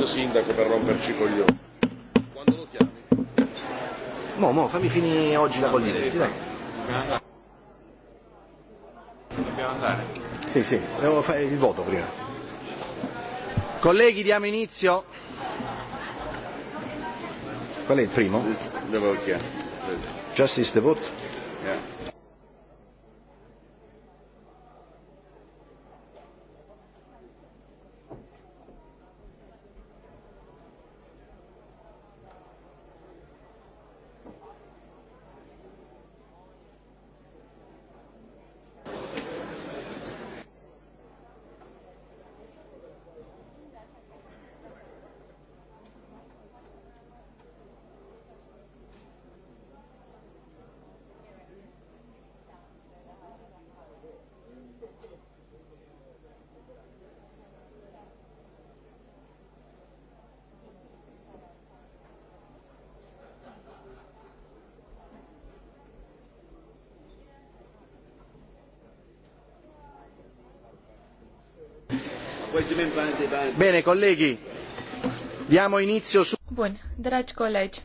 terzo sindaco per romperci i coglioni. Quando lo chiami? Mo, mo, fammi finire oggi la Collinetti, dai. Dobbiamo andare? Sì, sì, devo fare il voto prima. Colleghi, diamo inizio. Qual è il primo? Just is the vote. Bine, colegi, diamo inizio su... Bun, dragi colegi,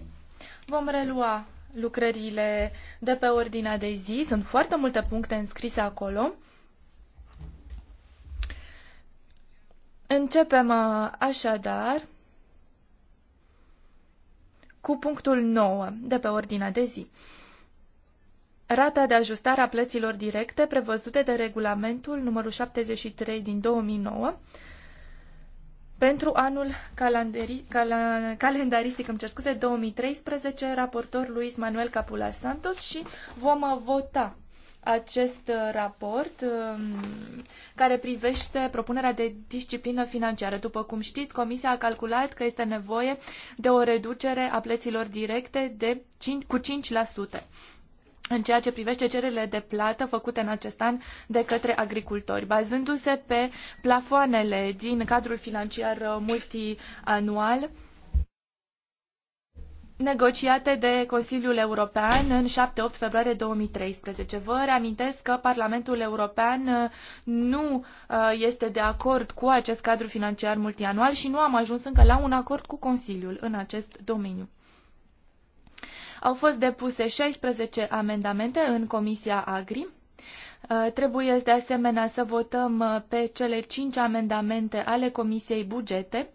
vom relua lucrările de pe ordinea de zi. Sunt foarte multe puncte înscrise acolo. Începem uh, așadar cu punctul 9 de pe ordinea de zi. Rata de ajustare a plăților directe prevăzute de regulamentul numărul 73 din 2009 pentru anul calendaristic, îmi cer scuze, 2013, raportor Luis Manuel Capula Santos și vom vota acest uh, raport um, care privește propunerea de disciplină financiară. După cum știți, Comisia a calculat că este nevoie de o reducere a plăților directe de 5, cu 5% în ceea ce privește cererile de plată făcute în acest an de către agricultori, bazându-se pe plafoanele din cadrul financiar multianual negociate de Consiliul European în 7-8 februarie 2013. Vă reamintesc că Parlamentul European uh, nu uh, este de acord cu acest cadru financiar multianual și nu am ajuns încă la un acord cu Consiliul în acest domeniu. Au fost depuse 16 amendamente în Comisia Agri. Uh, trebuie de asemenea să votăm uh, pe cele cinci amendamente ale Comisiei Bugete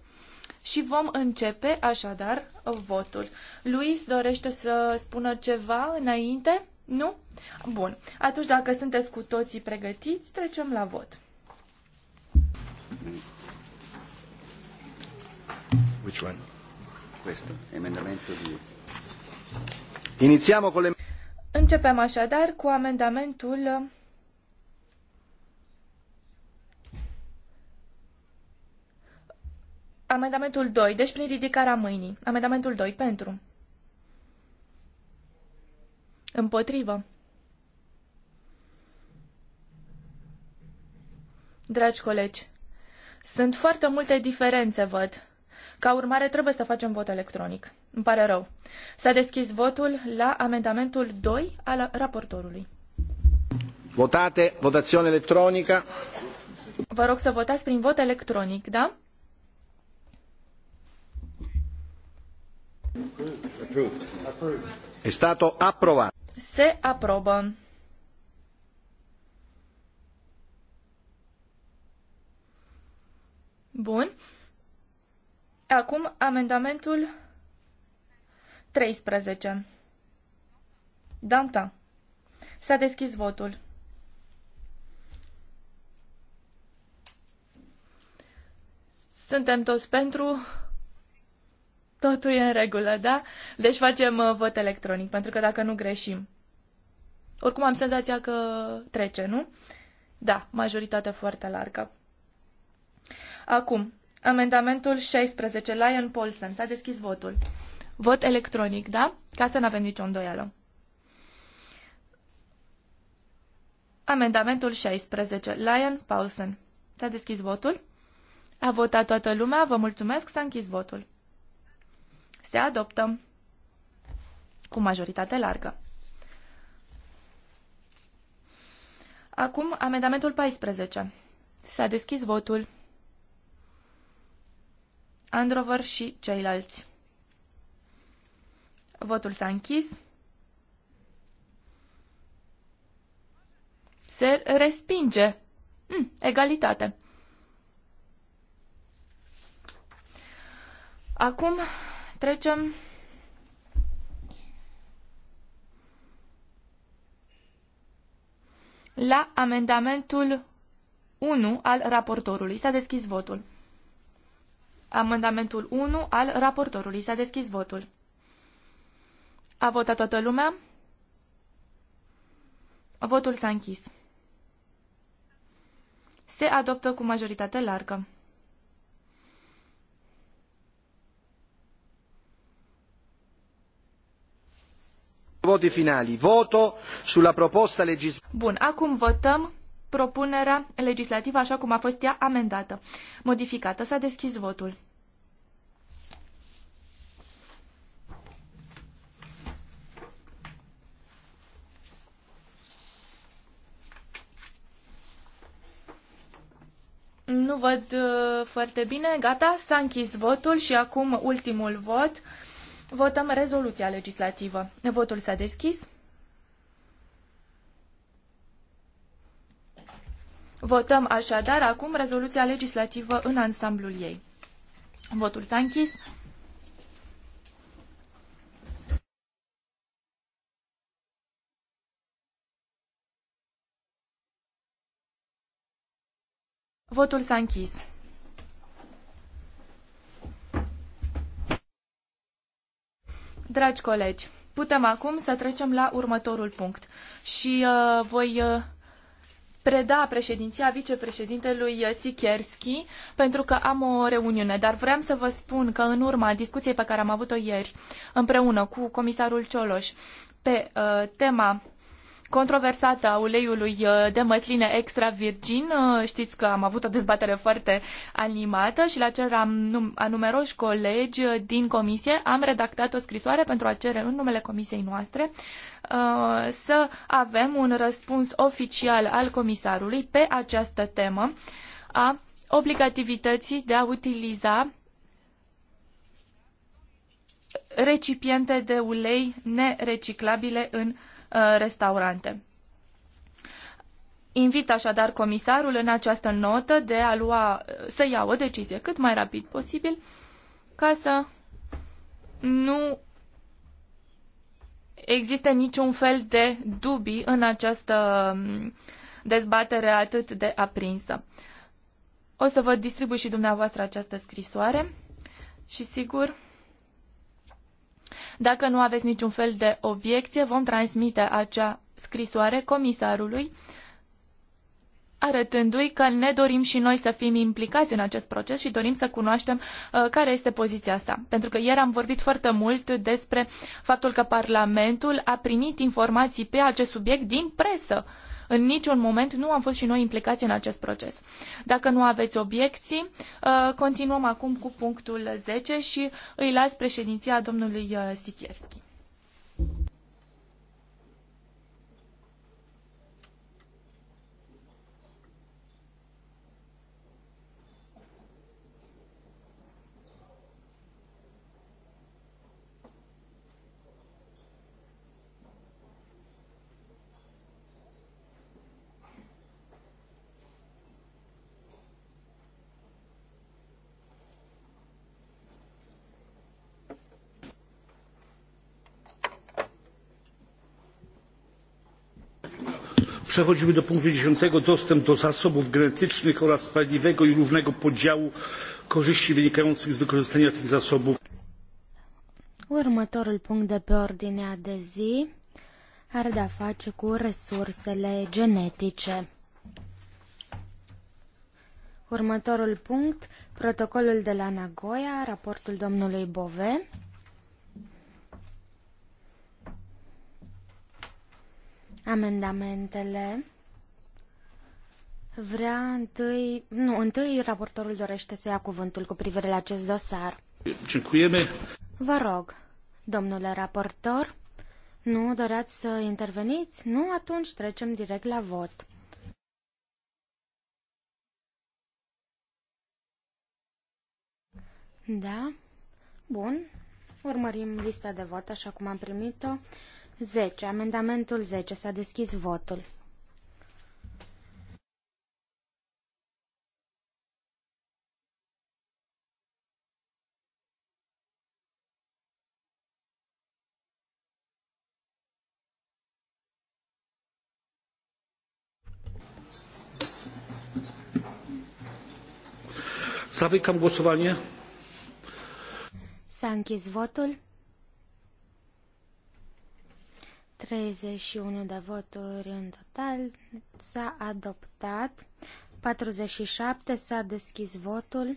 și vom începe așadar votul. Luis dorește să spună ceva înainte? Nu? Bun. Atunci dacă sunteți cu toții pregătiți, trecem la vot. Which one? Questo, Inițiamo con le... Începem așadar cu amendamentul Amendamentul 2, deci prin ridicarea mâinii. Amendamentul 2 pentru. Împotrivă. Dragi colegi, sunt foarte multe diferențe, văd. Ca urmare, trebuie să facem vot electronic. Îmi pare rău. S-a deschis votul la amendamentul 2 al raportorului. Votate, votațiune electronică. Vă rog să votați prin vot electronic, da? E stato approvato. Se aprobă. Bun. Acum amendamentul 13. Danta. S-a deschis votul. Suntem toți pentru. Totul e în regulă, da? Deci facem uh, vot electronic, pentru că dacă nu greșim. Oricum am senzația că trece, nu? Da, majoritatea foarte largă. Acum, Amendamentul 16, Lion Paulsen. S-a deschis votul. Vot electronic, da? Ca să nu avem nicio îndoială. Amendamentul 16, Lion Paulsen. S-a deschis votul. A votat toată lumea, vă mulțumesc, s-a închis votul. Se adoptă cu majoritate largă. Acum, amendamentul 14. S-a deschis votul. Androver și ceilalți. Votul s-a închis. Se respinge. Mm, egalitate. Acum trecem la amendamentul 1 al raportorului. S-a deschis votul. Amendamentul 1 al raportorului. S-a deschis votul. A votat toată lumea? Votul s-a închis. Se adoptă cu majoritate largă. Voti finali. Voto sulla proposta legislativă. Bun, acum votăm propunerea legislativă așa cum a fost ea amendată. Modificată. S-a deschis votul. Nu văd uh, foarte bine. Gata, s-a închis votul și acum ultimul vot. Votăm rezoluția legislativă. Votul s-a deschis. Votăm așadar acum rezoluția legislativă în ansamblul ei. Votul s-a închis. Votul s-a închis. Dragi colegi, putem acum să trecem la următorul punct și uh, voi uh, preda președinția vicepreședintelui Sikierski pentru că am o reuniune, dar vreau să vă spun că în urma discuției pe care am avut-o ieri împreună cu comisarul Cioloș pe uh, tema controversată a uleiului uh, de măsline extra virgin. Uh, știți că am avut o dezbatere foarte animată și la cer a numeroși colegi uh, din comisie am redactat o scrisoare pentru a cere în numele comisiei noastre să avem un răspuns oficial al comisarului pe această temă a obligativității de a utiliza recipiente de ulei nereciclabile în Uh, restaurante. Invit așadar comisarul în această notă de a lua, uh, să ia o decizie cât mai rapid posibil ca să nu existe niciun fel de dubii în această um, dezbatere atât de aprinsă. O să vă distribui și dumneavoastră această scrisoare și sigur dacă nu aveți niciun fel de obiecție, vom transmite acea scrisoare comisarului arătându-i că ne dorim și noi să fim implicați în acest proces și dorim să cunoaștem uh, care este poziția sa. Pentru că ieri am vorbit foarte mult despre faptul că Parlamentul a primit informații pe acest subiect din presă. Uh, în niciun moment nu am fost și noi implicați în acest proces. Dacă nu aveți obiecții, uh, continuăm acum cu punctul 10 și îi las președinția domnului uh, Sikierski. Przechodzimy do punktu dziesięć Dostęp do zasobów genetycznych oraz sprawiedliwego i równego podziału korzyści wynikających z wykorzystania tych zasobów. Următorul punct de pe ordinea de zi are de-a face cu resursele genetice. Următorul punct, protocolul de la Nagoya, raportul domnului Bove. amendamentele. Vrea întâi... Nu, întâi raportorul dorește să ia cuvântul cu privire la acest dosar. Cicuieme. Vă rog, domnule raportor, nu doreați să interveniți? Nu? Atunci trecem direct la vot. Da? Bun. Urmărim lista de vot așa cum am primit-o. 10. Amendamentul 10. S-a deschis votul. Zamykam głosowanie. S-a închis votul. 31 de voturi în total. S-a adoptat. 47 s-a deschis votul.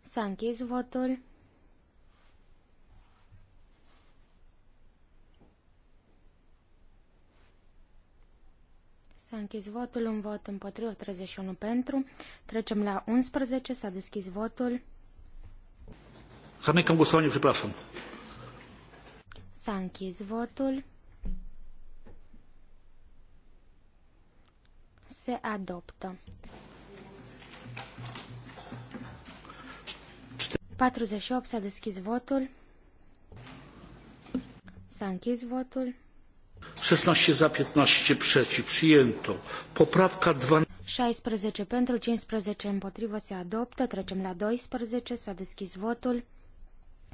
S-a închis votul. S-a închis votul, un vot împotriva, 31 pentru. Trecem la 11, s-a deschis votul. Zamykam głosowanie, przepraszam. S-a închis votul. Se adoptă. 48 s-a deschis votul. S-a închis votul. 16 za, 15 przeciw. Przyjęto. Poprawka 12. 16 pentru, 15 împotrivă se adoptă. Trecem la 12. S-a deschis votul.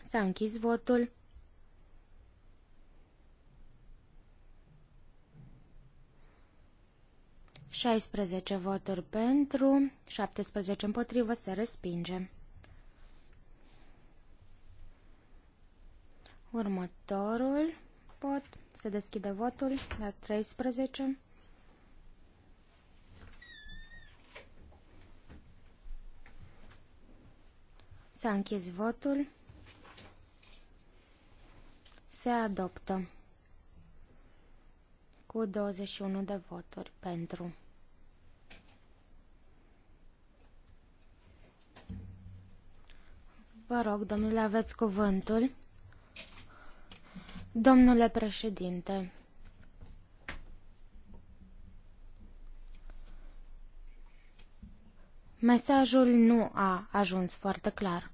S-a închis votul. 16 voturi pentru, 17 împotrivă, se respinge. Următorul pot, se deschide votul la 13. S-a închis votul. Se adoptă cu 21 de voturi pentru. Vă rog, domnule, aveți cuvântul. Domnule președinte, mesajul nu a ajuns foarte clar.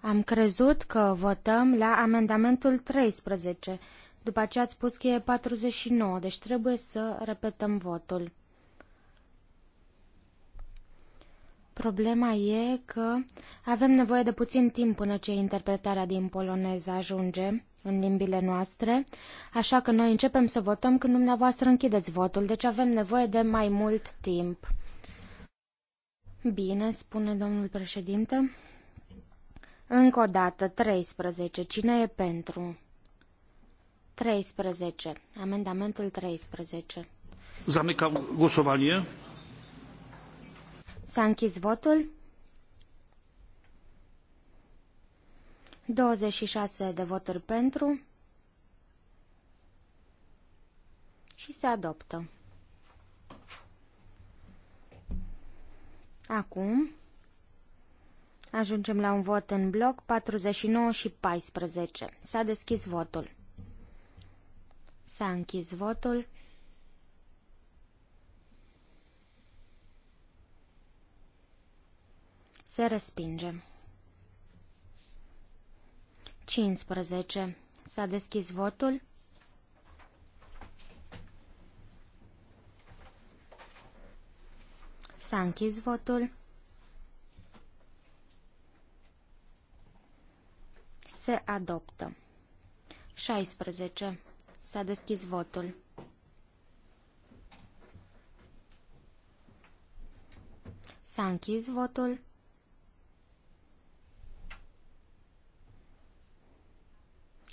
Am crezut că votăm la amendamentul 13, după aceea ați spus că e 49, deci trebuie să repetăm votul. Problema e că avem nevoie de puțin timp până ce interpretarea din poloneză ajunge în limbile noastre, așa că noi începem să votăm când dumneavoastră închideți votul, deci avem nevoie de mai mult timp. Bine, spune domnul președinte. Încă o dată, 13. Cine e pentru? 13. Amendamentul 13. Zamykam głosowanie. S-a închis votul. 26 de voturi pentru și se adoptă. Acum ajungem la un vot în bloc 49 și 14. S-a deschis votul. S-a închis votul. Se respinge. 15. S-a deschis votul. S-a închis votul. Se adoptă. 16. S-a deschis votul. S-a închis votul.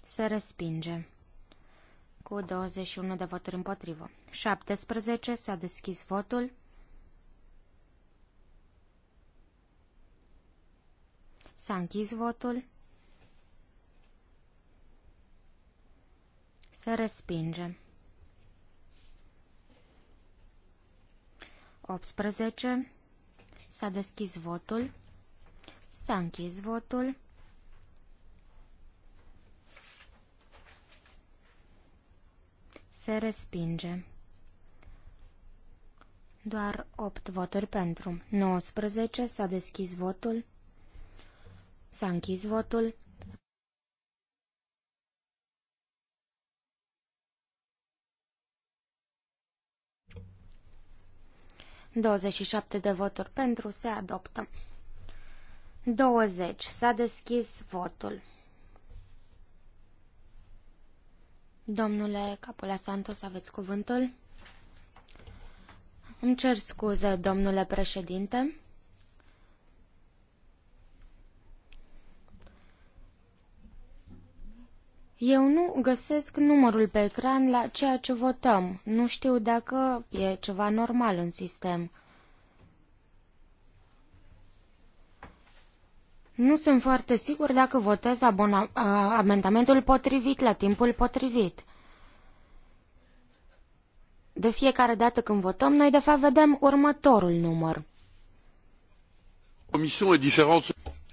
Se respinge. Cu 21 de voturi împotrivă. 17. S-a deschis votul. S-a închis votul. Se respinge. 18. S-a deschis votul. S-a închis votul. Se respinge. Doar 8 voturi pentru. 19. S-a deschis votul. S-a închis votul. 27 de voturi pentru, se adoptă. 20. S-a deschis votul. Domnule Capula Santos, aveți cuvântul? Îmi cer scuze, domnule președinte. Eu nu găsesc numărul pe ecran la ceea ce votăm. Nu știu dacă e ceva normal în sistem. Nu sunt foarte sigur dacă votez amendamentul potrivit la timpul potrivit. De fiecare dată când votăm, noi de fapt vedem următorul număr.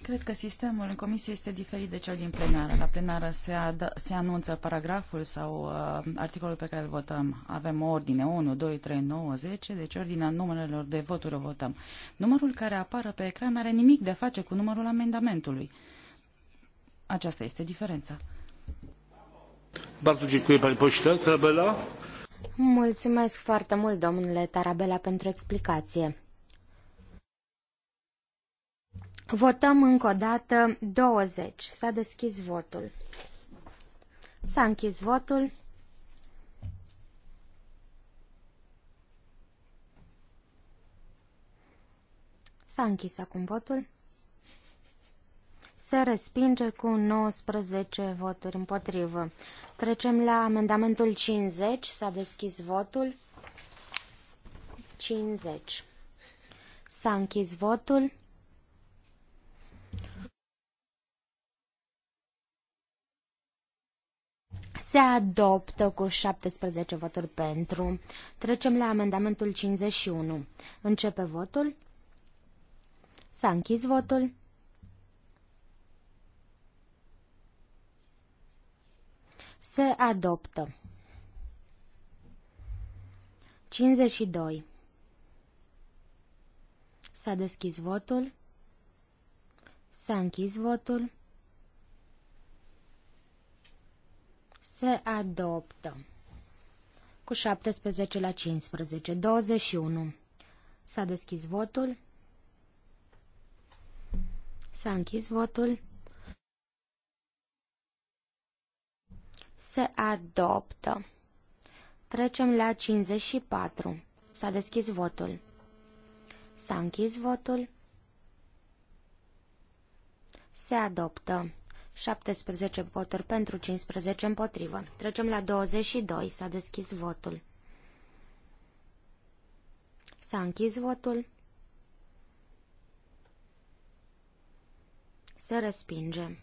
Cred că sistemul în comisie este diferit de cel din plenară. La plenară se, se anunță paragraful sau uh, articolul pe care îl votăm. Avem o ordine 1, 2, 3, 9, 10, deci ordinea numărelor de voturi o votăm. Numărul care apară pe ecran are nimic de a face cu numărul amendamentului. Aceasta este diferența. Mulțumesc foarte mult, domnule Tarabela, pentru explicație. Votăm încă o dată 20. S-a deschis votul. S-a închis votul. S-a închis acum votul. Se respinge cu 19 voturi împotrivă. Trecem la amendamentul 50. S-a deschis votul. 50. S-a închis votul. se adoptă cu 17 voturi pentru. Trecem la amendamentul 51. Începe votul. S-a închis votul. Se adoptă. 52. S-a deschis votul. S-a închis votul. se adoptă. Cu 17 la 15. 21. S-a deschis votul. S-a închis votul. Se adoptă. Trecem la 54. S-a deschis votul. S-a închis votul. Se adoptă. 17 voturi pentru, 15 împotrivă. Trecem la 22. S-a deschis votul. S-a închis votul. Se respinge.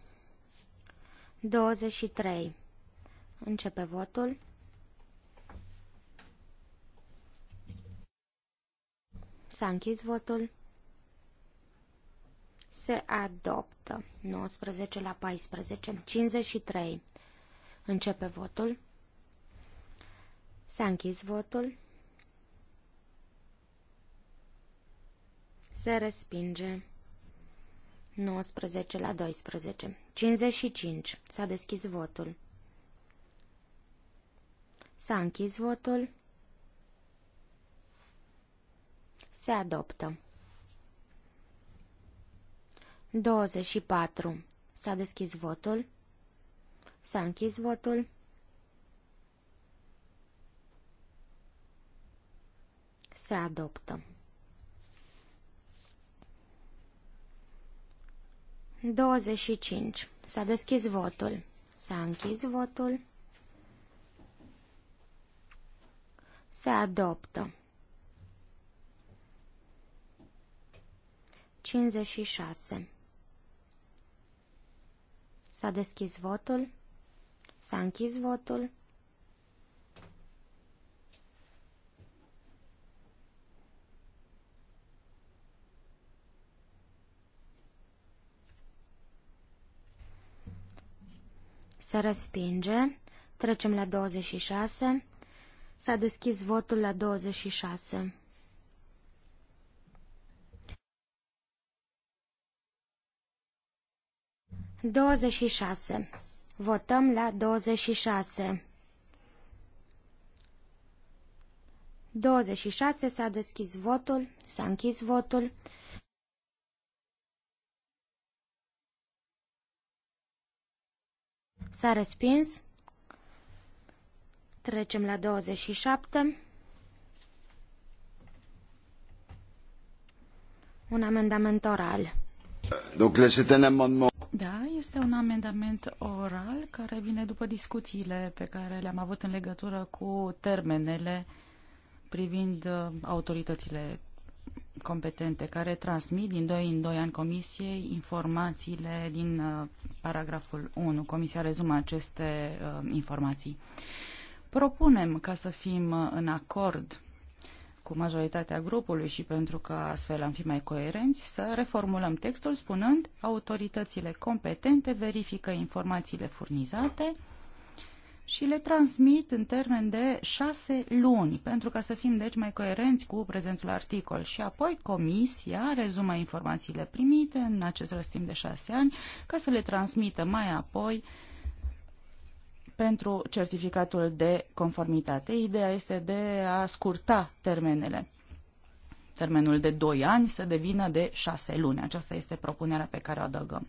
23. Începe votul. S-a închis votul se adoptă. 19 la 14. 53. Începe votul. S-a închis votul. Se respinge. 19 la 12. 55. S-a deschis votul. S-a închis votul. Se adoptă. 24. S-a deschis votul. S-a închis votul. Se adoptă. 25. S-a deschis votul. S-a închis votul. Se adoptă. 56. S-a deschis votul. S-a închis votul. Se respinge. Trecem la 26. S-a deschis votul la 26. 26. Votăm la 26. 26 s-a deschis votul, s-a închis votul. S-a respins. Trecem la 27. Un amendament oral. Donc là, c'est un amendement da, este un amendament oral care vine după discuțiile pe care le-am avut în legătură cu termenele privind uh, autoritățile competente care transmit din 2 în 2 ani comisiei informațiile din uh, paragraful 1. Comisia rezumă aceste uh, informații. Propunem ca să fim în acord cu majoritatea grupului și pentru că astfel am fi mai coerenți, să reformulăm textul spunând autoritățile competente verifică informațiile furnizate și le transmit în termen de șase luni, pentru ca să fim deci mai coerenți cu prezentul articol. Și apoi comisia rezumă informațiile primite în acest răstim de șase ani ca să le transmită mai apoi uh, pentru certificatul de conformitate. Ideea este de a scurta termenele. Termenul de 2 ani să devină de 6 luni. Aceasta este propunerea pe care o adăugăm.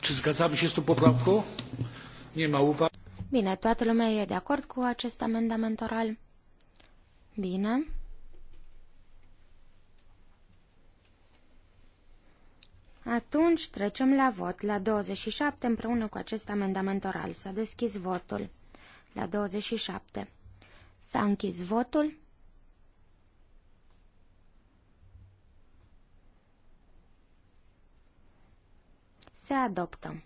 Ce zgadzamy și este tą Nu Nie uva. Bine, toată lumea e de acord cu acest amendament oral? Bine. Atunci trecem la vot. La 27 împreună cu acest amendament oral s-a deschis votul. La 27 s-a închis votul. Se adoptă.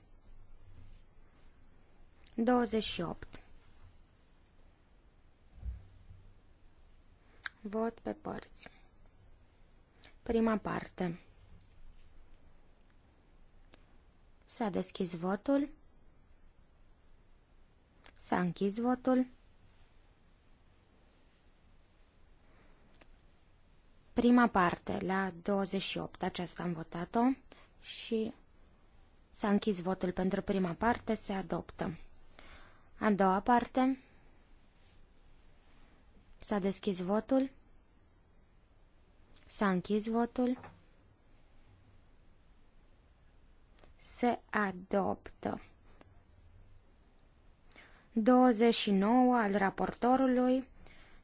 28. Vot pe părți. Prima parte. S-a deschis votul. S-a închis votul. Prima parte, la 28, aceasta am votat-o și s-a închis votul pentru prima parte, se adoptă. A doua parte, s-a deschis votul, s-a închis votul. se adoptă. 29 al raportorului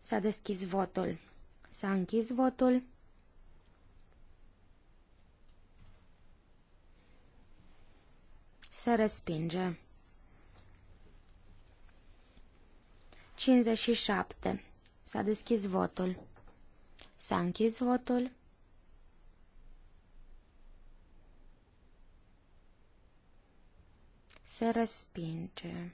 s-a deschis votul. S-a închis votul. Se respinge. 57. S-a deschis votul. S-a închis votul. Se respinge.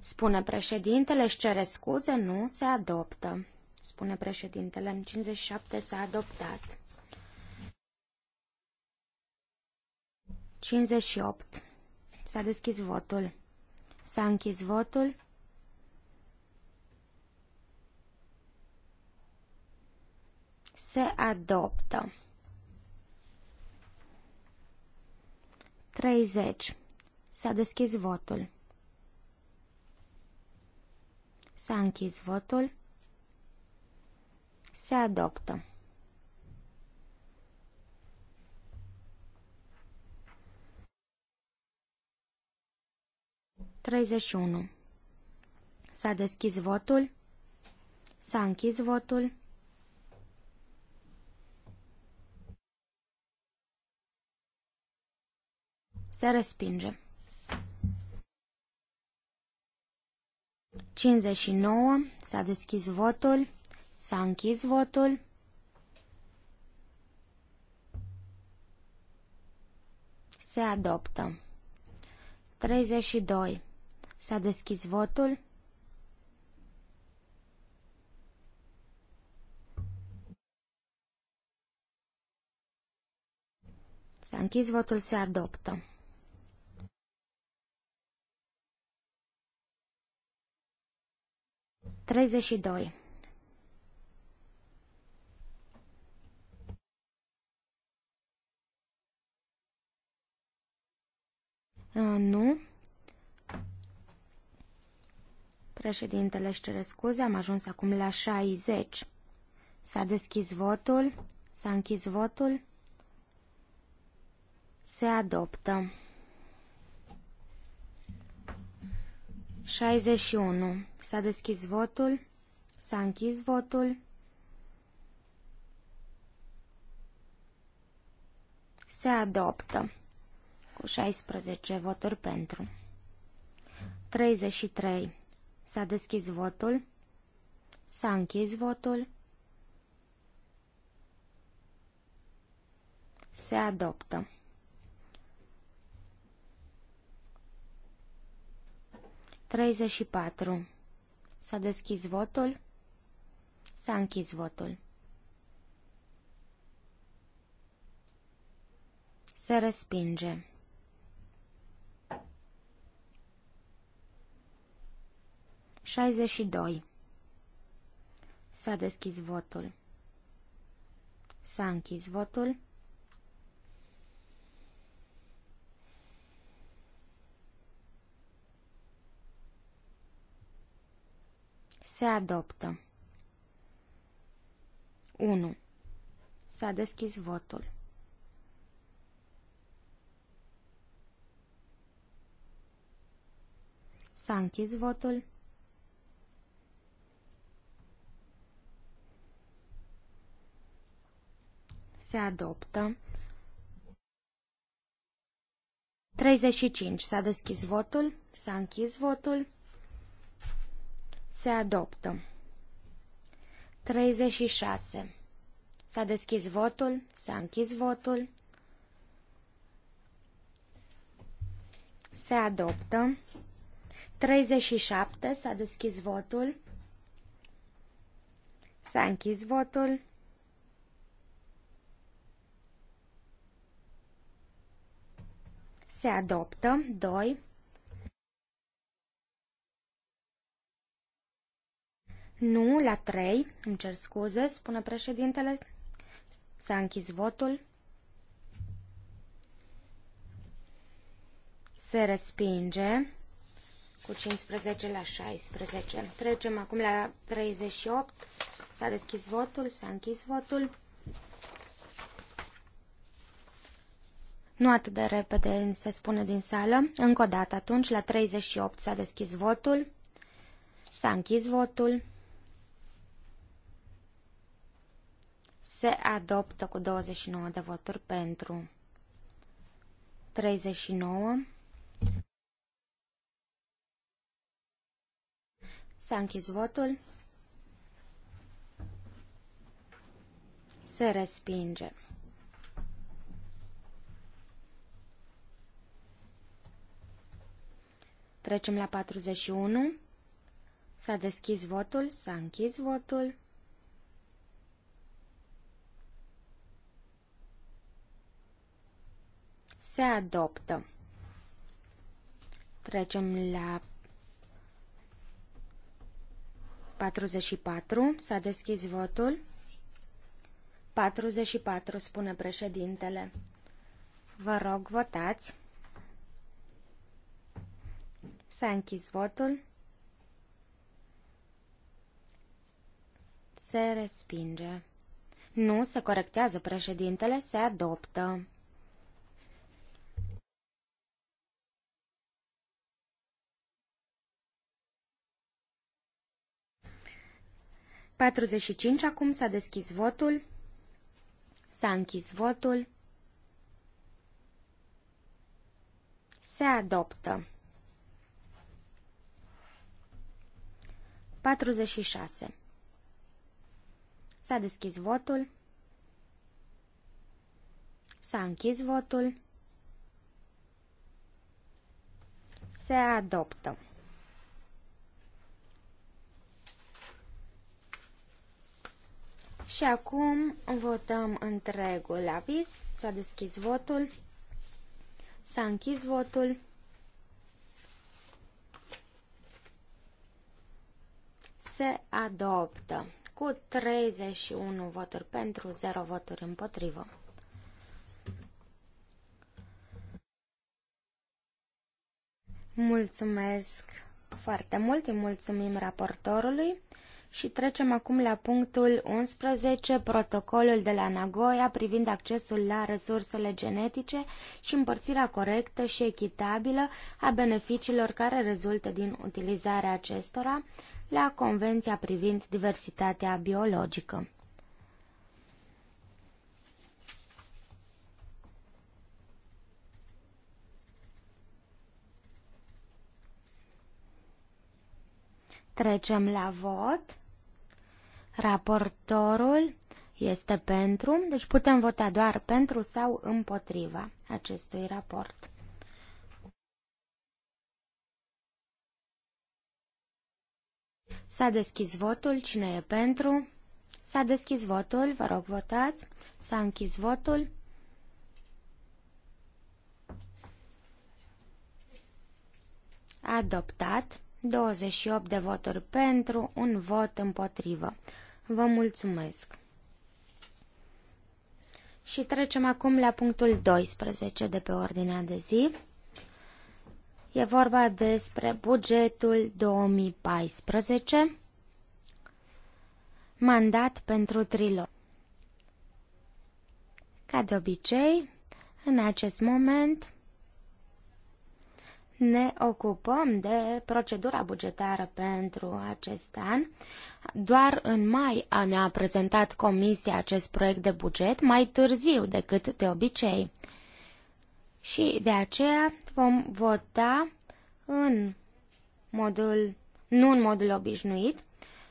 Spune președintele, își cere scuze, nu se adoptă. Spune președintele, în 57 s-a adoptat. 58. S-a deschis votul. S-a închis votul. Se adoptă. 30. S-a deschis votul. S-a închis votul. Se adoptă. Treizeci unu. S-a deschis votul. S-a închis votul. Se respinge. 59. S-a deschis votul. S-a închis votul. Se adoptă. 32. S-a deschis votul. S-a închis votul, se adoptă. 32. Nu. Președintele își cere scuze, am ajuns acum la 60. S-a deschis votul, s-a închis votul, se adoptă. 61. S-a deschis votul. S-a închis votul. Se adoptă cu 16 voturi pentru. 33. S-a deschis votul. S-a închis votul. Se adoptă. 34. S-a deschis votul. S-a închis votul. Se respinge. Șaizeci doi. S-a deschis votul. S-a închis votul. Se adoptă. 1. S-a deschis votul. S-a închis votul. Se adoptă. 35. S-a deschis votul. S-a închis votul. Se adoptă. 36. S-a deschis votul, s-a închis votul. Se adoptă. 37. S-a deschis votul. S-a închis votul. Se adoptă. 2. Nu, la trei, Îmi cer scuze, spune președintele. S-a închis votul. Se respinge cu 15 la 16. Trecem acum la 38. S-a deschis votul, s-a închis votul. Nu atât de repede se spune din sală. Încă o dată atunci, la 38 s-a deschis votul, s-a închis votul. se adoptă cu 29 de voturi pentru. 39. S-a închis votul. Se respinge. Trecem la 41. S-a deschis votul, s-a închis votul. Se adoptă. Trecem la 44. S-a deschis votul. 44, spune președintele. Vă rog, votați. S-a închis votul. Se respinge. Nu, se corectează președintele, se adoptă. 45 acum s-a deschis votul. S-a închis votul. Se adoptă. 46. S-a deschis votul. S-a închis votul. Se adoptă. Și acum votăm întregul aviz. S-a deschis votul. S-a închis votul. Se adoptă cu 31 voturi pentru, 0 voturi împotrivă. Mulțumesc foarte mult, îi mulțumim raportorului. Și trecem acum la punctul 11, protocolul de la Nagoya privind accesul la resursele genetice și împărțirea corectă și echitabilă a beneficiilor care rezultă din utilizarea acestora la Convenția privind diversitatea biologică. Trecem la vot. Raportorul este pentru, deci putem vota doar pentru sau împotriva acestui raport. S-a deschis votul. Cine e pentru? S-a deschis votul. Vă rog, votați. S-a închis votul. Adoptat. 28 de voturi pentru, un vot împotrivă. Vă mulțumesc! Și trecem acum la punctul 12 de pe ordinea de zi. E vorba despre bugetul 2014, mandat pentru trilog. Ca de obicei, în acest moment ne ocupăm de procedura bugetară pentru acest an. Doar în mai ne-a prezentat Comisia acest proiect de buget mai târziu decât de obicei. Și de aceea vom vota în modul, nu în modul obișnuit,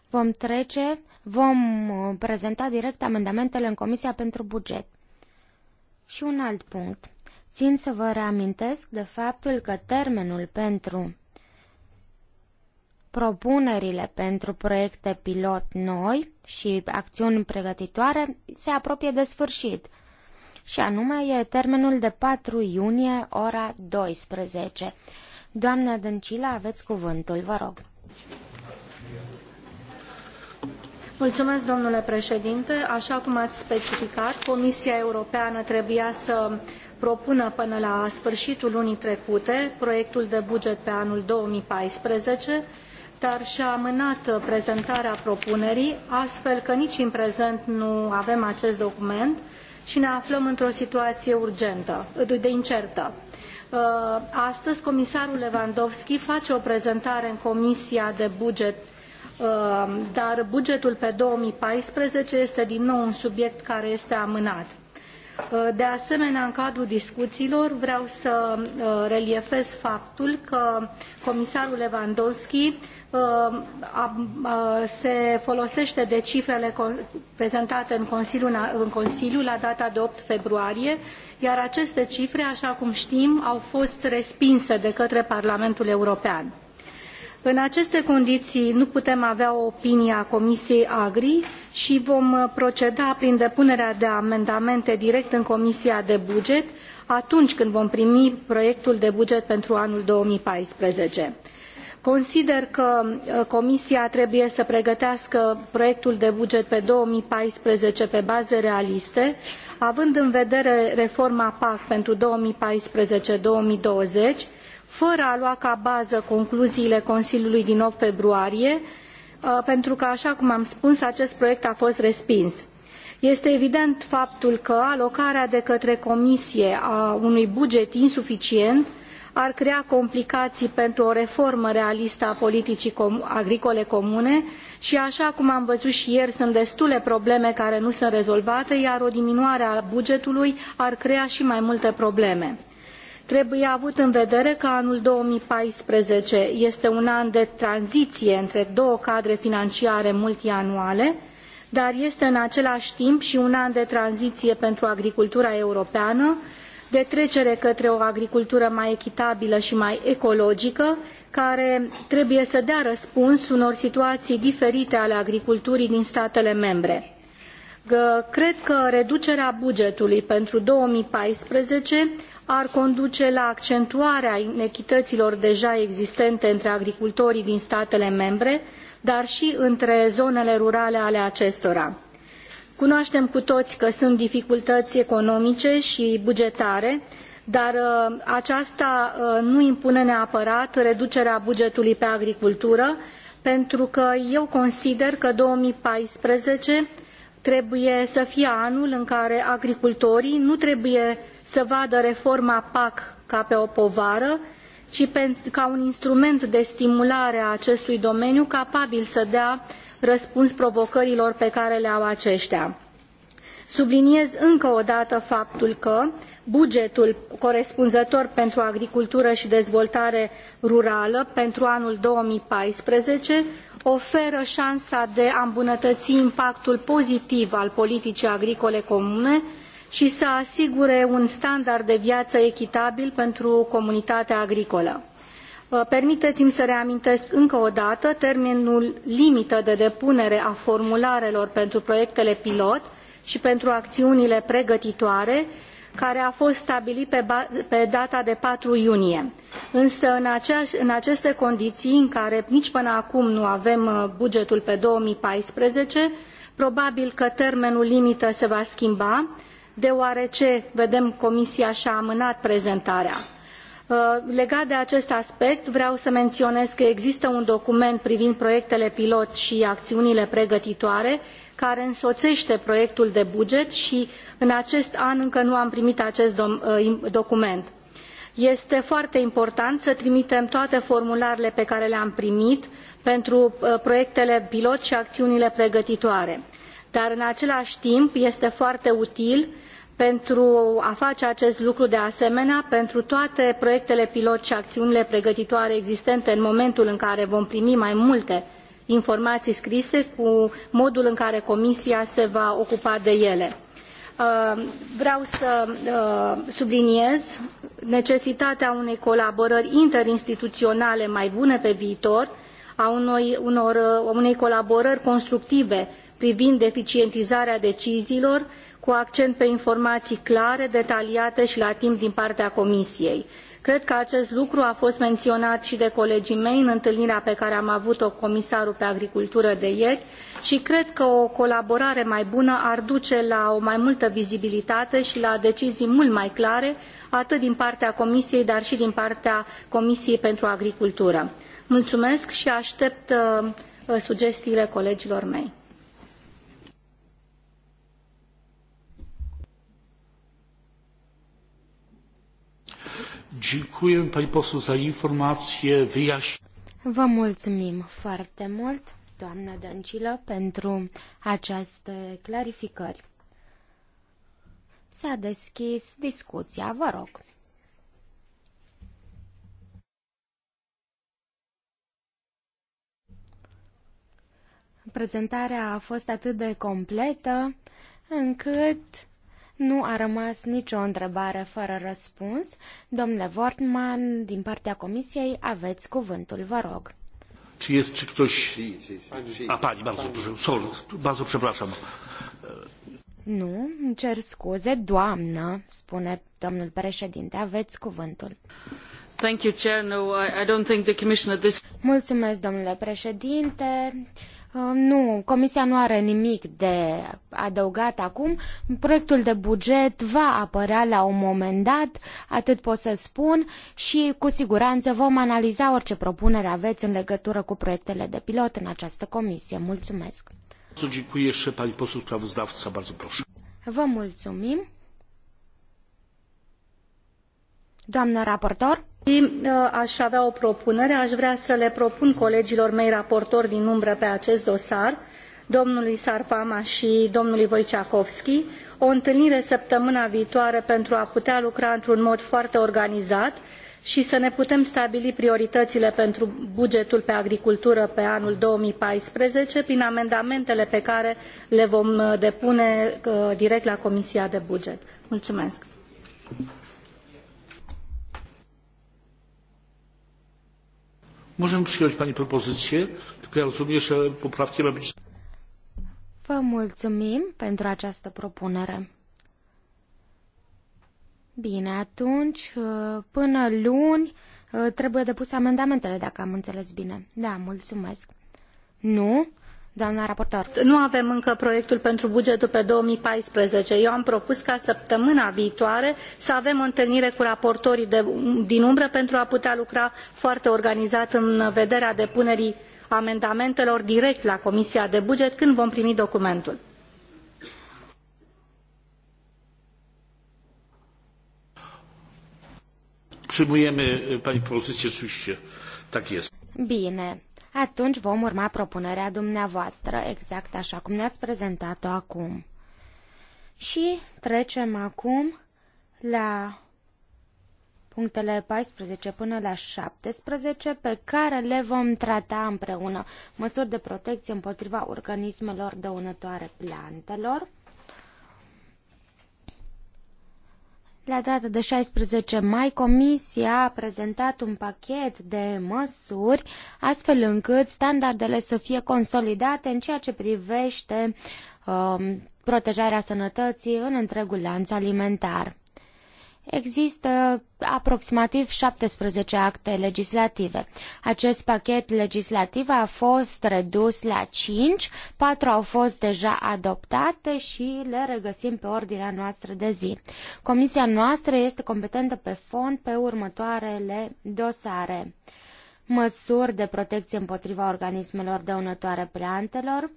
vom trece, vom uh, prezenta direct amendamentele în Comisia pentru Buget. Și un alt punct. Țin să vă reamintesc de faptul că termenul pentru propunerile pentru proiecte pilot noi și acțiuni pregătitoare se apropie de sfârșit, și anume e termenul de 4 iunie, ora 12. Doamna Dăncilă, aveți cuvântul, vă rog. Mulțumesc, domnule președinte. Așa cum ați specificat, Comisia Europeană trebuia să uh, propună până la sfârșitul lunii trecute proiectul de buget pe anul 2014, dar și-a amânat prezentarea propunerii, astfel că nici în prezent nu avem acest document și ne aflăm într-o situație urgentă, de incertă. Uh, astăzi, comisarul Lewandowski face o prezentare în Comisia de Buget uh, dar bugetul pe 2014 este din nou un subiect care este amânat. Uh, de asemenea, în cadrul discuțiilor vreau să uh, reliefez faptul că comisarul Lewandowski uh, se folosește de cifrele prezentate în Consiliu, în Consiliu la data de 8 februarie, iar aceste cifre, așa cum știm, au fost respinse de către Parlamentul European. În aceste condiții nu putem avea o opinie a Comisiei Agri și vom uh, proceda prin depunerea de amendamente direct în Comisia de Buget atunci când vom primi proiectul de buget pentru anul 2014. Consider că uh, Comisia trebuie să pregătească proiectul de buget pe 2014 pe baze realiste, având în vedere reforma PAC pentru 2014-2020, fără a lua ca bază concluziile Consiliului din 8 februarie, uh, pentru că, așa cum am spus, acest proiect a fost respins. Este evident faptul că alocarea de către Comisie a unui buget insuficient ar crea complicații pentru o reformă realistă a politicii agricole comune și, așa cum am văzut și ieri, sunt destule probleme care nu sunt rezolvate, iar o diminuare a bugetului ar crea și mai multe probleme. Trebuie avut în vedere că anul 2014 este un an de tranziție între două cadre financiare multianuale, dar este în același timp și un an de tranziție pentru agricultura europeană, de trecere către o agricultură mai echitabilă și mai ecologică, care trebuie să dea răspuns unor situații diferite ale agriculturii din statele membre. Cred că reducerea bugetului pentru 2014 ar conduce la accentuarea inechităților deja existente între agricultorii din statele membre, dar și între zonele rurale ale acestora. Cunoaștem cu toți că sunt dificultăți economice și bugetare, dar uh, aceasta uh, nu impune neapărat reducerea bugetului pe agricultură, pentru că eu consider că 2014 trebuie să fie anul în care agricultorii nu trebuie să vadă reforma PAC ca pe o povară, ci pe, ca un instrument de stimulare a acestui domeniu capabil să dea răspuns provocărilor pe care le au aceștia. Subliniez încă o dată faptul că bugetul corespunzător pentru agricultură și dezvoltare rurală pentru anul 2014 oferă șansa de a îmbunătăți impactul pozitiv al politicii agricole comune și să asigure un standard de viață echitabil pentru comunitatea agricolă. Permiteți-mi să reamintesc încă o dată termenul limită de depunere a formularelor pentru proiectele pilot și pentru acțiunile pregătitoare care a fost stabilit pe, pe data de 4 iunie. Însă în, aceași, în aceste condiții în care nici până acum nu avem uh, bugetul pe 2014, probabil că termenul limită se va schimba, deoarece, vedem, Comisia și-a amânat prezentarea. Uh, legat de acest aspect, vreau să menționez că există un document privind proiectele pilot și acțiunile pregătitoare, care însoțește proiectul de buget și în acest an încă nu am primit acest uh, document. Este foarte important să trimitem toate formularele pe care le-am primit pentru uh, proiectele pilot și acțiunile pregătitoare. Dar în același timp este foarte util pentru a face acest lucru de asemenea pentru toate proiectele pilot și acțiunile pregătitoare existente în momentul în care vom primi mai multe informații scrise cu modul în care Comisia se va ocupa de ele. Uh, vreau să uh, subliniez necesitatea unei colaborări interinstituționale mai bune pe viitor, a unei, unor, uh, unei colaborări constructive privind eficientizarea deciziilor, cu accent pe informații clare, detaliate și la timp din partea Comisiei. Cred că acest lucru a fost menționat și de colegii mei în întâlnirea pe care am avut-o cu comisarul pe agricultură de ieri și cred că o colaborare mai bună ar duce la o mai multă vizibilitate și la decizii mult mai clare, atât din partea Comisiei, dar și din partea Comisiei pentru Agricultură. Mulțumesc și aștept uh, sugestiile colegilor mei. Dziękuję pani poseł za informacje, wyjaśnienie. Vă mulțumim foarte mult, doamna Dăncilă, pentru aceste clarificări. S-a deschis discuția, vă rog. Prezentarea a fost atât de completă încât nu a rămas nicio întrebare fără răspuns. Domnule Wortman, din partea Comisiei, aveți cuvântul, vă rog. Czy jest, czy ktoś... A, pani, bardzo proszę, sorry, bardzo przepraszam. Nu, îmi cer scuze, doamnă, spune domnul președinte, aveți cuvântul. Thank you, Chair. No, I, I don't think the Commissioner this... Mulțumesc, domnule președinte. Uh, Um, nu, Comisia nu are nimic de adăugat acum. Proiectul de buget va apărea la un moment dat, atât pot să spun, și cu siguranță vom analiza orice propunere aveți în legătură cu proiectele de pilot în această comisie. Mulțumesc! Vă mulțumim! Doamnă raportor? Uh, aș avea o propunere, aș vrea să le propun colegilor mei raportori din umbră pe acest dosar, domnului Sarvama și domnului Wojciechowski, o întâlnire săptămâna viitoare pentru a putea lucra într-un mod foarte organizat și să ne putem stabili prioritățile pentru bugetul pe agricultură pe anul 2014 prin amendamentele pe care le vom uh, depune uh, direct la Comisia de Buget. Mulțumesc! Możemy przyjąć Pani propozycję, tylko ja rozumiem, że poprawki ma być... Vă mulțumim pentru această propunere. Bine, atunci, uh, până luni, uh, trebuie depuse amendamentele, dacă am înțeles bine. Da, mulțumesc. Nu? Nu avem încă proiectul pentru bugetul pe paisprezece Eu am propus ca săptămâna viitoare să avem o întâlnire cu raportorii din umbră pentru a putea lucra foarte organizat în vederea depunerii amendamentelor direct la Comisia de Buget când vom primi documentul. Przyjmujemy Pani propozycję, oczywiście. Tak jest. Bine atunci vom urma propunerea dumneavoastră, exact așa cum ne-ați prezentat-o acum. Și trecem acum la punctele 14 până la 17, pe care le vom trata împreună. Măsuri de protecție împotriva organismelor dăunătoare plantelor, La data de 16 mai, Comisia a prezentat un pachet de măsuri astfel încât standardele să fie consolidate în ceea ce privește um, protejarea sănătății în întregul lanț alimentar. Există aproximativ 17 acte legislative. Acest pachet legislativ a fost redus la 5, 4 au fost deja adoptate și le regăsim pe ordinea noastră de zi. Comisia noastră este competentă pe fond pe următoarele dosare. Măsuri de protecție împotriva organismelor dăunătoare plantelor,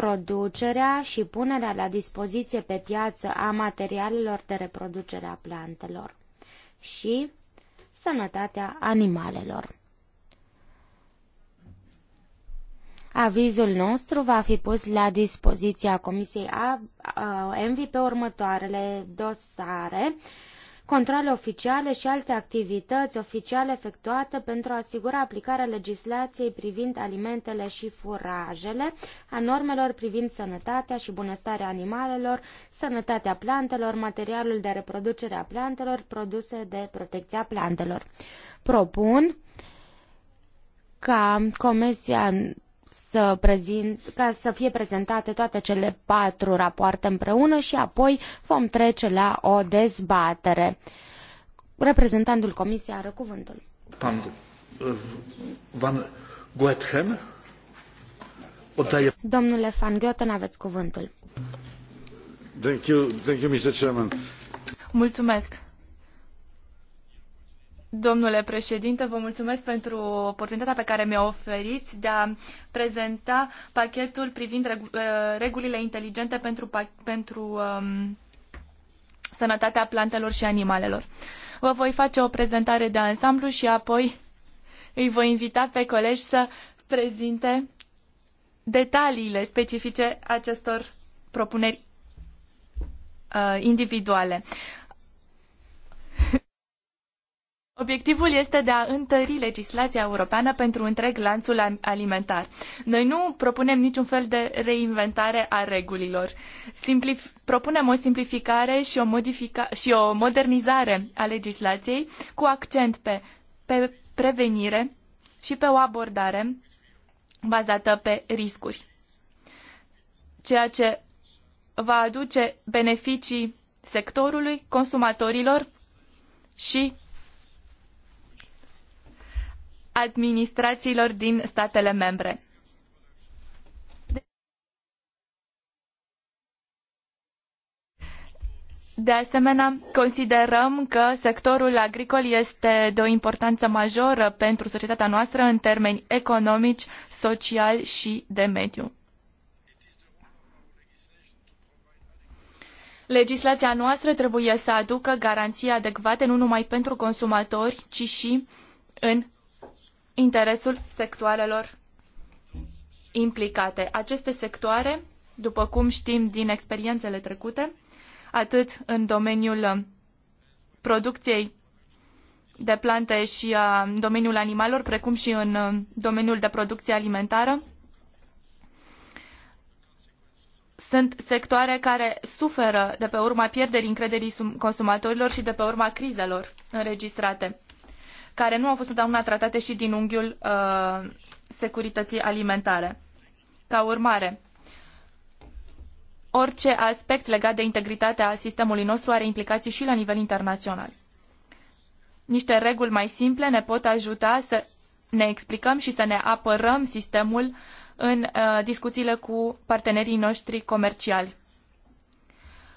producerea și punerea la dispoziție pe piață a materialelor de reproducere a plantelor și sănătatea animalelor. Avizul nostru va fi pus la dispoziția Comisiei AMVI pe următoarele dosare controle oficiale și alte activități oficiale efectuate pentru a asigura aplicarea legislației privind alimentele și furajele, a normelor privind sănătatea și bunăstarea animalelor, sănătatea plantelor, materialul de reproducere a plantelor, produse de protecția a plantelor. Propun ca Comisia să, prezint, ca să fie prezentate toate cele patru rapoarte împreună și apoi vom trece la o dezbatere. Reprezentantul Comisiei are cuvântul. Pan Van Goethem. Oddaję... Domnule Van Goethen, aveți cuvântul. Thank you, thank you, Mr. Chairman. Mulțumesc. Domnule președinte, vă mulțumesc pentru oportunitatea pe care mi-o oferiți de a prezenta pachetul privind eh, regulile inteligente pentru, pentru um, sănătatea plantelor și animalelor. Vă voi face o prezentare de ansamblu și apoi îi voi invita pe colegi să prezinte detaliile specifice acestor propuneri uh, individuale. Obiectivul este de a întări legislația europeană pentru întreg lanțul alimentar. Noi nu propunem niciun fel de reinventare a regulilor. Simplif propunem o simplificare și o, și o modernizare a legislației cu accent pe, pe prevenire și pe o abordare bazată pe riscuri, ceea ce va aduce beneficii sectorului, consumatorilor și administrațiilor din statele membre. De asemenea, considerăm că sectorul agricol este de o importanță majoră pentru societatea noastră în termeni economici, sociali și de mediu. Legislația noastră trebuie să aducă garanții adecvate nu numai pentru consumatori, ci și în interesul sectoarelor implicate. Aceste sectoare, după cum știm din experiențele trecute, atât în domeniul producției de plante și a, domeniul animalelor, precum și în uh, domeniul de producție alimentară, sunt sectoare care suferă de pe urma pierderii încrederii consumatorilor și de pe urma crizelor înregistrate care nu au fost întotdeauna tratate și din unghiul uh, securității alimentare. Ca urmare, orice aspect legat de integritatea sistemului nostru are implicații și la nivel internațional. Niște reguli mai simple ne pot ajuta să ne explicăm și să ne apărăm sistemul în uh, discuțiile cu partenerii noștri comerciali.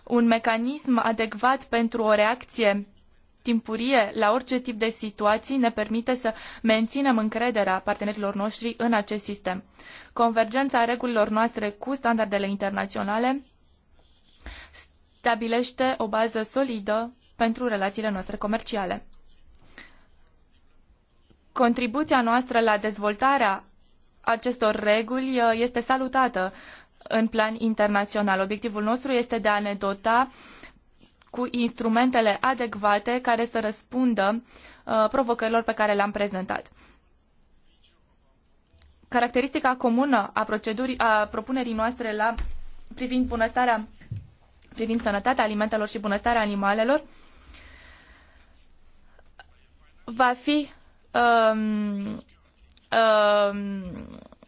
Un mecanism adecvat pentru o reacție timpurie la orice tip de situații ne permite să menținem încrederea partenerilor noștri în acest sistem. Convergența regulilor noastre cu standardele internaționale stabilește o bază solidă pentru relațiile noastre comerciale. Contribuția noastră la dezvoltarea acestor reguli uh, este salutată în plan internațional. Obiectivul nostru este de a ne dota uh, cu instrumentele adecvate care să răspundă uh, provocărilor pe care le-am prezentat. Caracteristica comună a, procedurii, a propunerii noastre la privind bunăstarea, privind sănătatea alimentelor și bunăstarea animalelor va fi um, um,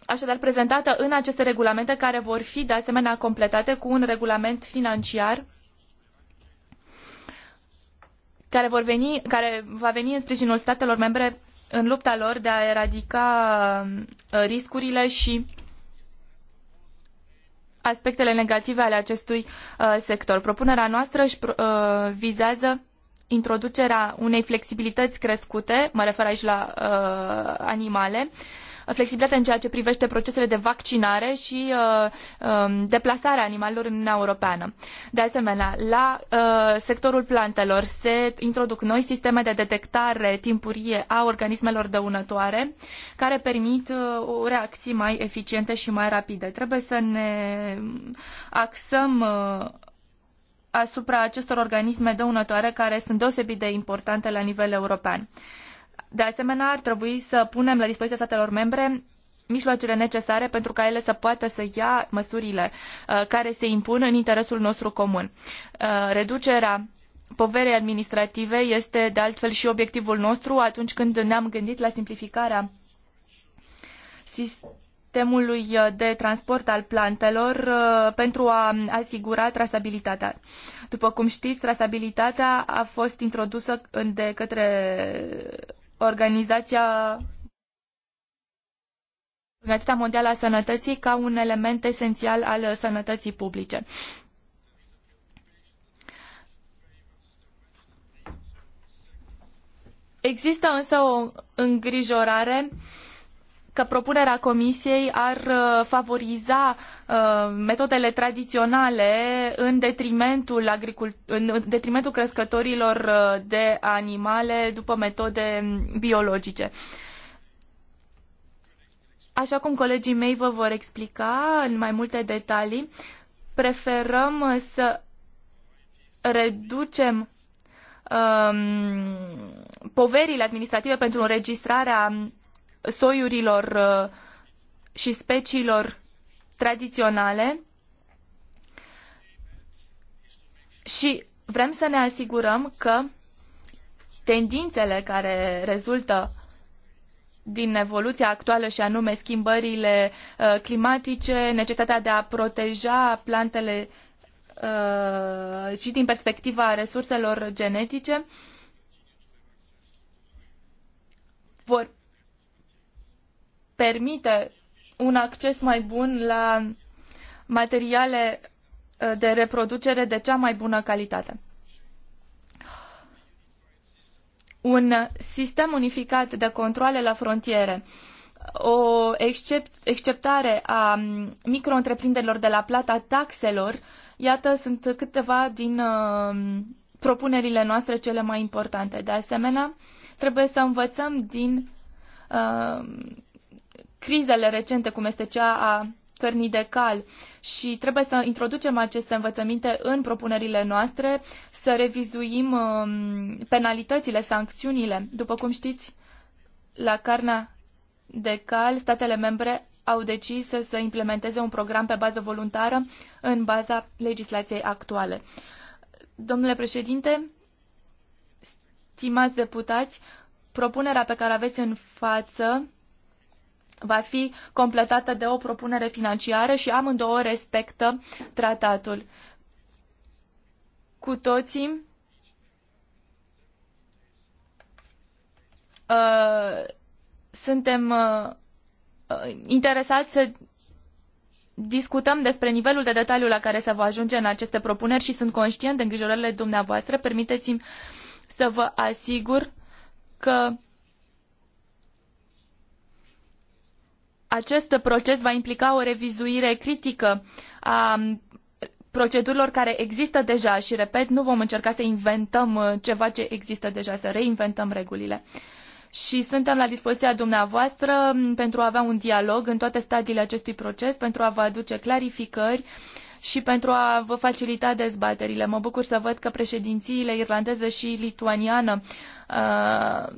așadar prezentată în aceste regulamente care vor fi de asemenea completate cu un regulament financiar care, vor veni, care va veni în sprijinul statelor membre în lupta lor de a eradica uh, riscurile și aspectele negative ale acestui uh, sector. Propunerea noastră își uh, vizează introducerea unei flexibilități crescute, mă refer aici la animale, uh, flexibilitate în ceea ce privește procesele de vaccinare și uh, um, deplasarea animalelor în Uniunea Europeană. De asemenea, la uh, sectorul plantelor se introduc noi sisteme de detectare timpurie a organismelor dăunătoare care permit uh, o reacții mai eficiente și mai rapide. Trebuie să ne axăm asupra acestor organisme dăunătoare care sunt deosebit de importante la nivel european. De asemenea, ar trebui să punem la dispoziția statelor membre mijloacele necesare pentru ca ele să poată să ia măsurile uh, care se impun în interesul nostru comun. Uh, reducerea poverii administrative este de altfel și obiectivul nostru atunci când ne-am gândit la simplificarea sistemului uh, de transport al plantelor pentru a asigura trasabilitatea. După cum știți, trasabilitatea a fost introdusă de către Organizația Organizația Mondială a Sănătății ca un element esențial al sănătății publice. Există însă o îngrijorare uh, că propunerea Comisiei ar uh, favoriza uh, metodele tradiționale în detrimentul, agricult- în detrimentul crescătorilor uh, de animale după metode mm, biologice. Așa cum colegii mei vă vor explica în mai multe detalii, preferăm să reducem um, poverile administrative pentru înregistrarea mm, soiurilor uh, și speciilor tradiționale și vrem să ne asigurăm că tendințele care rezultă din evoluția actuală și anume schimbările uh, climatice, necesitatea de a proteja plantele uh, și din perspectiva resurselor genetice, vor permite un acces mai bun la materiale uh, de reproducere de cea mai bună calitate. Un sistem unificat de controle la frontiere, o except, exceptare a um, micro de la plata taxelor, iată, sunt câteva din uh, propunerile noastre cele mai importante. De asemenea, trebuie să învățăm din uh, crizele recente, cum este cea a cărnii de cal și trebuie să introducem aceste învățăminte în propunerile noastre, să revizuim um, penalitățile, sancțiunile. După cum știți, la carnea de cal, statele membre au decis să, să implementeze un program pe bază voluntară în baza legislației actuale. Domnule președinte, stimați deputați, propunerea pe care aveți în față va fi completată de o propunere financiară și amândouă respectă tratatul. Cu toții uh, suntem uh, uh, interesați să discutăm despre nivelul de detaliu la care se va ajunge în aceste propuneri și sunt conștient de îngrijorările dumneavoastră. Permiteți-mi să vă asigur că acest proces va implica o revizuire critică a um, procedurilor care există deja și, repet, nu vom încerca să inventăm uh, ceva ce există deja, să reinventăm regulile. Și suntem la dispoziția dumneavoastră um, pentru a avea un dialog în toate stadiile acestui proces, pentru a vă aduce clarificări și pentru a vă facilita dezbaterile. Mă bucur să văd că președințiile irlandeză și lituaniană uh,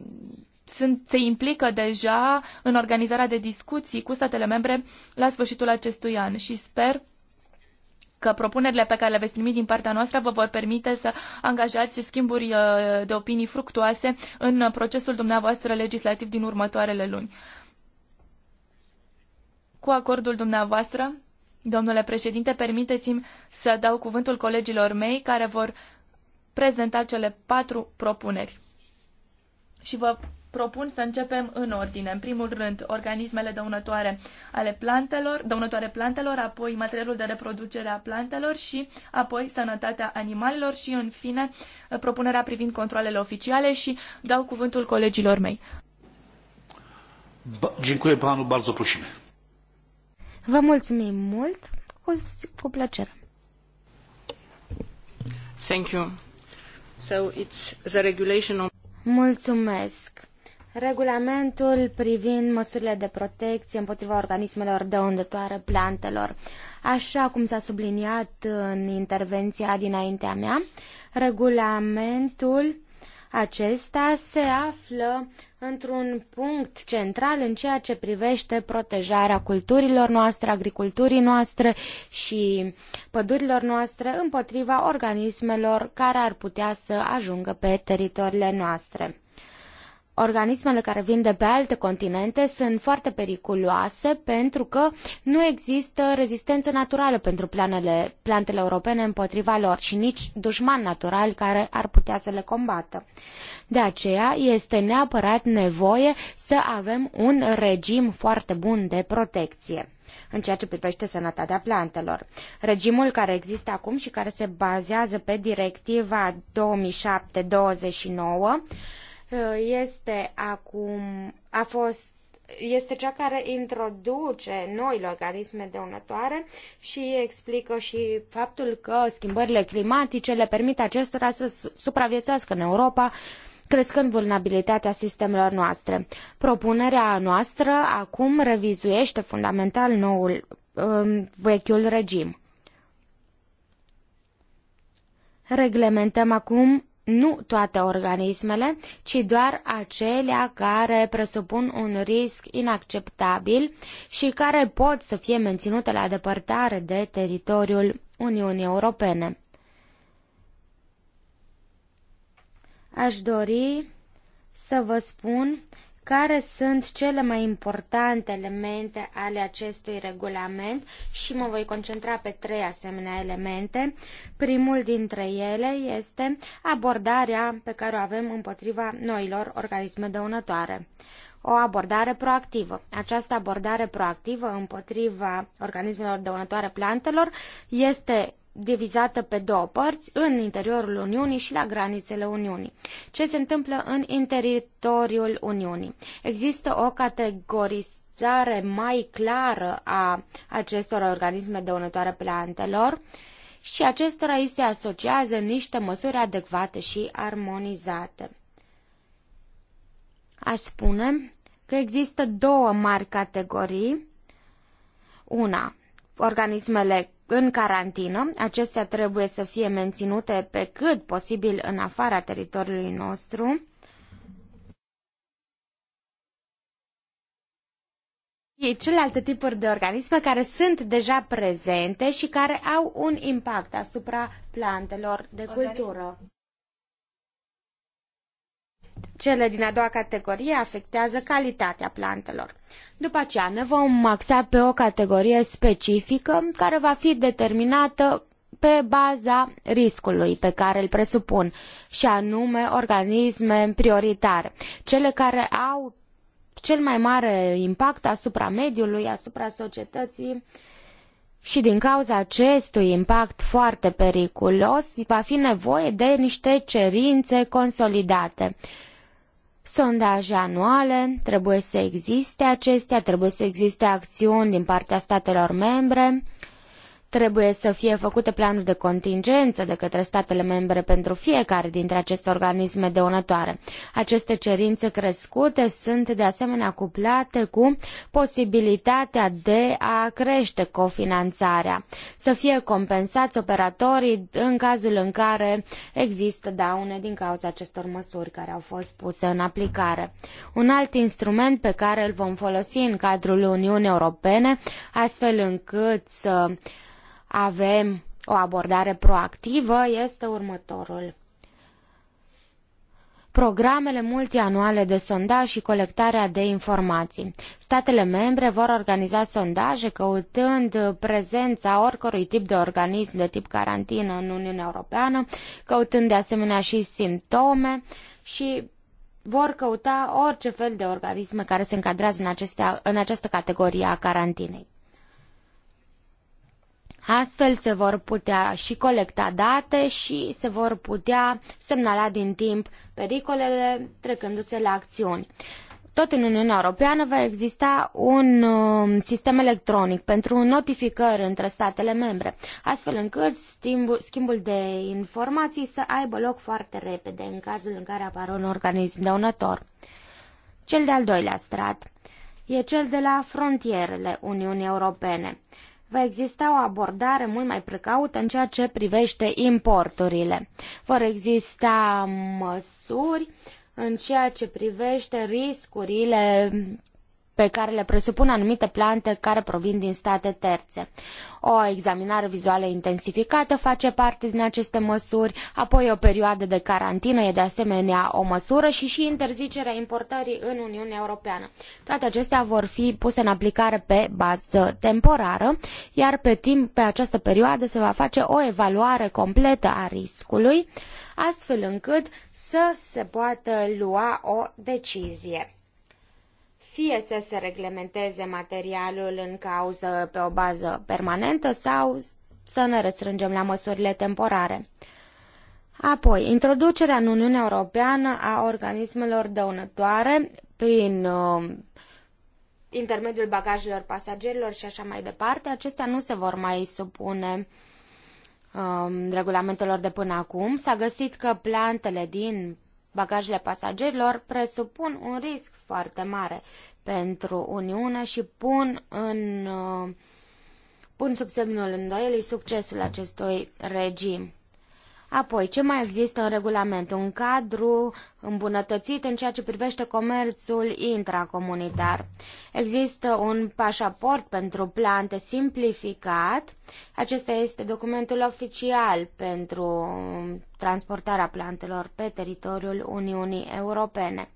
sunt, se implică deja în organizarea de discuții cu statele membre la sfârșitul acestui an și sper că propunerile pe care le veți primi din partea noastră vă vor permite să angajați schimburi uh, de opinii fructuoase în procesul dumneavoastră legislativ din următoarele luni. Cu acordul dumneavoastră, domnule președinte, permiteți-mi să dau cuvântul colegilor mei care vor prezenta cele patru propuneri. Și vă propun să începem în ordine. În primul rând, organismele dăunătoare ale plantelor, dăunătoare plantelor, apoi materialul de reproducere a plantelor și apoi sănătatea animalelor și, în fine, propunerea privind controlele oficiale și dau cuvântul colegilor mei. Dziękuję panu, bardzo prosimy. Vă mulțumim mult, cu, cu plăcere. Thank you. So it's the regulation of... Mulțumesc. Regulamentul privind măsurile de protecție împotriva organismelor dăunătoare plantelor. Așa cum s-a subliniat în intervenția dinaintea mea, regulamentul acesta se află într-un punct central în ceea ce privește protejarea culturilor noastre, agriculturii noastre și pădurilor noastre împotriva organismelor care ar putea să ajungă pe teritoriile noastre. Organismele care vin de pe alte continente sunt foarte periculoase pentru că nu există rezistență naturală pentru planele, plantele europene împotriva lor și nici dușman natural care ar putea să le combată. De aceea este neapărat nevoie să avem un regim foarte bun de protecție în ceea ce privește sănătatea plantelor. Regimul care există acum și care se bazează pe directiva 2007-29 Eh, este acum, a fost este cea care introduce noile organisme dăunătoare și explică și faptul că schimbările climatice le permit acestora să supraviețuiască în Europa, crescând vulnerabilitatea sistemelor noastre. Propunerea noastră acum revizuiește fundamental noul um, vechiul regim. Reglementăm acum nu toate organismele, ci doar acelea care presupun un risc inacceptabil și care pot să fie menținute la depărtare de teritoriul Uniunii Europene. Aș dori să vă spun care sunt cele mai importante elemente ale acestui regulament și mă voi concentra pe trei asemenea elemente. Primul dintre ele este abordarea pe care o avem împotriva noilor organisme dăunătoare o abordare proactivă. Această abordare proactivă împotriva organismelor dăunătoare plantelor este divizată pe două părți, în interiorul Uniunii și la granițele Uniunii. Ce se întâmplă în teritoriul Uniunii? Există o categorizare mai clară a acestor organisme dăunătoare plantelor și acestora îi se asociază niște măsuri adecvate și armonizate. Aș spune că există două mari categorii. Una, organismele în carantină, acestea trebuie să fie menținute pe cât posibil în afara teritoriului nostru. E celelalte tipuri de organisme care sunt deja prezente și care au un impact asupra plantelor de cultură. Cele din a doua categorie afectează calitatea plantelor. După aceea ne vom axa pe o categorie specifică care va fi determinată pe baza riscului pe care îl presupun, și anume organisme prioritare, cele care au cel mai mare impact asupra mediului, asupra societății și din cauza acestui impact foarte periculos va fi nevoie de niște cerințe consolidate sondaje anuale, trebuie să existe acestea, trebuie să existe acțiuni din partea statelor membre, Trebuie să fie făcute planuri de contingență de către statele membre pentru fiecare dintre aceste organisme dăunătoare. Aceste cerințe crescute sunt de asemenea cuplate cu posibilitatea de a crește cofinanțarea, să fie compensați operatorii în cazul în care există daune din cauza acestor măsuri care au fost puse în aplicare. Un alt instrument pe care îl vom folosi în cadrul Uniunii Europene, astfel încât să avem o abordare proactivă este următorul. Programele multianuale de sondaj și colectarea de informații. Statele membre vor organiza sondaje căutând prezența oricărui tip de organism de tip carantină în Uniunea Europeană, căutând de asemenea și simptome și vor căuta orice fel de organisme care se încadrează în, în această categorie a carantinei. Astfel se vor putea și colecta date și se vor putea semnala din timp pericolele trecându-se la acțiuni. Tot în Uniunea Europeană va exista un um, sistem electronic pentru notificări între statele membre, astfel încât schimbul de informații să aibă loc foarte repede în cazul în care apare un organism dăunător. Cel de-al doilea strat e cel de la frontierele Uniunii Europene va exista o abordare mult mai precaută în ceea ce privește importurile. Vor exista măsuri în ceea ce privește riscurile pe care le presupun anumite plante care provin din state terțe. O examinare vizuală intensificată face parte din aceste măsuri, apoi o perioadă de carantină e de asemenea o măsură și și interzicerea importării în Uniunea Europeană. Toate acestea vor fi puse în aplicare pe bază temporară, iar pe timp pe această perioadă se va face o evaluare completă a riscului, astfel încât să se poată lua o decizie fie să se reglementeze materialul în cauză pe o bază permanentă sau să ne restrângem la măsurile temporare. Apoi, introducerea în Uniunea Europeană a organismelor dăunătoare prin uh, intermediul bagajelor pasagerilor și așa mai departe, acestea nu se vor mai supune uh, regulamentelor de până acum. S-a găsit că plantele din bagajele pasagerilor presupun un risc foarte mare pentru Uniune și pun în uh, pun sub semnul îndoielii succesul acestui regim. Apoi, ce mai există în regulament? Un cadru îmbunătățit în ceea ce privește comerțul intracomunitar. Există un pașaport pentru plante simplificat. Acesta este documentul oficial pentru transportarea plantelor pe teritoriul Uniunii Europene.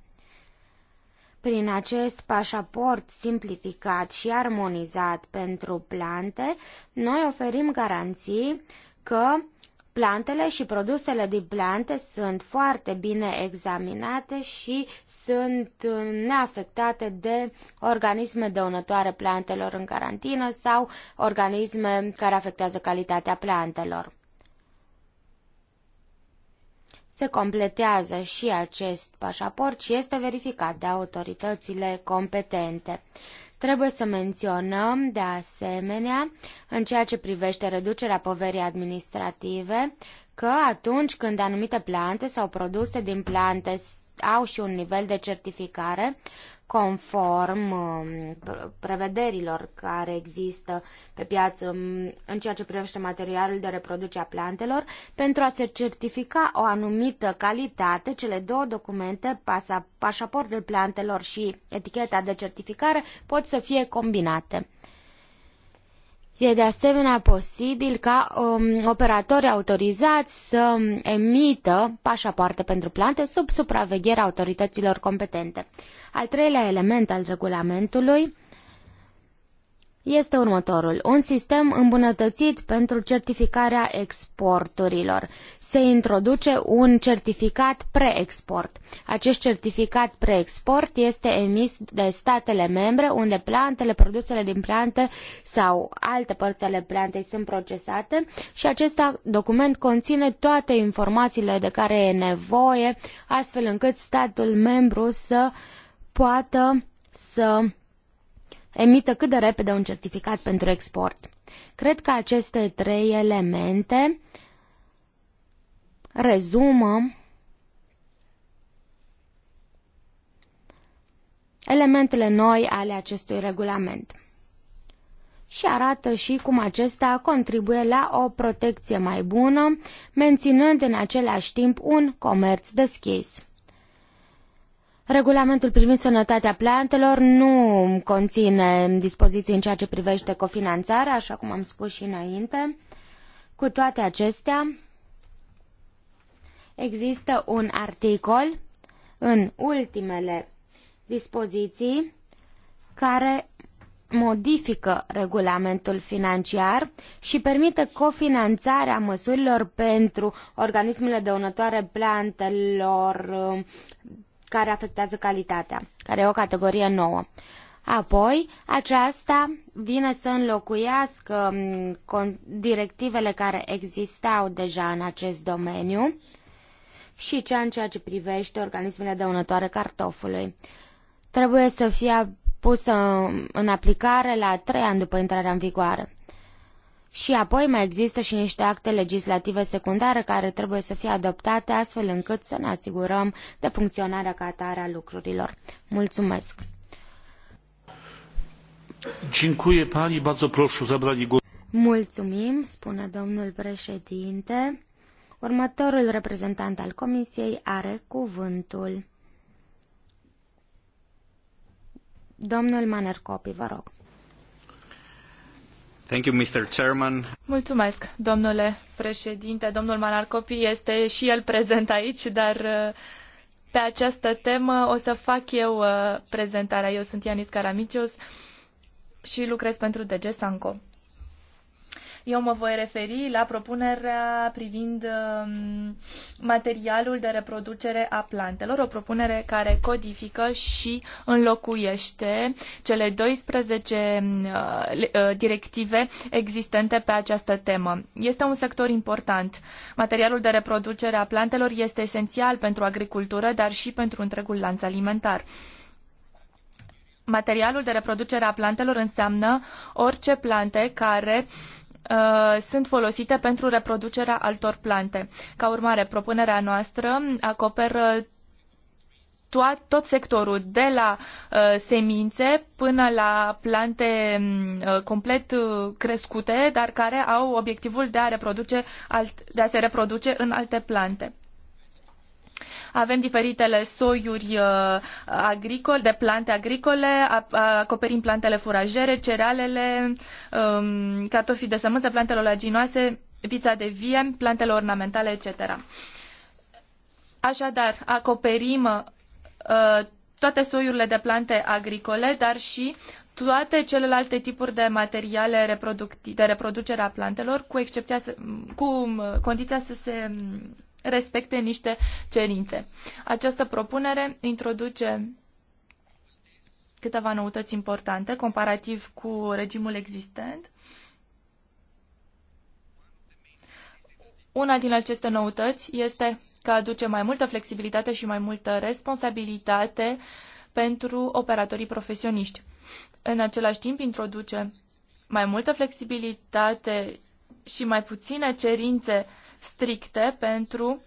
Prin acest pașaport simplificat și armonizat pentru plante, noi oferim garanții că Plantele și produsele din plante sunt foarte bine examinate și sunt uh, neafectate de organisme dăunătoare plantelor în carantină sau organisme care afectează calitatea plantelor. Se completează și acest pașaport și este verificat de autoritățile competente. Trebuie să menționăm, de asemenea, în ceea ce privește reducerea poverii administrative, că atunci când anumite plante sau produse din plante au și un nivel de certificare, conform um, prevederilor care există pe piață um, în ceea ce privește materialul de reproducere a plantelor, pentru a se certifica o anumită calitate, cele două documente, pașaportul plantelor și eticheta de certificare, pot să fie combinate. E de asemenea posibil ca um, operatorii autorizați să emită pașapoarte pentru plante sub supravegherea autorităților competente. Al treilea element al regulamentului este următorul. Un sistem îmbunătățit pentru certificarea exporturilor. Se introduce un certificat pre-export. Acest certificat pre-export este emis de statele membre unde plantele, produsele din plante sau alte părți ale plantei sunt procesate și acest document conține toate informațiile de care e nevoie astfel încât statul membru să poată să emită cât de repede un certificat pentru export. Cred că aceste trei elemente rezumă elementele noi ale acestui regulament și arată și cum acesta contribuie la o protecție mai bună, menținând în același timp un comerț deschis. Regulamentul privind sănătatea plantelor nu conține dispoziții în ceea ce privește cofinanțarea, așa cum am spus și înainte. Cu toate acestea, există un articol în ultimele dispoziții care modifică regulamentul financiar și permite cofinanțarea măsurilor pentru organismele dăunătoare plantelor care afectează calitatea, care e o categorie nouă. Apoi, aceasta vine să înlocuiască directivele care existau deja în acest domeniu și cea în ceea ce privește organismele dăunătoare cartofului. Trebuie să fie pusă în aplicare la trei ani după intrarea în vigoare. Și apoi mai există și niște acte legislative secundare care trebuie să fie adoptate astfel încât să ne asigurăm de funcționarea ca atare a lucrurilor. Mulțumesc! Dziękuję pani, bardzo proszę o zabranie głosu. Mulțumim, spune domnul președinte. Următorul reprezentant al comisiei are cuvântul. Domnul Manercopi, vă rog. Mulțumesc, domnule președinte. Domnul Manarcopi este și el prezent aici, dar uh, pe această temă o să fac eu uh, prezentarea. Eu sunt Ianis Karamicios și lucrez pentru DG Sanco. Eu mă voi referi la propunerea privind um, materialul de reproducere a plantelor, o propunere care codifică și înlocuiește cele 12 um, uh, directive existente pe această temă. Este un sector important. Materialul de reproducere a plantelor este esențial pentru agricultură, dar și pentru întregul lanț alimentar. Materialul de reproducere a plantelor înseamnă orice plante care Uh, sunt folosite pentru reproducerea altor plante. Ca urmare, propunerea noastră acoperă tot sectorul, de la uh, semințe până la plante mm, uh, complet uh, crescute, dar care au obiectivul de a, reproduce alt, de a se reproduce în alte plante. Avem diferitele soiuri uh, agricole, de plante agricole, acoperim plantele furajere, cerealele, um, cartofii de sămânță, plantele olaginoase, vița de vie, plantele ornamentale, etc. Așadar, acoperim uh, toate soiurile de plante agricole, dar și toate celelalte tipuri de materiale de reproducere a plantelor, cu, excepția, cu um, condiția să se um, respecte niște cerințe. Această propunere introduce câteva noutăți importante comparativ cu regimul existent. Una din aceste noutăți este că aduce mai multă flexibilitate și mai multă responsabilitate pentru operatorii profesioniști. În același timp, introduce mai multă flexibilitate și mai puține cerințe stricte pentru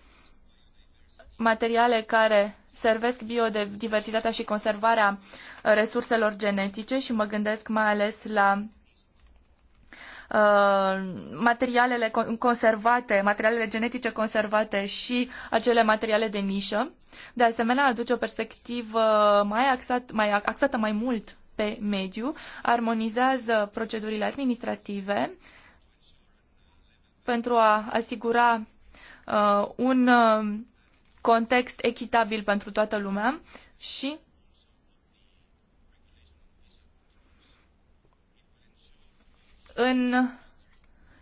materiale care servesc biodiversitatea și conservarea uh, resurselor genetice și mă gândesc mai ales la uh, materialele conservate, materialele genetice conservate și acele materiale de nișă. De asemenea, aduce o perspectivă mai, axat, mai axată mai mult pe mediu, armonizează procedurile administrative uh, pentru a asigura uh, un uh, context echitabil pentru toată lumea și în,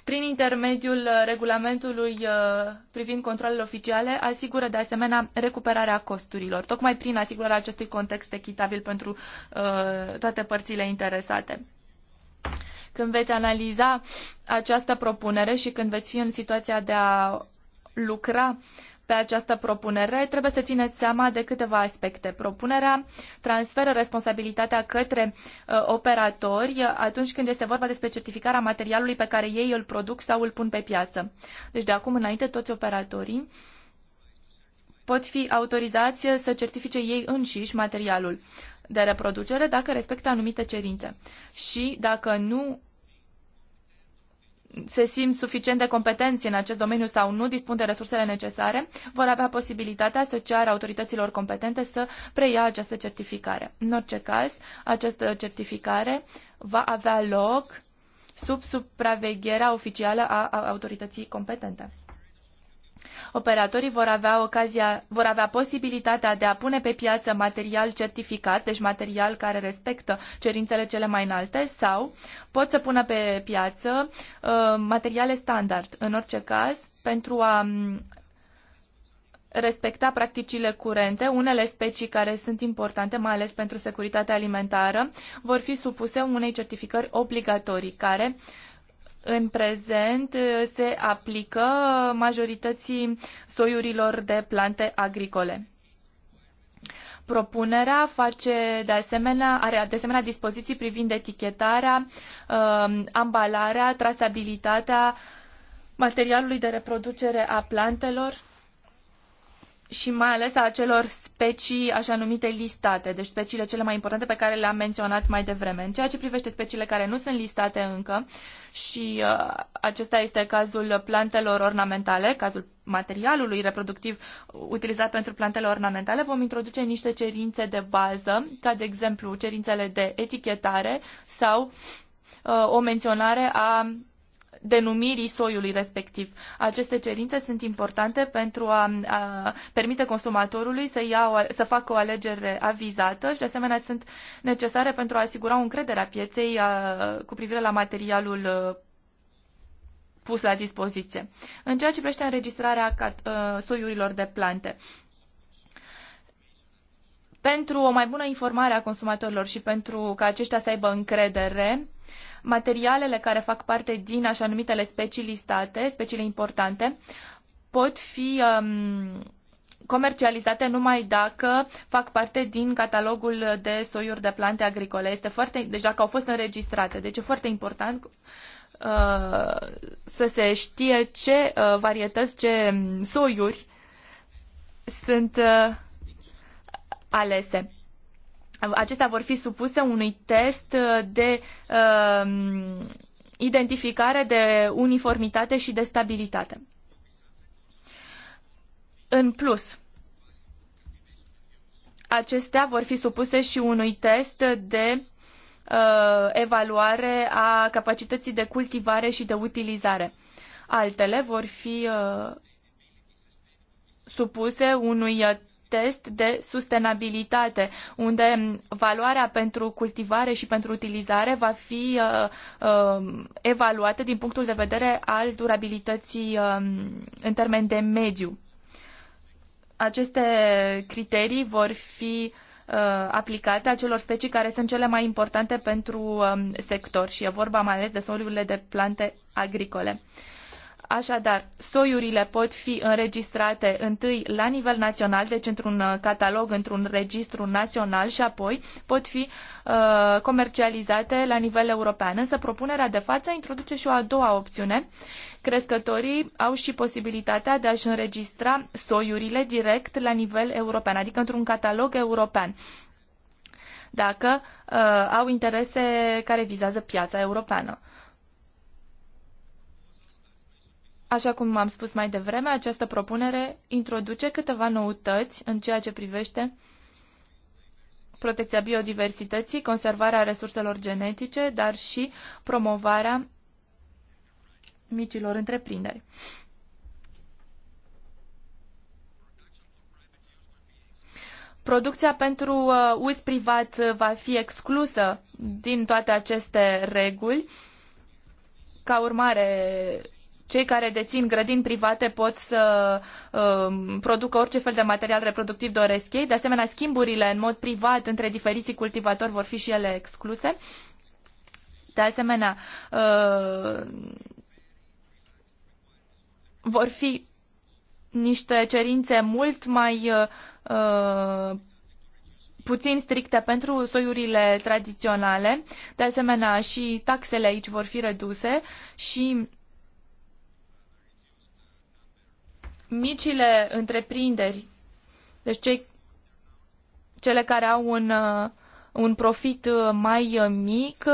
prin intermediul regulamentului uh, privind controlele oficiale asigură de asemenea recuperarea costurilor, tocmai prin asigurarea acestui context echitabil pentru uh, toate părțile interesate. Când veți analiza această propunere și când veți fi în situația de a lucra pe această propunere, trebuie să țineți seama de câteva aspecte. Propunerea transferă responsabilitatea către uh, operatori uh, atunci când este vorba despre certificarea materialului pe care ei îl produc sau îl pun pe piață. Deci de acum înainte toți operatorii pot fi autorizați să certifice ei înșiși materialul de reproducere dacă respectă anumite cerințe și dacă nu se simt suficient de competenți în acest domeniu sau nu dispun de resursele necesare, vor avea posibilitatea să ceară autorităților competente să preia această certificare. În orice caz, această certificare va avea loc sub supravegherea oficială a autorității competente. Operatorii vor avea, ocazia, vor avea posibilitatea de a pune pe piață material certificat, deci material care respectă cerințele cele mai înalte, sau pot să pună pe piață uh, materiale standard, în orice caz, pentru a respecta practicile curente, unele specii care sunt importante, mai ales pentru securitatea alimentară, vor fi supuse unei certificări obligatorii, care uh, în prezent uh, se aplică majorității soiurilor de plante agricole. Propunerea face de asemenea, are de asemenea dispoziții privind etichetarea, um, ambalarea, trasabilitatea materialului de reproducere a plantelor și mai ales a acelor specii așa numite listate, deci speciile cele mai importante pe care le-am menționat mai devreme. În ceea ce privește speciile care nu sunt listate încă și uh, acesta este cazul plantelor ornamentale, cazul materialului reproductiv utilizat pentru plantele ornamentale, vom introduce niște cerințe de bază, ca de exemplu cerințele de etichetare sau uh, o menționare a denumirii soiului respectiv. Aceste cerințe sunt importante pentru a, a permite consumatorului să, ia o, să facă o alegere avizată și de asemenea sunt necesare pentru a asigura o încredere a pieței a, cu privire la materialul pus la dispoziție. În ceea ce privește înregistrarea cat, a, soiurilor de plante, pentru o mai bună informare a consumatorilor și pentru ca aceștia să aibă încredere, uh, materialele care fac parte din așa numitele specii listate, speciile importante, pot fi um, comercializate numai dacă fac parte din catalogul de soiuri de plante agricole. Este foarte, deci dacă au fost înregistrate. Deci e foarte important uh, să se știe ce uh, varietăți, ce um, soiuri sunt uh, alese acestea vor fi supuse unui test uh, de uh, identificare, de uniformitate și de stabilitate. În plus, acestea vor fi supuse și unui test de uh, evaluare a capacității de cultivare și de utilizare. Altele vor fi uh, supuse unui test de sustenabilitate, unde valoarea pentru cultivare și pentru utilizare va fi uh, uh, evaluată din punctul de vedere al durabilității um, în termen de mediu. Aceste criterii vor fi uh, aplicate acelor specii care sunt cele mai importante pentru um, sector și e vorba mai ales de solurile de plante agricole. Uh, Așadar, soiurile pot fi înregistrate întâi la nivel național, deci într-un uh, catalog, într-un registru național și apoi pot fi uh, comercializate la nivel european. Însă propunerea de față introduce și o a doua opțiune. Crescătorii au și posibilitatea de a-și înregistra soiurile direct la nivel european, adică într-un catalog european dacă uh, au interese care vizează piața europeană. Așa cum am spus mai devreme, această propunere introduce câteva noutăți în ceea ce privește protecția biodiversității, conservarea resurselor genetice, dar și promovarea micilor întreprinderi. Producția pentru uh, uz privat uh, va fi exclusă din toate aceste reguli. Ca urmare, cei care dețin grădini private pot să uh, producă orice fel de material reproductiv doresc ei. De asemenea, schimburile în mod privat între diferiții cultivatori vor fi și ele excluse. De asemenea, uh, vor fi niște cerințe mult mai uh, puțin stricte pentru soiurile tradiționale. De asemenea, și taxele aici vor fi reduse și micile întreprinderi, deci cei, cele care au un, uh, un profit uh, mai uh, mic,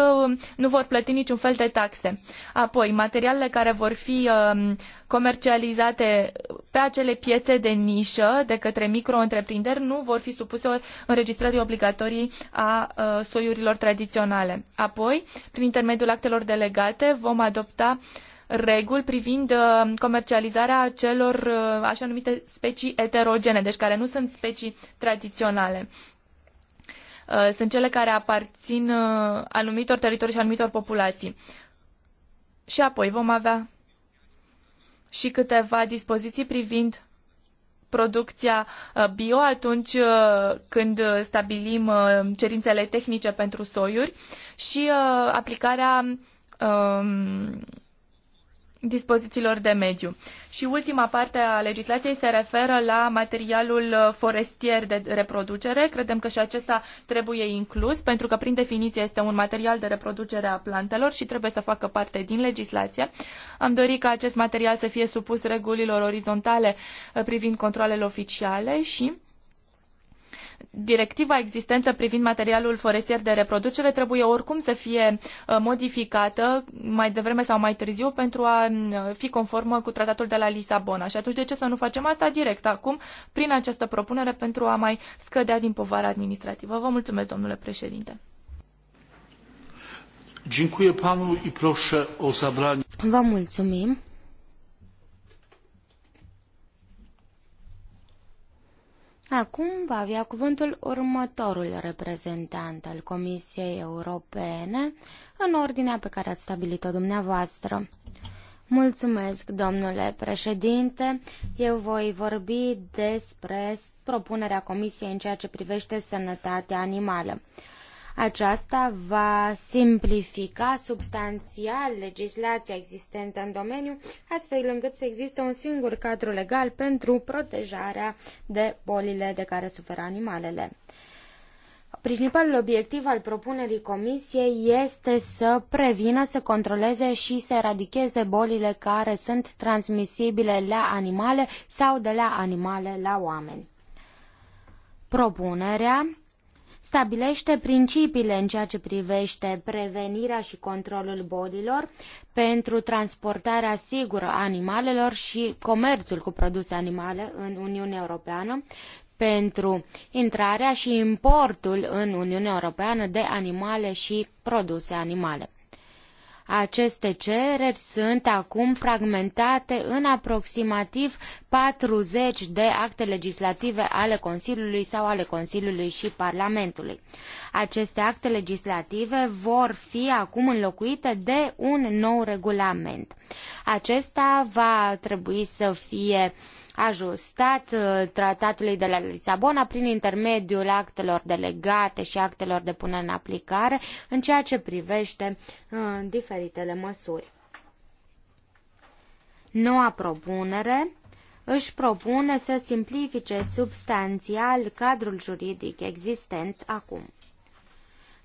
nu vor plăti niciun fel de taxe. Apoi, materialele care vor fi um, comercializate pe acele piețe de nișă de către micro-întreprinderi nu vor fi supuse înregistrării obligatorii a soiurilor tradiționale. Apoi, prin intermediul actelor delegate, vom adopta reguli privind uh, comercializarea acelor uh, așa numite specii eterogene, deci care nu sunt specii tradiționale. Uh, sunt cele care aparțin anumitor teritorii și anumitor populații. Și apoi vom avea și câteva dispoziții privind producția bio atunci când stabilim cerințele tehnice pentru soiuri și aplicarea um, dispozițiilor de mediu. Și ultima parte a legislației se referă la materialul uh, forestier de reproducere. Credem că și acesta trebuie inclus, pentru că prin definiție este un material de reproducere a plantelor și trebuie să facă parte din legislație. Am dorit ca acest material să fie supus regulilor orizontale uh, privind controlele oficiale și directiva existentă privind materialul forestier de reproducere trebuie oricum să fie uh, modificată mai devreme sau mai târziu pentru a mm, fi conformă cu tratatul de la Lisabona. Și atunci de ce să nu facem asta direct acum prin această propunere pentru a mai scădea din povara administrativă? Vă mulțumesc, domnule președinte. Vă mulțumim. Acum va avea cuvântul următorul reprezentant al Comisiei Europene, în ordinea pe care ați stabilit-o dumneavoastră. Mulțumesc, domnule președinte. Eu voi vorbi despre propunerea Comisiei în ceea ce privește sănătatea animală. Aceasta va simplifica substanțial legislația existentă în domeniu, astfel încât să existe un singur cadru legal pentru protejarea de bolile de care suferă animalele. Principalul obiectiv al propunerii comisiei este să prevină, să controleze și să eradicheze bolile care sunt transmisibile la animale sau de la animale la oameni. Propunerea stabilește principiile în ceea ce privește prevenirea și controlul bolilor pentru transportarea sigură a animalelor și comerțul cu produse animale în Uniunea Europeană, pentru intrarea și importul în Uniunea Europeană de animale și produse animale. Aceste cereri sunt acum fragmentate în aproximativ 40 de acte legislative ale Consiliului sau ale Consiliului și Parlamentului. Aceste acte legislative vor fi acum înlocuite de un nou regulament. Acesta va trebui să fie uh, ajustat uh, tratatului de la Lisabona prin intermediul actelor delegate și actelor de punere în aplicare în ceea ce privește uh, diferitele măsuri. Noua propunere își propune să simplifice substanțial cadrul juridic existent acum.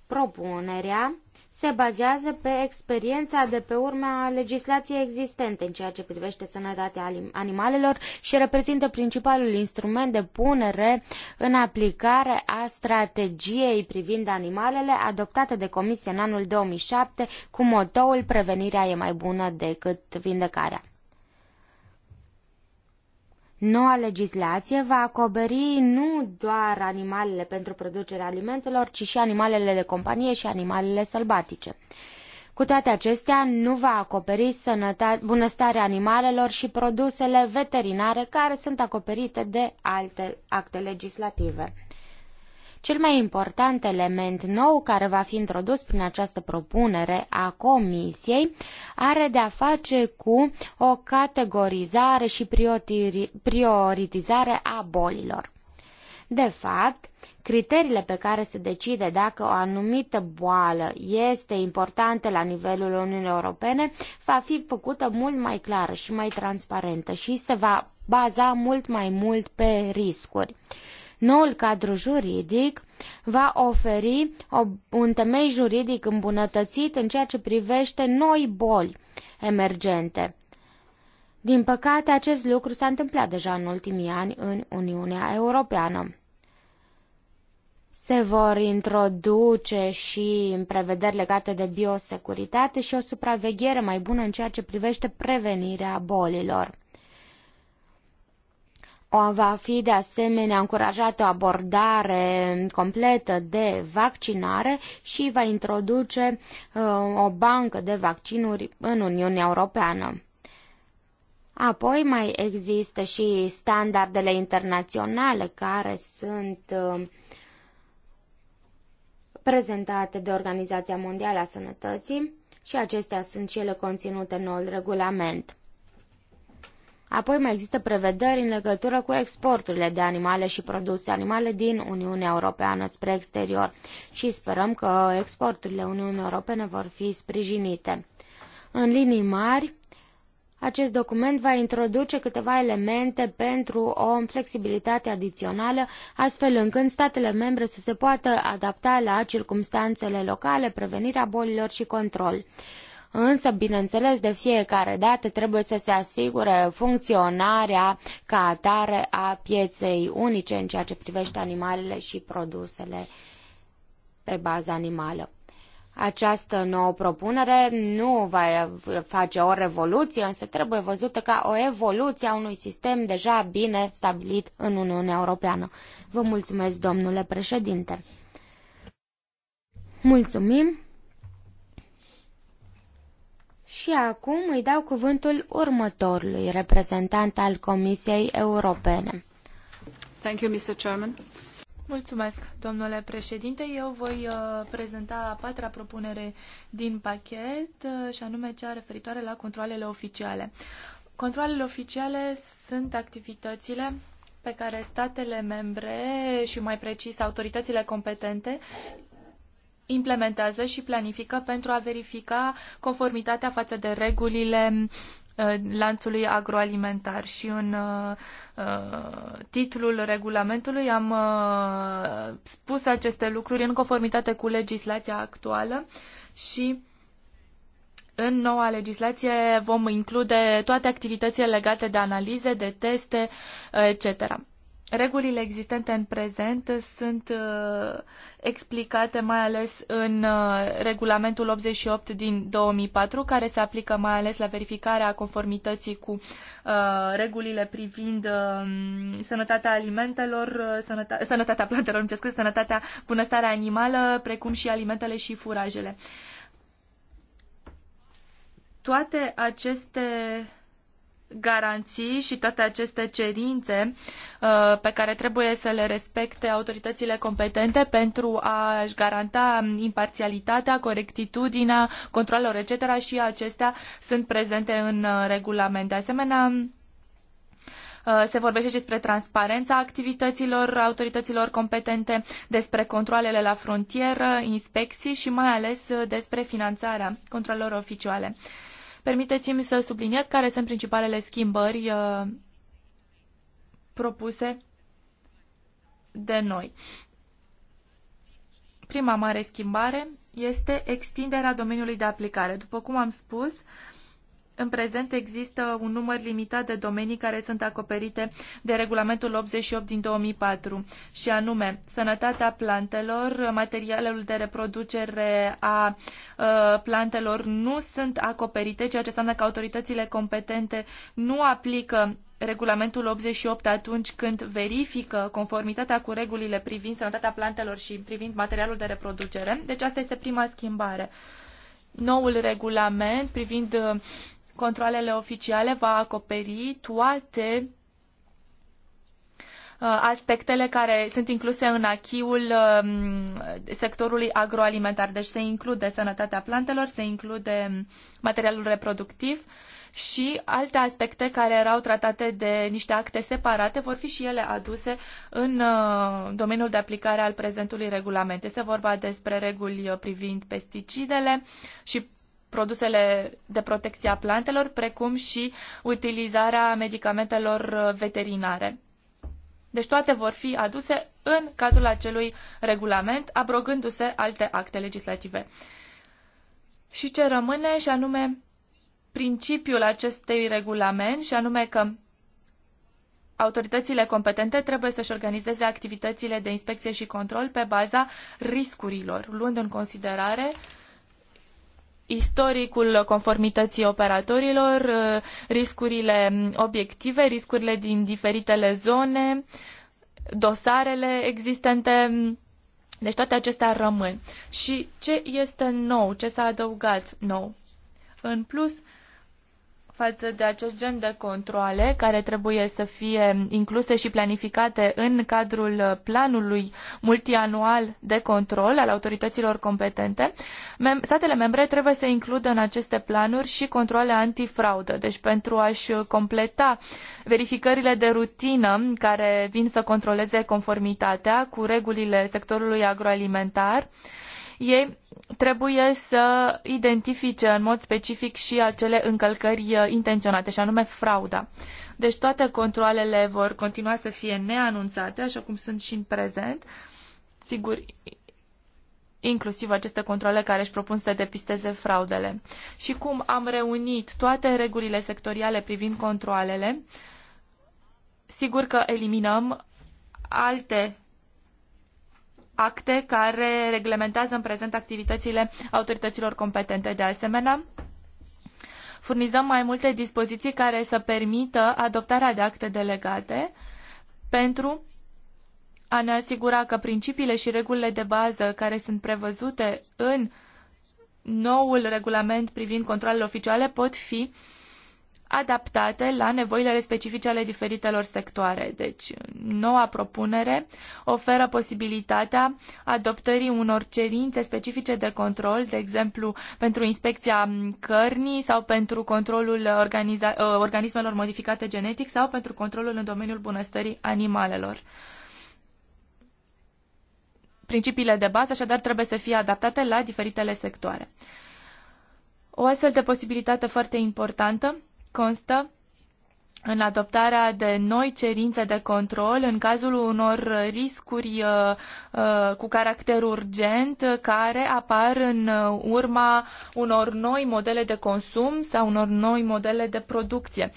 Propunerea se bazează pe experiența de pe urma legislației existente în ceea ce privește sănătatea animalelor și reprezintă principalul instrument de punere în aplicare a strategiei privind animalele adoptată de Comisie în anul 2007 cu motoul Prevenirea e mai bună decât vindecarea. Noua legislație va acoperi nu doar animalele pentru producerea alimentelor, ci și animalele de companie și animalele sălbatice. Cu toate acestea, nu va acoperi sănătate, bunăstarea animalelor și produsele veterinare care sunt acoperite de alte acte legislative. Cel mai important element nou care va fi introdus prin această propunere a Comisiei are de a face cu o categorizare și prioritizare a bolilor. De fapt, criteriile pe care se decide dacă o anumită boală este importantă la nivelul Uniunii Europene va fi făcută mult mai clară și mai transparentă și se va baza mult mai mult pe riscuri. Noul cadru juridic va oferi un temei juridic îmbunătățit în ceea ce privește noi boli emergente. Din păcate, acest lucru s-a întâmplat deja în ultimii ani în Uniunea Europeană. Se vor introduce și prevederi legate de biosecuritate și o supraveghere mai bună în ceea ce privește prevenirea bolilor. O va fi de asemenea încurajată o abordare completă de vaccinare și va introduce uh, o bancă de vaccinuri în Uniunea Europeană. Apoi mai există și standardele internaționale care sunt uh, prezentate de Organizația Mondială a Sănătății și acestea sunt cele conținute în noul regulament. Apoi mai există prevederi în legătură cu exporturile de animale și produse animale din Uniunea Europeană spre exterior și sperăm că exporturile Uniunii Europene vor fi sprijinite. În linii mari, acest document va introduce câteva elemente pentru o flexibilitate adițională, astfel încât statele membre să se poată adapta la circumstanțele locale, prevenirea bolilor și control însă, bineînțeles, de fiecare dată trebuie să se asigure funcționarea ca atare a pieței unice în ceea ce privește animalele și produsele pe bază animală. Această nouă propunere nu va face o revoluție, însă trebuie văzută ca o evoluție a unui sistem deja bine stabilit în Uniunea Europeană. Vă mulțumesc, domnule președinte. Mulțumim. Și acum îi dau cuvântul următorului reprezentant al Comisiei Europene. Thank you, Mr. Chairman. Mulțumesc, domnule președinte. Eu voi uh, prezenta a patra propunere din pachet, uh, și anume cea referitoare la controlele oficiale. Controlele oficiale sunt activitățile pe care statele membre și mai precis autoritățile competente implementează și planifică pentru a verifica conformitatea față de regulile uh, lanțului agroalimentar și în uh, uh, titlul regulamentului am spus aceste lucruri în conformitate cu legislația actuală și în noua legislație vom include toate activitățile legate de analize, de teste, etc. Regulile existente în prezent sunt uh, explicate mai ales în uh, regulamentul 88 din 2004, care se aplică mai ales la verificarea conformității cu uh, regulile privind sănătatea alimentelor, sănăta, sănătatea plantelor, îmi scris, sănătatea, bunăstarea animală, precum și alimentele și furajele. Toate aceste garanții și toate aceste cerințe uh, pe care trebuie să le respecte autoritățile competente pentru a-și garanta imparțialitatea, corectitudinea, controlul etc. și acestea sunt prezente în uh, regulament. De asemenea, uh, se vorbește și despre transparența activităților autorităților competente, despre controlele la frontieră, inspecții și mai ales uh, despre finanțarea controlelor oficiale. Permiteți-mi să subliniez care sunt principalele schimbări uh, propuse de noi. Prima mare schimbare este extinderea domeniului de aplicare. După cum am spus, uh, în prezent există un număr limitat de domenii care sunt acoperite de regulamentul 88 din 2004 și anume sănătatea plantelor, materialul de reproducere a ă, plantelor nu sunt acoperite, ceea ce înseamnă că autoritățile competente nu aplică regulamentul 88 atunci când verifică conformitatea cu regulile privind sănătatea plantelor și privind materialul de reproducere. Deci asta este prima schimbare. Noul regulament privind controlele oficiale va acoperi toate uh, aspectele care sunt incluse în achiul um, sectorului agroalimentar. Deci se include sănătatea plantelor, se include materialul reproductiv și alte aspecte care erau tratate de niște acte separate vor fi și ele aduse în uh, domeniul de aplicare al prezentului regulament. Este vorba despre reguli uh, privind pesticidele și produsele de protecție a plantelor, precum și utilizarea medicamentelor veterinare. Deci toate vor fi aduse în cadrul acelui regulament, abrogându-se alte acte legislative. Și ce rămâne, și anume principiul acestui regulament, și anume că autoritățile competente trebuie să-și organizeze activitățile de inspecție și control pe baza riscurilor, luând în considerare uh, istoricul conformității operatorilor, uh, riscurile obiective, riscurile din diferitele zone, dosarele existente. Deci toate acestea rămân. Și ce este nou? Ce s-a adăugat nou? În plus, față de acest gen de controle care trebuie să fie incluse și planificate în cadrul planului multianual de control al autorităților competente, statele membre trebuie să includă în aceste planuri și controle antifraudă, deci pentru a-și completa verificările de rutină care vin să controleze conformitatea cu regulile sectorului agroalimentar, ei trebuie să identifice în mod specific și acele încălcări uh, intenționate, și anume frauda. Deci toate controlele vor continua să fie neanunțate, așa cum sunt și în prezent. Sigur, inclusiv aceste controle care își propun să depisteze fraudele. Și cum am reunit toate regulile sectoriale privind controlele, sigur că eliminăm alte acte care reglementează în prezent activitățile autorităților competente. De asemenea, furnizăm mai multe dispoziții care să permită adoptarea de acte delegate pentru a ne asigura că principiile și regulile de bază care sunt prevăzute în noul regulament privind controlele oficiale pot fi uh, adaptate la nevoile specifice ale diferitelor sectoare. Deci, noua propunere oferă posibilitatea adoptării unor cerințe specifice de control, de exemplu, pentru inspecția cărnii sau pentru controlul ă, organismelor modificate genetic sau pentru controlul în domeniul bunăstării animalelor. Principiile de bază, așadar, trebuie să fie adaptate la diferitele sectoare. O astfel de posibilitate foarte importantă constă în adoptarea de noi cerințe de control în cazul unor riscuri uh, uh, cu caracter urgent care apar în urma unor noi modele de consum sau unor noi modele de producție.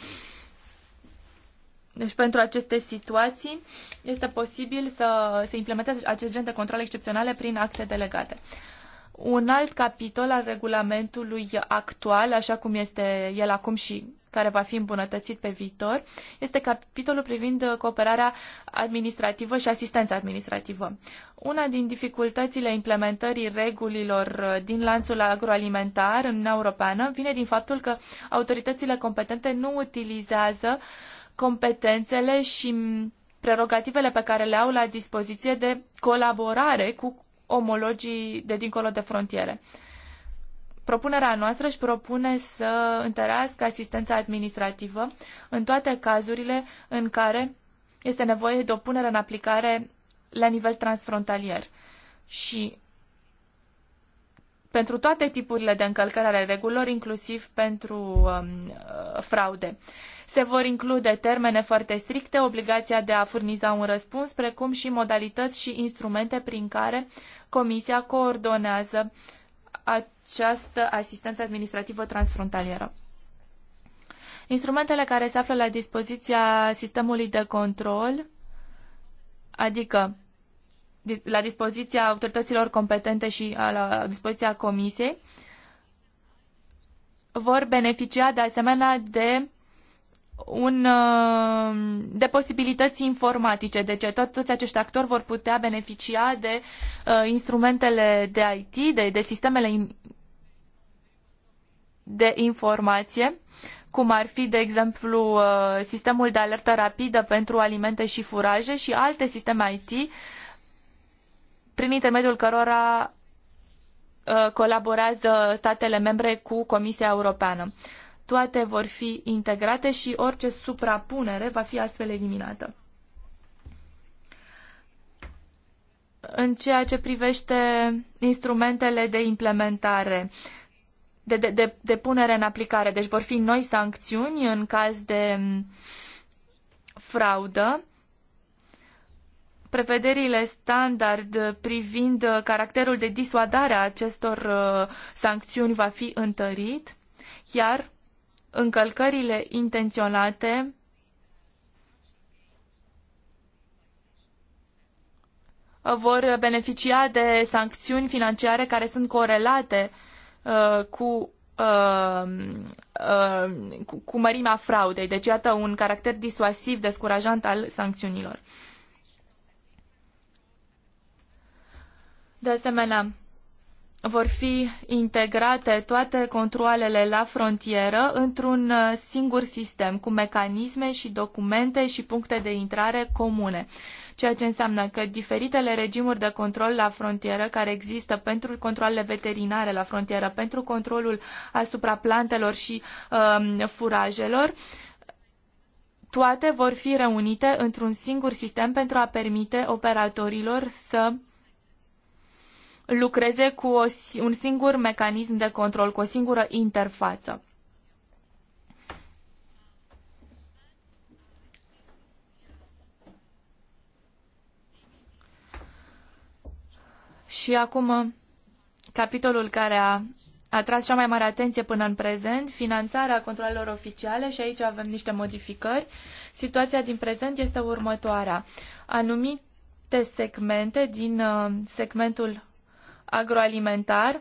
Deci pentru aceste situații este posibil să se implementeze acest gen de control excepționale prin acte delegate. Un alt capitol al regulamentului actual, așa cum este el acum și care va fi îmbunătățit pe viitor, este capitolul privind uh, cooperarea administrativă și asistența administrativă. Una din dificultățile implementării regulilor uh, din lanțul agroalimentar în Uniunea Europeană vine din faptul că autoritățile competente nu utilizează competențele și prerogativele pe care le au la dispoziție de colaborare cu omologii de dincolo de frontiere. Propunerea noastră își propune să întărească asistența administrativă în toate cazurile în care este nevoie de o punere în aplicare la nivel transfrontalier. Și pentru toate tipurile de încălcări ale regulilor, inclusiv pentru um, uh, fraude. Se vor include termene foarte stricte, obligația de a furniza un răspuns, precum și modalități și instrumente prin care Comisia coordonează at- această asistență administrativă transfrontalieră. Instrumentele care se află la dispoziția sistemului de control, adică la dispoziția autorităților competente și la dispoziția comisiei, vor beneficia de asemenea de un, uh, de posibilități informatice. Deci tot, toți acești actori vor putea beneficia de uh, instrumentele de IT, de, de sistemele in, de informație, cum ar fi, de exemplu, uh, sistemul de alertă rapidă pentru alimente și furaje și alte sisteme IT, prin intermediul cărora uh, colaborează statele membre cu Comisia Europeană. Toate vor fi integrate și orice suprapunere va fi astfel eliminată. În ceea ce privește instrumentele de implementare, uh, de, de, de, de punere în aplicare. Deci vor fi noi sancțiuni în caz de mm, fraudă. Prevederile standard privind caracterul de disuadare a acestor uh, sancțiuni va fi întărit, iar încălcările intenționate vor beneficia de sancțiuni financiare care sunt corelate uh, Uh, cu, uh, uh, cu, cu mărimea fraudei. Deci, iată un caracter disuasiv, descurajant al sancțiunilor. De asemenea, vor fi integrate toate controalele la frontieră într-un uh, singur sistem, cu mecanisme și documente și puncte de intrare comune ceea ce înseamnă că diferitele regimuri de control la frontieră care există pentru controlele veterinare la frontieră, pentru controlul asupra plantelor și um, furajelor, toate vor fi reunite într-un singur sistem pentru a permite operatorilor să lucreze cu o, un singur mecanism de control, cu o singură interfață. Și acum, capitolul care a atras cea mai mare atenție până în prezent, finanțarea controlelor oficiale și aici avem niște modificări. Situația din prezent este următoarea. Anumite segmente din uh, segmentul agroalimentar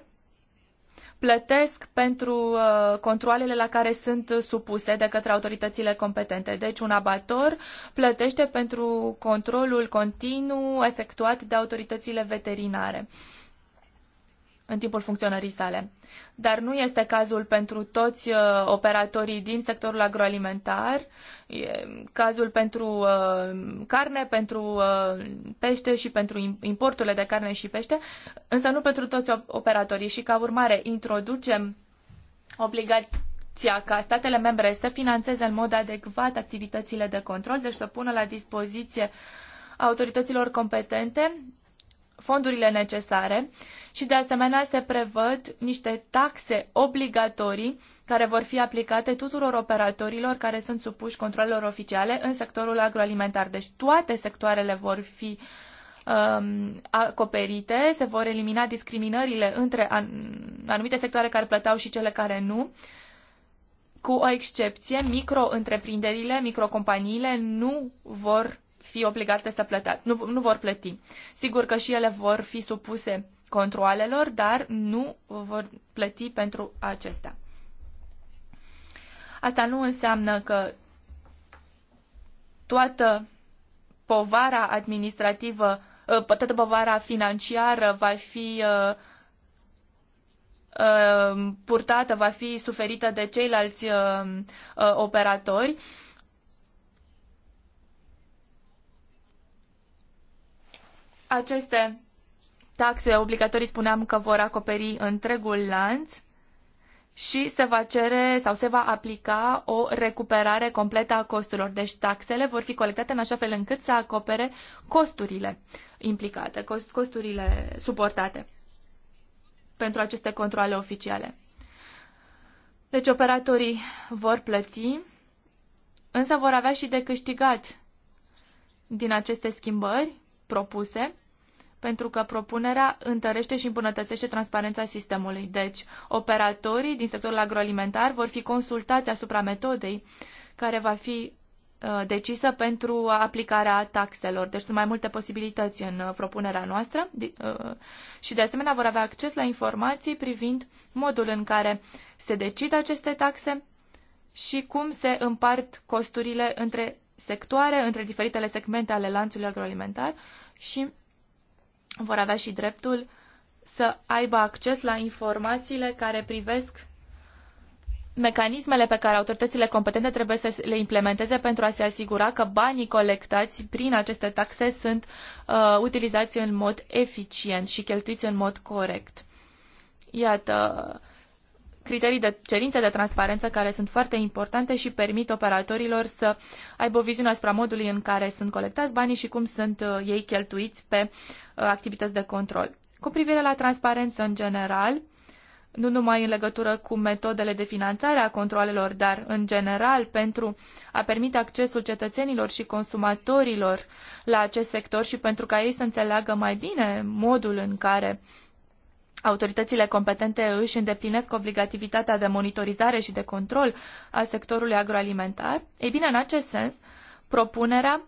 plătesc pentru uh, controlele la care sunt supuse de către autoritățile competente. Deci un abator plătește pentru controlul continuu efectuat de autoritățile veterinare. Uh, în timpul funcționării sale. Dar nu este cazul pentru toți uh, operatorii din sectorul agroalimentar, e cazul pentru uh, carne, pentru uh, pește și pentru importurile de carne și pește, însă nu pentru toți operatorii și ca urmare introducem obligația ca statele membre să financeze în mod adecvat activitățile de control, deci să pună la dispoziție autorităților competente fondurile necesare uh, și de asemenea se prevăd niște taxe obligatorii care vor fi aplicate tuturor operatorilor care sunt supuși controlelor oficiale în sectorul agroalimentar. Deci toate sectoarele vor fi um, acoperite, se vor elimina discriminările între an anumite sectoare care plăteau și cele care nu cu o excepție, micro-întreprinderile, microcompaniile nu vor fi obligate să plătească, nu, nu vor plăti. Sigur că și ele vor fi supuse controalelor, dar nu vor plăti pentru acestea. Asta nu înseamnă că toată povara administrativă, ă, toată povara financiară va fi ă, ă, purtată, va fi suferită de ceilalți operatori. Aceste taxe obligatorii spuneam că vor acoperi întregul lanț și se va cere sau se va aplica o recuperare completă a costurilor. Deci taxele vor fi colectate în așa fel încât să acopere costurile implicate, cost, costurile suportate pentru aceste controle oficiale. Deci operatorii vor plăti, însă vor avea și de câștigat din aceste schimbări propuse pentru că propunerea întărește și îmbunătățește transparența sistemului. Deci, operatorii din sectorul agroalimentar vor fi consultați asupra metodei care va fi uh, decisă pentru aplicarea taxelor. Deci sunt mai multe posibilități în uh, propunerea noastră uh, și de asemenea vor avea acces la informații privind modul în care se decid aceste taxe și cum se împart costurile între sectoare, între diferitele segmente ale lanțului agroalimentar și vor avea și dreptul să aibă acces la informațiile care privesc mecanismele pe care autoritățile competente trebuie să le implementeze pentru a se asigura că banii colectați prin aceste taxe sunt uh, utilizați în mod eficient și cheltuiți în mod corect. Iată, criterii de cerințe de transparență care sunt foarte importante și permit operatorilor să aibă o viziune asupra modului în care sunt colectați banii și cum sunt uh, ei cheltuiți pe uh, activități de control. Cu privire la transparență în general, nu numai în legătură cu metodele de finanțare a controalelor, dar în general pentru a permite accesul cetățenilor și consumatorilor la acest sector și pentru ca ei să înțeleagă mai bine modul în care autoritățile competente își îndeplinesc obligativitatea de monitorizare și de control al sectorului agroalimentar, ei bine, în acest sens, propunerea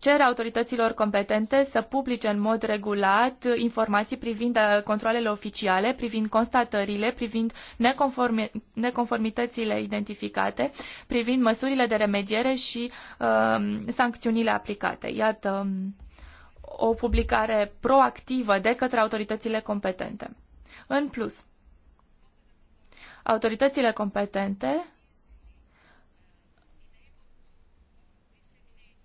cere autorităților competente să publice în mod regulat informații privind controlele oficiale, privind constatările, privind neconformi, neconformitățile identificate, privind măsurile de remediere și uh, sancțiunile aplicate. Iată um, o publicare proactivă de către autoritățile competente. În plus, autoritățile competente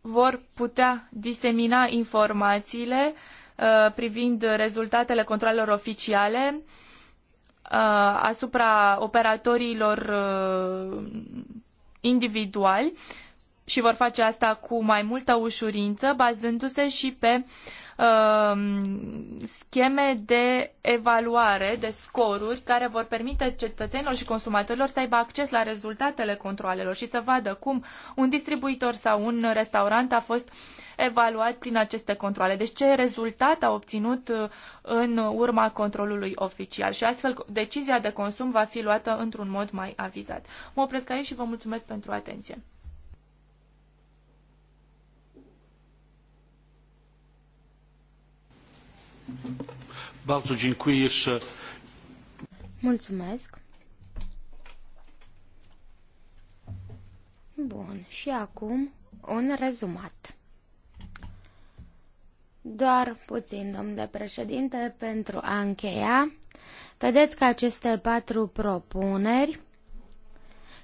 vor putea disemina informațiile uh, privind rezultatele controlelor oficiale uh, asupra operatorilor uh, individuali și vor face asta cu mai multă ușurință, bazându-se și pe um, scheme de evaluare, de scoruri, care vor permite cetățenilor și consumatorilor să aibă acces la rezultatele controalelor și să vadă cum un distribuitor sau un restaurant a fost evaluat prin aceste controale. Deci ce rezultat a obținut uh, în urma controlului oficial și astfel decizia de consum va fi luată într-un mod mai avizat. Mă opresc aici și vă mulțumesc pentru atenție. Bardzo dziękuję jeszcze. Mulțumesc. Bun, și acum un rezumat. Doar puțin, domnule președinte, pentru a încheia. Vedeți că aceste patru propuneri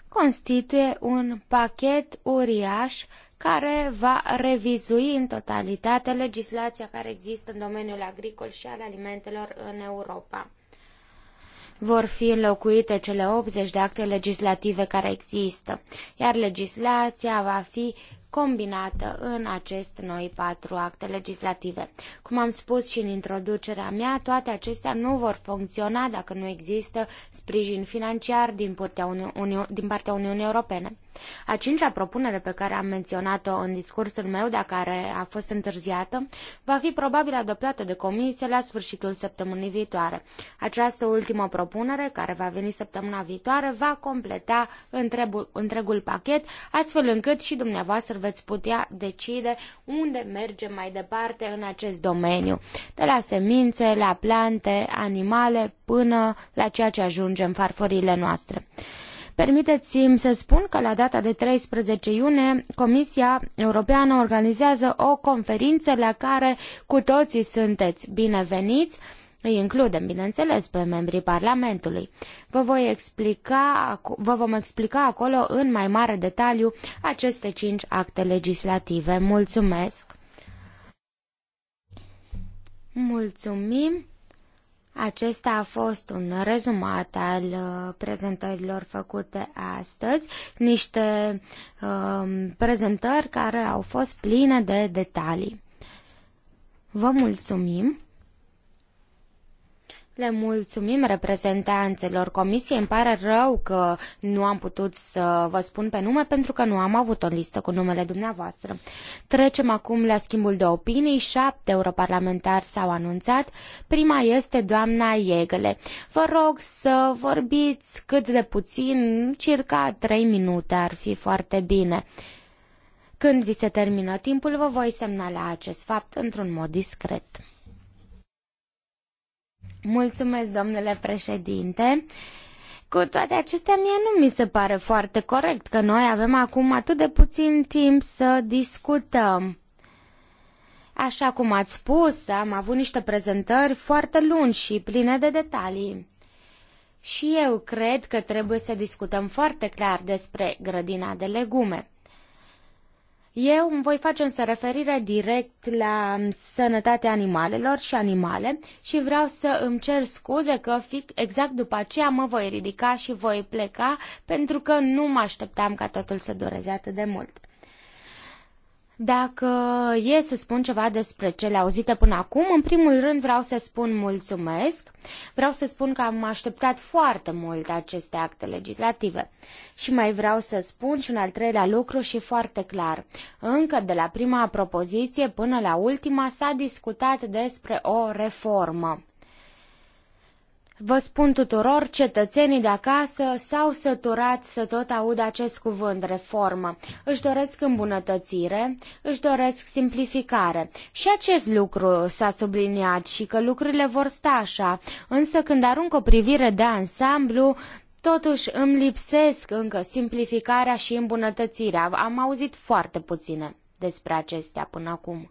constituie un pachet uriaș care va revizui în totalitate legislația care există în domeniul agricol și al alimentelor în Europa. Vor fi înlocuite cele 80 de acte legislative care există, iar legislația va fi combinată în acest noi patru acte legislative. Cum am spus și în introducerea mea, toate acestea nu vor funcționa dacă nu există sprijin financiar din partea, din partea Uniunii Europene. A cincea propunere pe care am menționat-o în discursul meu, dar care a fost întârziată, va fi probabil adoptată de comisie la sfârșitul săptămânii viitoare. Această ultimă propunere, care va veni săptămâna viitoare, va completa întregul, pachet, astfel încât și dumneavoastră veți putea decide unde mergem mai departe în acest domeniu, de la semințe, la plante, animale, până la ceea ce ajunge în farforiile noastre. Permiteți-mi să spun că la data de 13 iunie Comisia Europeană organizează o conferință la care cu toții sunteți bineveniți. Îi includem, bineînțeles, pe membrii Parlamentului. Vă, voi explica, vă vom explica acolo în mai mare detaliu aceste cinci acte legislative. Mulțumesc! Mulțumim! Acesta a fost un rezumat al uh, prezentărilor făcute astăzi, niște uh, prezentări care au fost pline de detalii. Vă mulțumim! Le mulțumim reprezentanțelor comisiei. Îmi pare rău că nu am putut să vă spun pe nume pentru că nu am avut o listă cu numele dumneavoastră. Trecem acum la schimbul de opinii. Șapte europarlamentari s-au anunțat. Prima este doamna Iegele. Vă rog să vorbiți cât de puțin, circa trei minute ar fi foarte bine. Când vi se termină timpul, vă voi semnala acest fapt într-un mod discret. Mulțumesc, domnule președinte. Cu toate acestea, mie nu mi se pare foarte corect că noi avem acum atât de puțin timp să discutăm. Așa cum ați spus, am avut niște prezentări foarte lungi și pline de detalii. Și eu cred că trebuie să discutăm foarte clar despre grădina de legume. Eu îmi voi face însă referire direct la sănătatea animalelor și animale și vreau să îmi cer scuze că fic, exact după aceea mă voi ridica și voi pleca pentru că nu mă așteptam ca totul să dureze atât de mult. Dacă e să spun ceva despre cele auzite până acum, în primul rând vreau să spun mulțumesc. Vreau să spun că am așteptat foarte mult aceste acte legislative. Și mai vreau să spun și un al treilea lucru și foarte clar. Încă de la prima propoziție până la ultima s-a discutat despre o reformă. Vă spun tuturor, cetățenii de acasă s-au săturat să tot aud acest cuvânt, reformă. Își doresc îmbunătățire, își doresc simplificare. Și acest lucru s-a subliniat și că lucrurile vor sta așa. Însă când arunc o privire de ansamblu, totuși îmi lipsesc încă simplificarea și îmbunătățirea. Am auzit foarte puține despre acestea până acum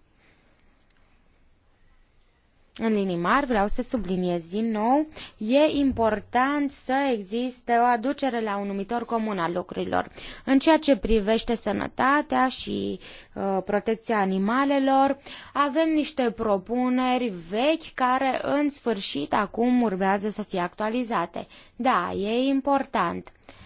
în linii mari, vreau să subliniez din nou, e important să existe o aducere la un numitor comun al lucrurilor. În ceea ce privește sănătatea și uh, protecția animalelor, avem niște propuneri vechi care în sfârșit acum urmează să fie actualizate. Da, e important. Uh,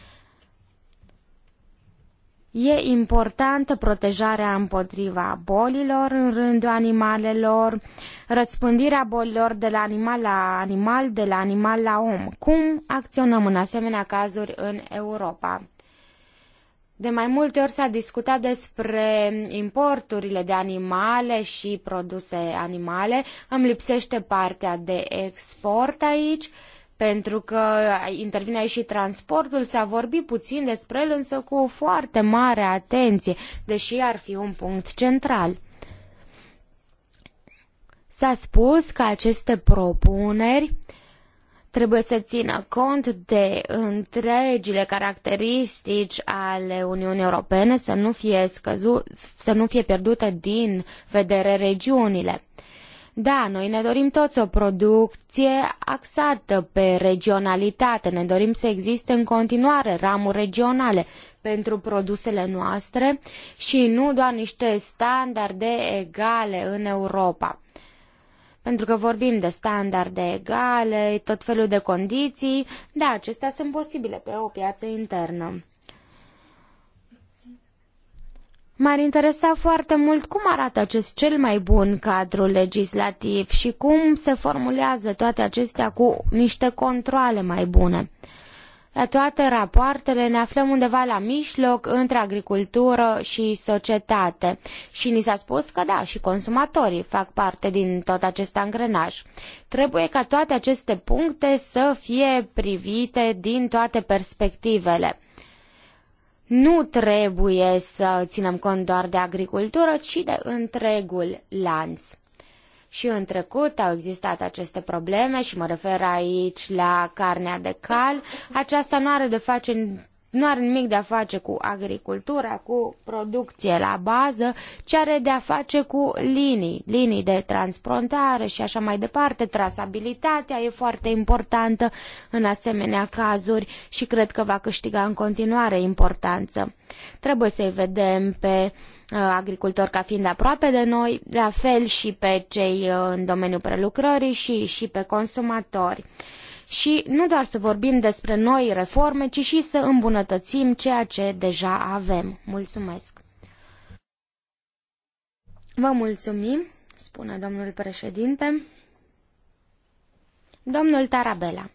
E importantă protejarea împotriva bolilor în rândul animalelor, răspândirea bolilor de la animal la animal, de la animal la om. Cum acționăm în asemenea cazuri în Europa? De mai multe ori s-a discutat despre importurile de animale și produse animale. Îmi lipsește partea de export aici. Uh, pentru că intervine și transportul. S-a vorbit puțin despre el, însă cu o foarte mare atenție, deși ar fi un punct central. S-a spus că aceste propuneri trebuie să țină cont de întregile caracteristici ale Uniunii Europene, să nu fie, scăzu, să nu fie pierdute din vedere regiunile. Da, noi ne dorim toți o producție axată pe regionalitate. Ne dorim să existe în continuare ramuri regionale pentru produsele noastre și nu doar niște standarde egale în Europa pentru că vorbim de standarde egale, tot felul de condiții, da, acestea sunt posibile pe o piață internă. M-ar interesa foarte mult cum arată acest cel mai bun cadru legislativ și cum se formulează toate acestea cu niște controle mai bune. La toate rapoartele ne aflăm undeva la mijloc între agricultură și societate și ni s-a spus că da, și consumatorii fac parte din tot acest angrenaj. Trebuie ca toate aceste puncte să fie privite din toate perspectivele nu trebuie să ținem cont doar de agricultură, ci de întregul lanț. Și în trecut au existat aceste probleme și mă refer aici la carnea de cal. Aceasta nu are de face nu are nimic de a face cu agricultura, cu producție la bază, ci are de a face cu linii, linii de transplantare și așa mai departe. Trasabilitatea e foarte importantă în asemenea cazuri și cred că va câștiga în continuare importanță. Trebuie să-i vedem pe uh, agricultori ca fiind aproape de noi, la fel și pe cei uh, în domeniul prelucrării și, și pe consumatori și nu doar să vorbim despre noi reforme, ci și să îmbunătățim ceea ce deja avem. Mulțumesc! Vă mulțumim, spune domnul președinte. Domnul Tarabella.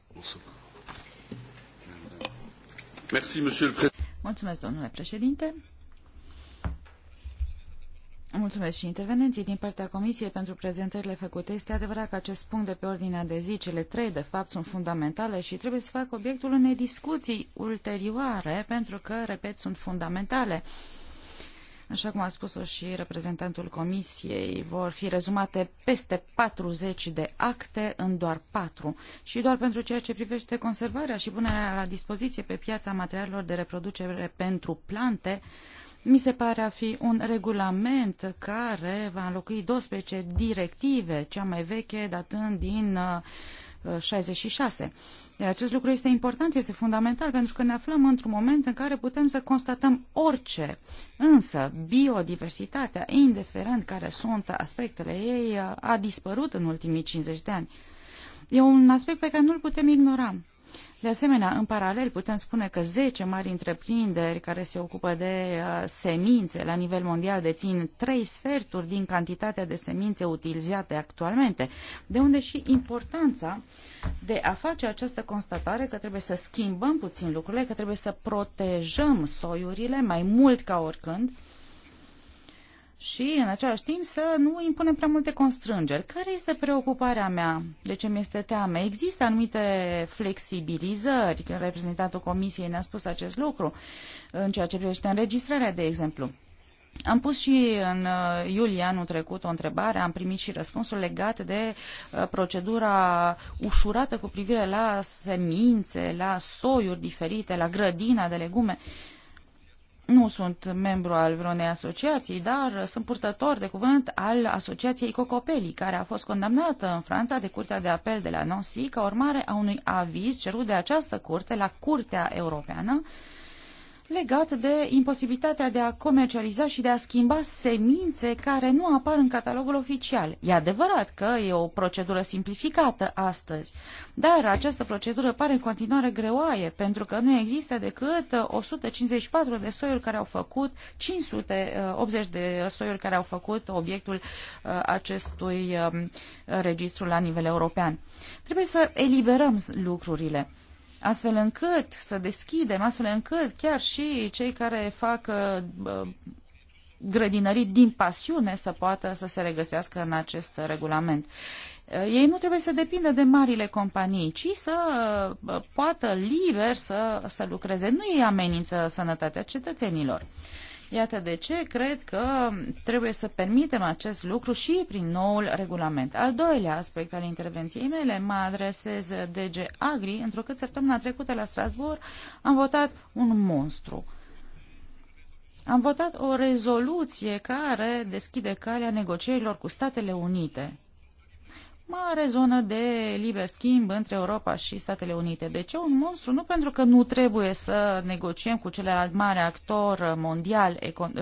Mulțumesc, domnule președinte. Mulțumesc și intervenenții din partea Comisiei pentru prezentările făcute. Este adevărat că acest punct de pe ordinea de zi, cele trei, de fapt, sunt fundamentale și trebuie să fac obiectul unei discuții ulterioare, pentru că, repet, sunt fundamentale. Așa cum a spus-o și reprezentantul Comisiei, vor fi rezumate peste 40 de acte în doar 4 și doar pentru ceea ce privește conservarea și punerea la dispoziție pe piața materialelor de reproducere pentru plante, mi se pare a fi un regulament care va înlocui 12 directive, cea mai veche datând din uh, 66. Iar acest lucru este important, este fundamental, pentru că ne aflăm într-un moment în care putem să constatăm orice. Însă, biodiversitatea, indiferent care sunt aspectele ei, uh, a dispărut în ultimii 50 de ani. E un aspect pe care nu-l putem ignora. De asemenea, în paralel putem spune că 10 mari întreprinderi care se ocupă de uh, semințe la nivel mondial dețin 3 sferturi din cantitatea de semințe utilizate actualmente, de unde și importanța de a face această constatare că trebuie să schimbăm puțin lucrurile, că trebuie să protejăm soiurile mai mult ca oricând, uh, și, în același timp, să nu impunem prea multe constrângeri. Care este preocuparea mea? De ce mi este teamă? Există anumite flexibilizări, reprezentantul Comisiei ne-a spus acest lucru, în ceea ce privește înregistrarea, de exemplu. Am pus și în uh, iulie anul trecut o întrebare, am primit și răspunsul legat de uh, procedura ușurată cu privire la semințe, la soiuri diferite, la grădina de legume. Nu sunt membru al vreunei asociații, dar sunt purtător de cuvânt al asociației Cocopeli, care a fost condamnată în Franța de Curtea de Apel de la Nancy ca urmare a unui aviz cerut de această curte la Curtea Europeană legat de imposibilitatea de a comercializa și de a schimba semințe care nu apar în catalogul oficial. E adevărat că e o procedură simplificată astăzi, dar această procedură pare în continuare greoaie, pentru că nu există decât 154 uh, de soiuri care au făcut, 580 uh, de soiuri care au făcut obiectul uh, acestui um, registru la nivel european. Trebuie să eliberăm lucrurile astfel încât să deschidem, astfel încât chiar și cei care fac uh, grădinării din pasiune să poată să se regăsească în acest regulament. Uh, ei nu trebuie să depindă de marile companii, ci să uh, poată liber să, să lucreze. Nu ei amenință sănătatea cetățenilor. Uh, Iată de ce cred că trebuie să permitem acest lucru și prin noul regulament. Al doilea aspect al intervenției mele mă adresez DG Agri, întrucât săptămâna trecută la Strasbourg am votat un monstru. Am votat o rezoluție care deschide calea negocierilor cu Statele Unite mare zonă de liber schimb între Europa și Statele Unite. De deci ce un monstru? Nu pentru că nu trebuie să negociem cu celălalt mare actor mondial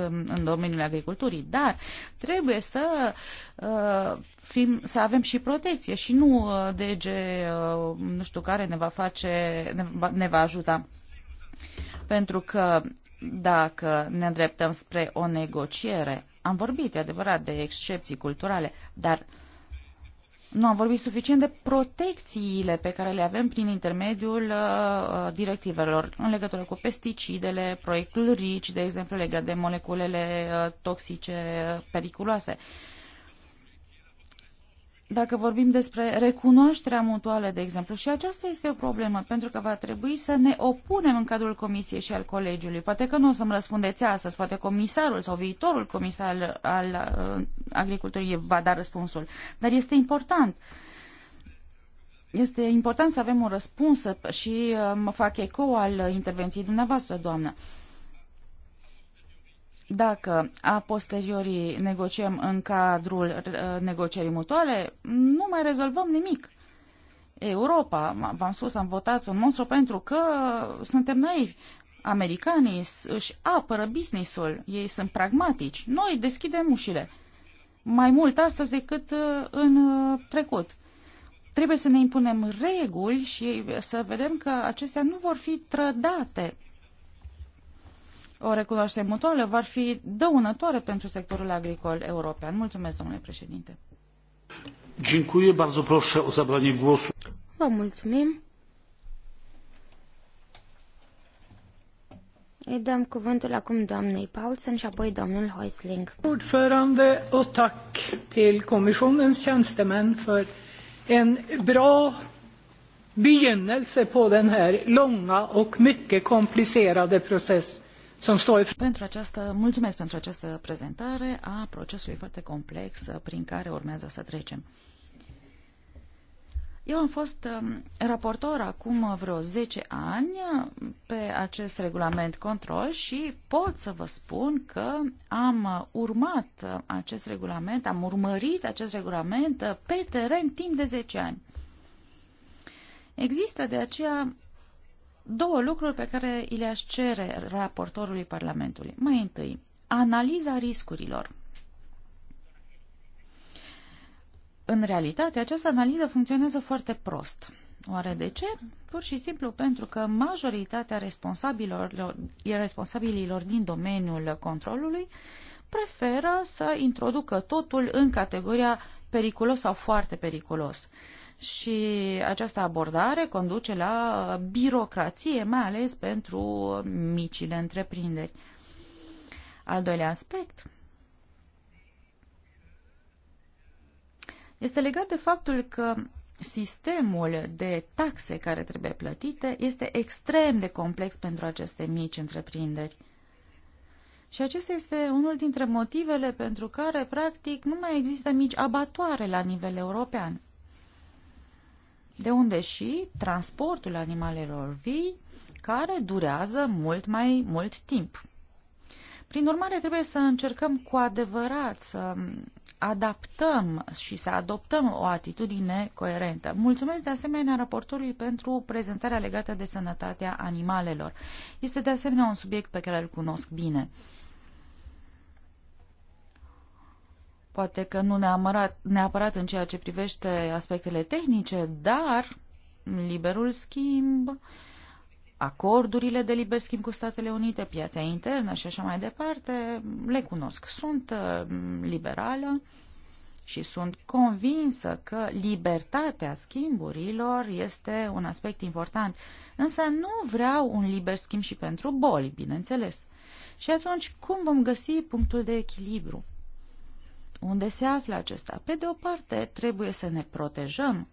în domeniul agriculturii, dar trebuie să, uh, fim, să avem și protecție și nu uh, DG, uh, nu știu care, ne va, face, ne va, ne va ajuta. Pentru că dacă ne îndreptăm spre o negociere, am vorbit, e adevărat, de excepții culturale, dar uh, nu am vorbit suficient de protecțiile pe care le avem prin intermediul uh, uh, directivelor în legătură cu pesticidele, proiectul RICI, de exemplu, legat de moleculele uh, toxice uh, periculoase. Uh, dacă vorbim despre recunoașterea mutuală, de exemplu, și aceasta este o problemă, pentru că va trebui să ne opunem în cadrul comisiei și al colegiului. Poate că nu o să-mi răspundeți astăzi, poate comisarul sau viitorul comisar al, al uh, agriculturii va da răspunsul. Dar este important. Este important să avem un răspuns și uh, mă fac eco al uh, intervenției dumneavoastră, doamnă. Uh, dacă a posteriori negociem în cadrul uh, negocierii mutuale, nu mai rezolvăm nimic. Europa, v-am spus, am votat un monstru pentru că suntem naivi. Americanii își apără businessul, ei sunt pragmatici. Noi deschidem ușile. Mai mult astăzi decât uh, în uh, trecut. Trebuie să ne impunem reguli și să vedem că acestea nu vor fi trădate o recunoaștere mutuală va fi dăunătoare pentru sectorul agricol european. Mulțumesc, domnule președinte. Dziękuję, bardzo proszę o zabranie głosu. Vă mulțumim. Îi dăm cuvântul acum doamnei Paulsen și apoi domnul Hoisling. Ordförande och tack till kommissionens tjänstemän för en bra begynnelse på den här långa och mycket komplicerade processen pentru această, mulțumesc pentru această prezentare a procesului foarte complex uh, prin care urmează să trecem. Eu am fost um, raportor acum vreo 10 ani uh, pe acest regulament control și pot să vă spun că am uh, urmat acest regulament, am urmărit acest regulament pe teren timp de 10 ani. Există de aceea două lucruri pe care le-aș cere raportorului Parlamentului. Mai întâi, analiza riscurilor. În realitate, această analiză funcționează foarte prost. Oare de ce? Pur și simplu pentru că majoritatea responsabililor, responsabililor din domeniul controlului preferă să introducă totul în categoria periculos sau foarte periculos. Uh, și această abordare conduce la birocrație, mai ales pentru micile întreprinderi. Al doilea aspect este legat de faptul că sistemul de taxe care trebuie plătite este extrem de complex pentru aceste mici întreprinderi. Și acesta este unul dintre motivele pentru care, practic, nu mai există mici abatoare la nivel european de unde și transportul animalelor vii, care durează mult mai mult timp. Prin urmare, trebuie să încercăm cu adevărat să adaptăm și să adoptăm o atitudine coerentă. Mulțumesc de asemenea raportorului pentru prezentarea legată de sănătatea animalelor. Este de asemenea un subiect pe care îl cunosc bine. Poate că nu neamărat, neapărat în ceea ce privește aspectele tehnice, dar liberul schimb, acordurile de liber schimb cu Statele Unite, piața internă și așa mai departe, le cunosc. Sunt uh, liberală și sunt convinsă că libertatea schimburilor este un aspect important, însă nu vreau un liber schimb și pentru boli, bineînțeles. Și atunci, cum vom găsi punctul de echilibru? Unde se află acesta? Pe de o parte, trebuie să ne protejăm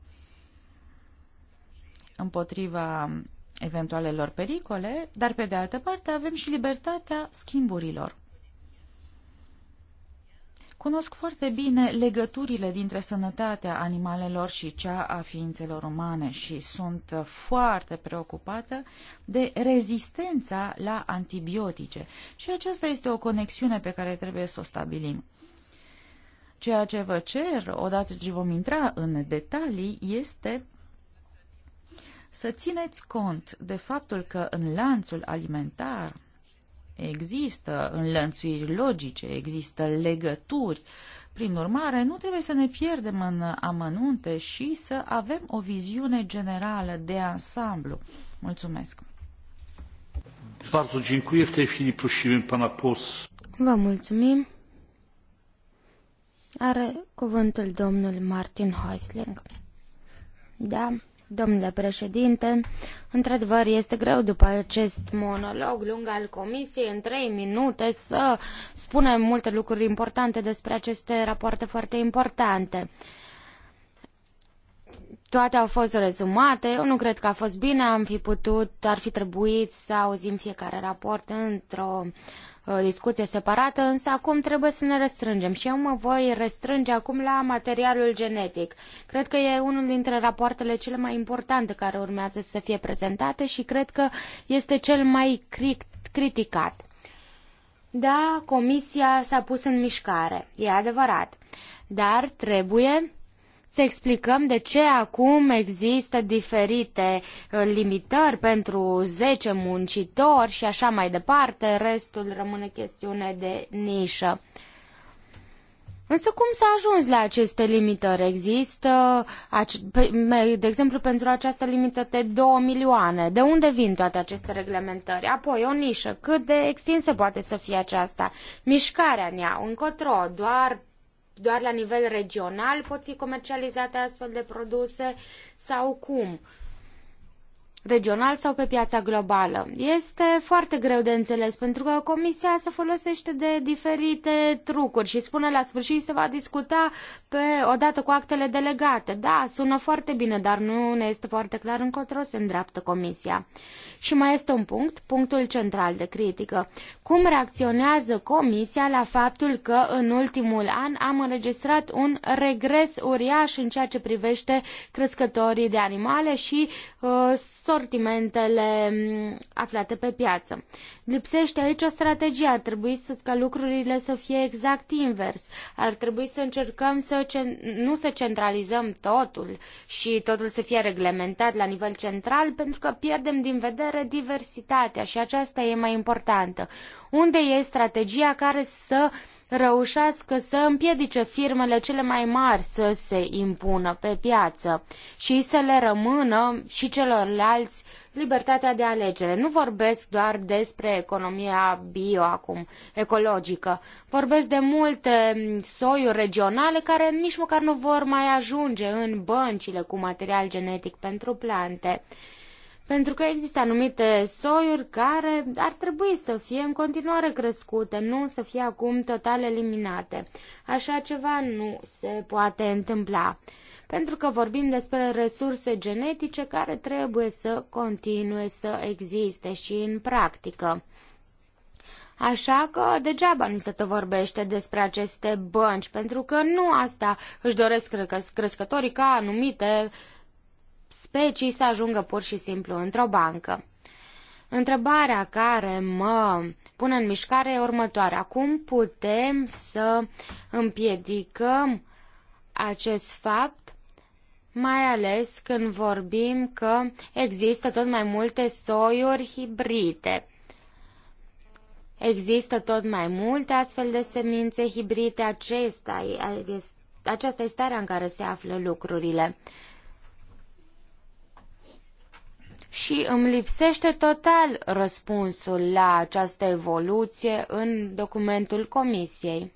împotriva eventualelor pericole, dar pe de altă parte avem și libertatea schimburilor. Cunosc foarte bine legăturile dintre sănătatea animalelor și cea a ființelor umane și sunt foarte preocupată de rezistența la antibiotice. Și aceasta este o conexiune pe care trebuie să o stabilim. Ceea ce vă cer, odată ce vom intra în detalii, este să țineți cont de faptul că în lanțul alimentar există înlănțuiri logice, există legături. Prin urmare, nu trebuie să ne pierdem în amănunte și să avem o viziune generală de ansamblu. Mulțumesc! pana Vă mulțumim. Are cuvântul domnul Martin Häusling. Da, domnule președinte, într-adevăr este greu după acest monolog lung al comisiei, în trei minute, să spunem multe lucruri importante despre aceste rapoarte foarte importante. Toate au fost rezumate, eu nu cred că a fost bine, am fi putut, ar fi trebuit să auzim fiecare raport într-o uh, Uh, discuție separată, însă acum trebuie să ne restrângem și eu mă voi restrânge acum la materialul genetic. Cred că e unul dintre rapoartele cele mai importante care urmează să fie prezentate și cred că este cel mai criticat. Da, comisia s-a pus în mișcare, e adevărat, dar trebuie să explicăm de ce acum există diferite uh, limitări pentru 10 muncitori și așa mai departe, restul rămâne chestiune de nișă. Însă cum s-a ajuns la aceste limitări? Există, de exemplu, pentru această limită de 2 milioane. De unde vin toate aceste reglementări? Apoi, o nișă. Cât de extinsă poate să fie aceasta? Mișcarea în ea, încotro, doar doar la nivel regional pot fi comercializate astfel de produse sau cum? Uh, regional sau pe piața globală. Este foarte greu de înțeles pentru că Comisia se folosește de diferite trucuri și spune la sfârșit se va discuta pe odată cu actele delegate. Da, sună foarte bine, dar nu ne este foarte clar încotro se îndreaptă Comisia. Și mai este un punct, punctul central de critică. Cum reacționează Comisia la faptul că în ultimul an am înregistrat un regres uriaș în ceea ce privește crescătorii de animale și uh, sortimentele mm, aflate pe piață. Lipsește aici o strategie, ar trebui să, ca lucrurile să fie exact invers. Ar trebui să încercăm să nu să centralizăm totul și totul să fie reglementat la nivel central, pentru că pierdem din vedere diversitatea și aceasta e mai importantă. Unde e strategia care să uh, reușească să împiedice firmele cele mai mari să se impună pe piață și să le rămână și celorlalți libertatea de alegere. Nu vorbesc doar despre economia bio acum, ecologică. Vorbesc de multe soiuri regionale care nici măcar nu vor mai ajunge în băncile cu material genetic pentru plante. Pentru că există anumite soiuri care ar trebui să fie în continuare crescute, nu să fie acum total eliminate. Așa ceva nu se poate întâmpla. Pentru că vorbim despre resurse genetice care trebuie să continue să existe și în practică. Așa că degeaba ni se te vorbește despre aceste bănci, pentru că nu asta își doresc crescătorii ca anumite uh, specii să ajungă pur și simplu într-o bancă. Întrebarea care mă pune în mișcare e următoarea. Cum putem să împiedicăm acest fapt, mai ales când vorbim că există tot mai multe soiuri hibride? Există tot mai multe astfel de semințe hibride. Acesta aceasta este starea în care se află lucrurile și îmi lipsește total răspunsul la această evoluție în documentul Comisiei.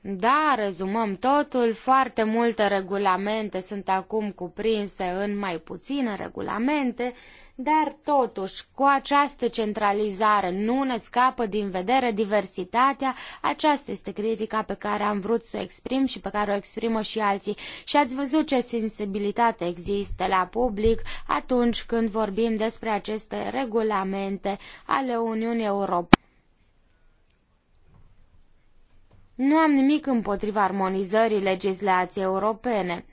Da, rezumăm totul, foarte multe regulamente sunt acum cuprinse în mai puține regulamente, dar, totuși, cu această centralizare nu ne scapă din vedere diversitatea. Aceasta este critica pe care am vrut să o exprim și pe care o exprimă și alții. Și ați văzut ce sensibilitate există la public atunci când vorbim despre aceste regulamente ale Uniunii Europene. Nu am nimic împotriva armonizării legislației europene.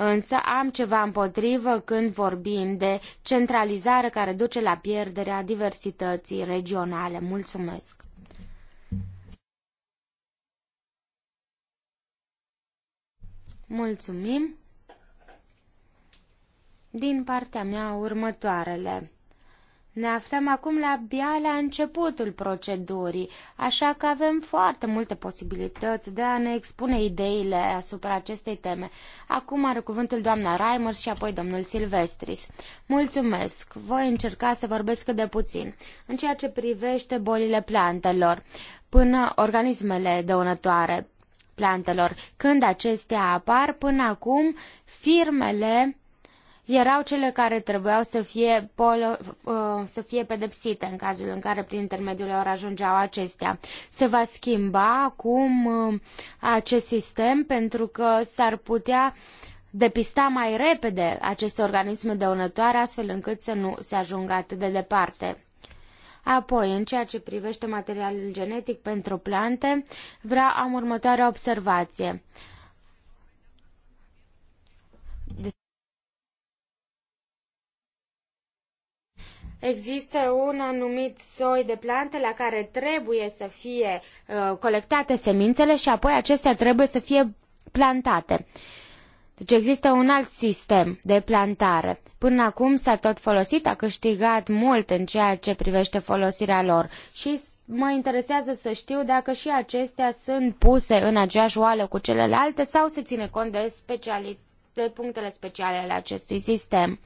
Însă am ceva împotrivă când vorbim de centralizare care duce la pierderea diversității regionale. Mulțumesc! Mulțumim! Din partea mea următoarele. Ne aflăm acum la abia la începutul procedurii, așa că avem foarte multe posibilități de a ne expune ideile asupra acestei teme. Acum are cuvântul doamna Reimers și apoi domnul Silvestris. Mulțumesc! Voi încerca să vorbesc cât de puțin. În ceea ce privește bolile plantelor, până organismele dăunătoare plantelor, când acestea apar, până acum firmele erau cele care trebuiau să fie, polo, uh, să fie pedepsite în cazul în care prin intermediul lor ajungeau acestea. Se va schimba acum uh, acest sistem pentru că s-ar putea depista mai repede aceste organisme dăunătoare astfel încât să nu se ajungă atât de departe. Apoi, în ceea ce privește materialul genetic pentru plante, vreau am următoarea observație. Există un anumit soi de plante la care trebuie să fie uh, colectate semințele și apoi acestea trebuie să fie plantate. Deci există un alt sistem de plantare. Până acum s-a tot folosit, a câștigat mult în ceea ce privește folosirea lor și mă interesează să știu dacă și acestea sunt puse în aceeași oală cu celelalte sau se ține cont de, speciali- de punctele speciale ale acestui sistem.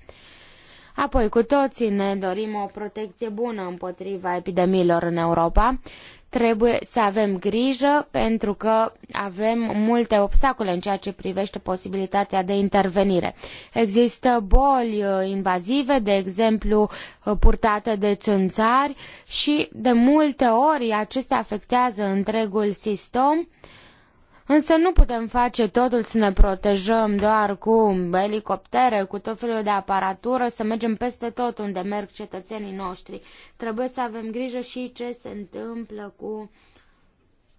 Apoi, cu toții ne dorim o protecție bună împotriva epidemiilor în Europa. Trebuie să avem grijă pentru că avem multe obstacole în ceea ce privește posibilitatea de intervenire. Există boli uh, invazive, de exemplu uh, purtate de țânțari și de multe ori acestea afectează întregul sistem Însă nu putem face totul să ne protejăm doar cu elicoptere, cu tot felul de aparatură, să mergem peste tot unde merg cetățenii noștri. Trebuie să avem grijă și ce se întâmplă cu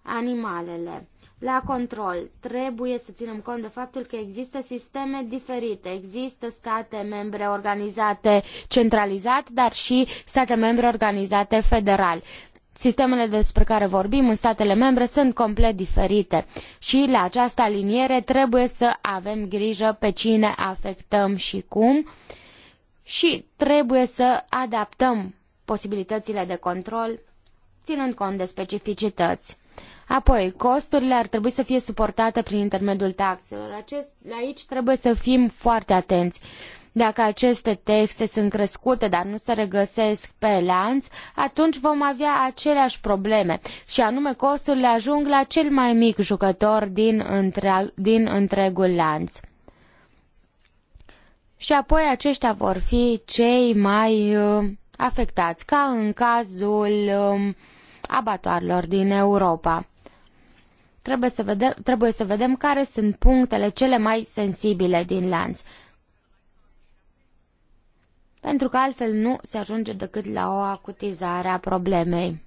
animalele. La control trebuie să ținem cont de faptul că există sisteme diferite. Există state membre organizate centralizat, dar și state membre organizate federal. Sistemele despre care vorbim în statele membre sunt complet diferite și la această aliniere trebuie să avem grijă pe cine afectăm și cum și trebuie să adaptăm posibilitățile de control inând cont de specificități. Apoi, costurile ar trebui să fie suportate prin intermediul taxelor. Acest, aici trebuie să fim foarte atenți. Dacă aceste texte sunt crescute, dar nu se regăsesc pe lanț, atunci vom avea aceleași probleme și anume costurile ajung la cel mai mic jucător din, din întregul lanț și apoi aceștia vor fi cei mai uh, afectați, ca în cazul uh, abatoarelor din Europa. Trebuie să, vedem, trebuie să vedem care sunt punctele cele mai sensibile din lanț pentru că altfel nu se ajunge decât la o acutizare a problemei.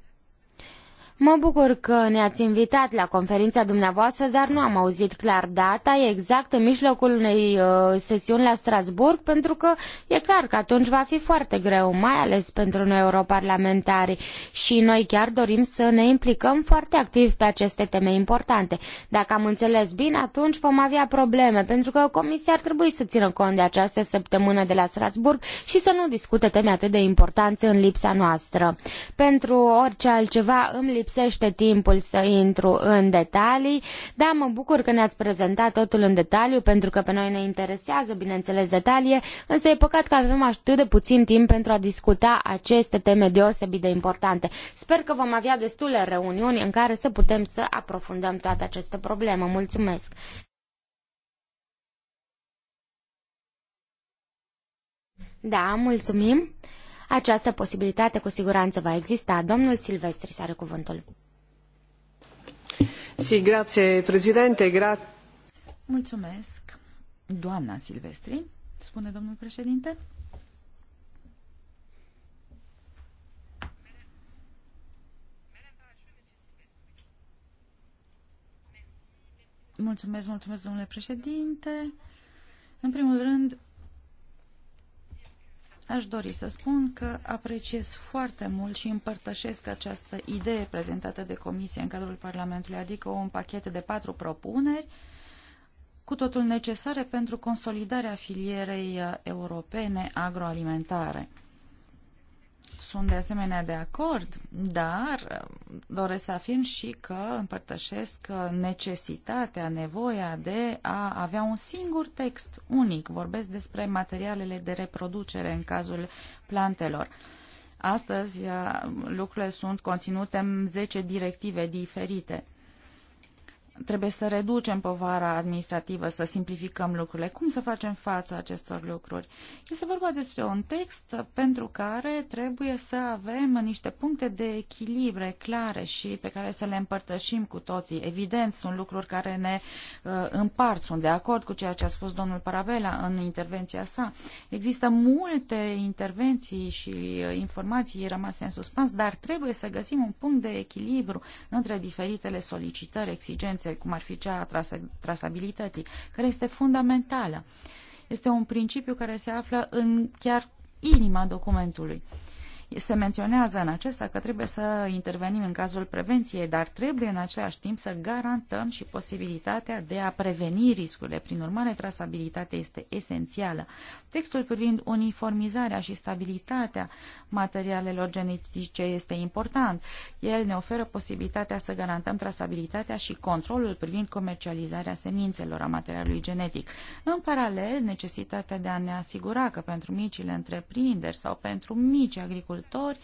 Mă bucur că ne-ați invitat la conferința dumneavoastră, dar nu am auzit clar data exact în mijlocul unei uh, sesiuni la Strasbourg, pentru că e clar că atunci va fi foarte greu, mai ales pentru noi europarlamentari și noi chiar dorim să ne implicăm foarte activ pe aceste teme importante. Dacă am înțeles bine, atunci vom avea probleme, pentru că Comisia ar trebui să țină cont de această săptămână de la Strasbourg și să nu discute teme atât de importante în lipsa noastră. Pentru orice altceva îmi lipsește lipsește timpul să intru în detalii, dar mă bucur că ne-ați prezentat totul în detaliu, pentru că pe noi ne interesează, bineînțeles, detalie, însă e păcat că avem atât de puțin timp pentru a discuta aceste teme deosebit de importante. Sper că vom avea destule reuniuni în care să putem să aprofundăm toate aceste probleme. Mulțumesc! Da, mulțumim! Această posibilitate cu siguranță va exista. Domnul Silvestri are cuvântul. Si, grazie, președinte, gra... Mulțumesc, doamna Silvestri, spune domnul președinte. Mulțumesc, mulțumesc, domnule președinte. În primul rând, Aș dori să spun că apreciez foarte mult și împărtășesc această idee prezentată de Comisie în cadrul Parlamentului, adică un pachet de patru propuneri, cu totul necesare pentru consolidarea filierei uh, europene agroalimentare. Sunt de asemenea de acord, dar uh, doresc să afirm și că împărtășesc uh, necesitatea, nevoia de a avea un singur text unic. Vorbesc despre materialele de reproducere în cazul plantelor. Astăzi uh, lucrurile sunt conținute în 10 directive diferite trebuie să reducem povara administrativă, să simplificăm lucrurile. Cum să facem față acestor lucruri? Este vorba despre un text pentru care trebuie să avem niște puncte de echilibre clare și pe care să le împărtășim cu toții. Evident, sunt lucruri care ne uh, împart. Sunt de acord cu ceea ce a spus domnul Parabela în intervenția sa. Există multe intervenții și uh, informații rămase în suspans, dar trebuie să găsim un punct de echilibru între diferitele solicitări, exigențe piețe, cum ar fi cea a trasabilității, care este fundamentală. Este un principiu care se află în chiar inima documentului. Uh, se menționează în acesta că trebuie să intervenim în cazul prevenției, dar trebuie în același timp să garantăm și posibilitatea de a preveni riscurile. Prin urmare, trasabilitatea este esențială. Textul privind uniformizarea și stabilitatea materialelor genetice este important. El ne oferă posibilitatea să garantăm trasabilitatea și controlul privind comercializarea semințelor a materialului genetic. În paralel, necesitatea de a ne asigura că pentru micile întreprinderi sau pentru mici agricultori agricultori,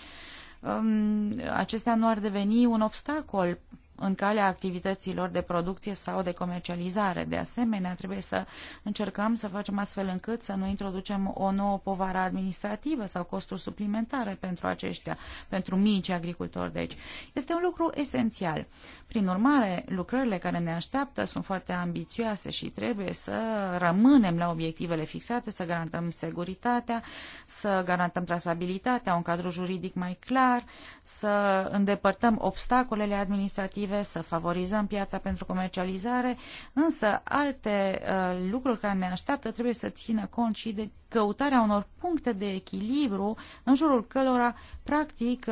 um, acestea nu ar deveni un obstacol în calea activităților de producție sau de comercializare. De asemenea, trebuie să încercăm să facem astfel încât să nu introducem o nouă povară administrativă sau costuri suplimentare pentru aceștia, pentru mici agricultori. Deci, este un lucru esențial. Prin urmare, lucrările care ne așteaptă sunt foarte ambițioase și trebuie să rămânem la obiectivele fixate, să garantăm securitatea, să garantăm trasabilitatea, un cadru juridic mai clar, să îndepărtăm obstacolele administrative, să favorizăm piața pentru comercializare, însă alte uh, lucruri care ne așteaptă trebuie să țină cont și de căutarea unor puncte de echilibru în jurul cărora, practic,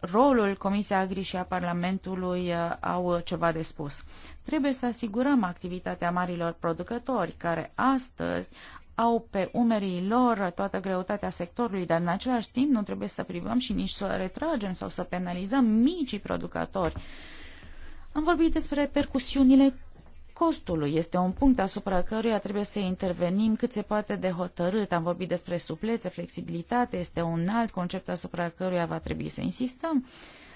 rolul Comisiei Agri și a Parlamentului uh, au ceva de spus. Trebuie să asigurăm activitatea marilor producători, care astăzi au pe umerii lor toată greutatea sectorului, dar în același timp nu trebuie să privăm și nici să retragem sau să penalizăm micii producători. Am vorbit despre percusiunile costului. Este un punct asupra căruia trebuie să intervenim cât se poate de hotărât. Am vorbit despre suplețe, flexibilitate, este un alt concept asupra căruia va trebui să insistăm. Uh,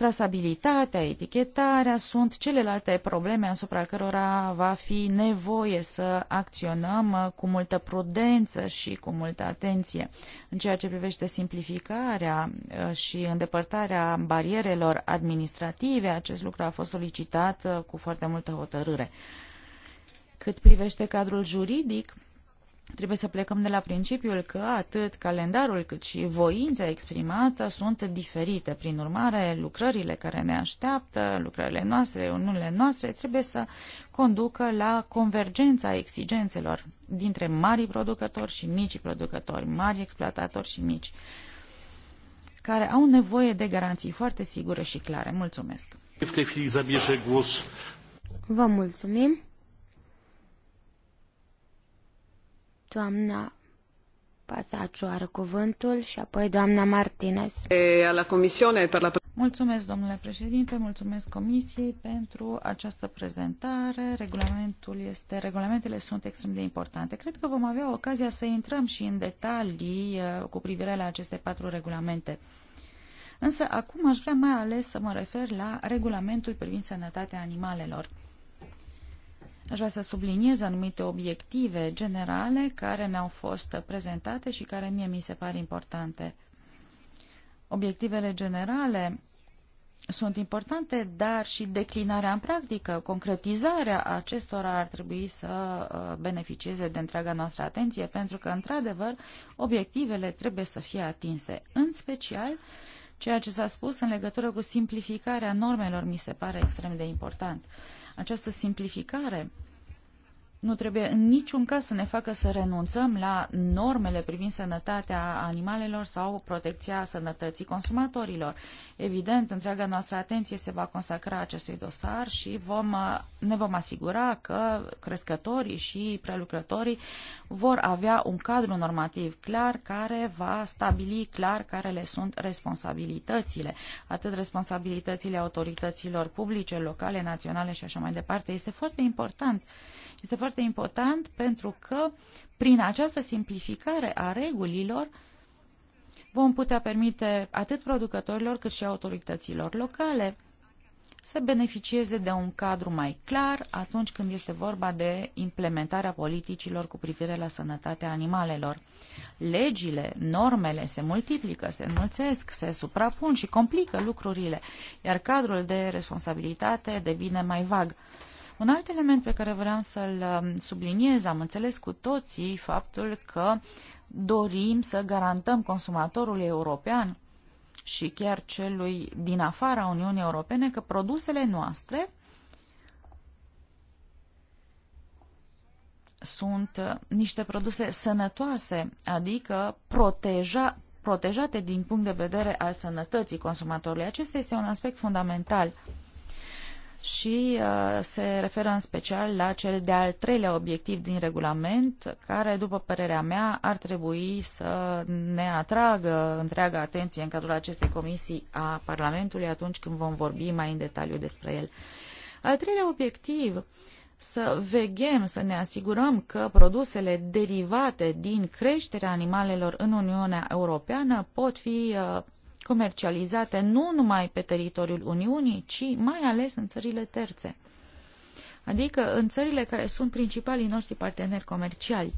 Trasabilitatea, etichetarea sunt celelalte probleme asupra cărora va fi nevoie să acționăm uh, cu multă prudență și cu multă atenție. În ceea ce privește simplificarea uh, și îndepărtarea barierelor administrative, acest lucru a fost solicitat uh, cu foarte multă hotărâre. Cât privește cadrul juridic, Trebuie să plecăm de la principiul că atât calendarul cât și voința exprimată sunt diferite. Prin urmare, lucrările care ne așteaptă, lucrările noastre, reuniunile noastre, trebuie să conducă la convergența exigențelor dintre mari producători și mici producători, mari exploatatori și mici, care au nevoie de garanții foarte sigure și clare. Mulțumesc! Vă mulțumim! Doamna Pasacioară cuvântul și apoi doamna Martinez. Mulțumesc, domnule președinte, mulțumesc Comisiei pentru această prezentare. Regulamentul este, regulamentele sunt extrem de importante. Cred că vom avea ocazia să intrăm și în detalii cu privire la aceste patru regulamente. Însă acum aș vrea mai ales să mă refer la regulamentul privind sănătatea animalelor. Aș vrea să subliniez anumite obiective generale care ne-au fost prezentate și care mie mi se par importante. Obiectivele generale sunt importante, dar și declinarea în practică, concretizarea acestora ar trebui să uh, beneficieze de întreaga noastră atenție, pentru că, într-adevăr, obiectivele trebuie să fie atinse. În special, ceea ce s-a spus în legătură cu simplificarea normelor mi se pare extrem de important. Această simplificare nu trebuie în niciun caz să ne facă să renunțăm la normele privind sănătatea animalelor sau protecția sănătății consumatorilor. Evident, întreaga noastră atenție se va consacra acestui dosar și vom, uh, ne vom asigura că crescătorii și prelucrătorii vor avea un cadru normativ clar care va stabili clar care le sunt responsabilitățile. Atât responsabilitățile autorităților publice, locale, naționale și așa mai departe. Este foarte important. Este foarte foarte important pentru că prin această simplificare a regulilor vom putea permite atât producătorilor cât și autorităților locale să beneficieze de un cadru mai clar atunci când este vorba de implementarea politicilor cu privire la sănătatea animalelor. Legile, normele se multiplică, se înmulțesc, se suprapun și complică lucrurile, iar cadrul de responsabilitate devine mai vag. Un alt element pe care vreau să-l um, subliniez, am înțeles cu toții faptul că dorim să garantăm consumatorului european și chiar celui din afara Uniunii Europene că produsele noastre sunt uh, niște produse sănătoase, adică proteja, protejate din punct de vedere al sănătății consumatorului. Acesta este un aspect fundamental și uh, se referă în special la cel de-al treilea obiectiv din regulament, care, după părerea mea, ar trebui să ne atragă întreaga atenție în cadrul acestei comisii a Parlamentului atunci când vom vorbi mai în detaliu despre el. Al treilea obiectiv să veghem, să ne asigurăm că produsele derivate din creșterea animalelor în Uniunea Europeană pot fi uh, comercializate nu numai pe teritoriul Uniunii, ci mai ales în țările terțe, adică în țările care sunt principalii noștri parteneri comerciali.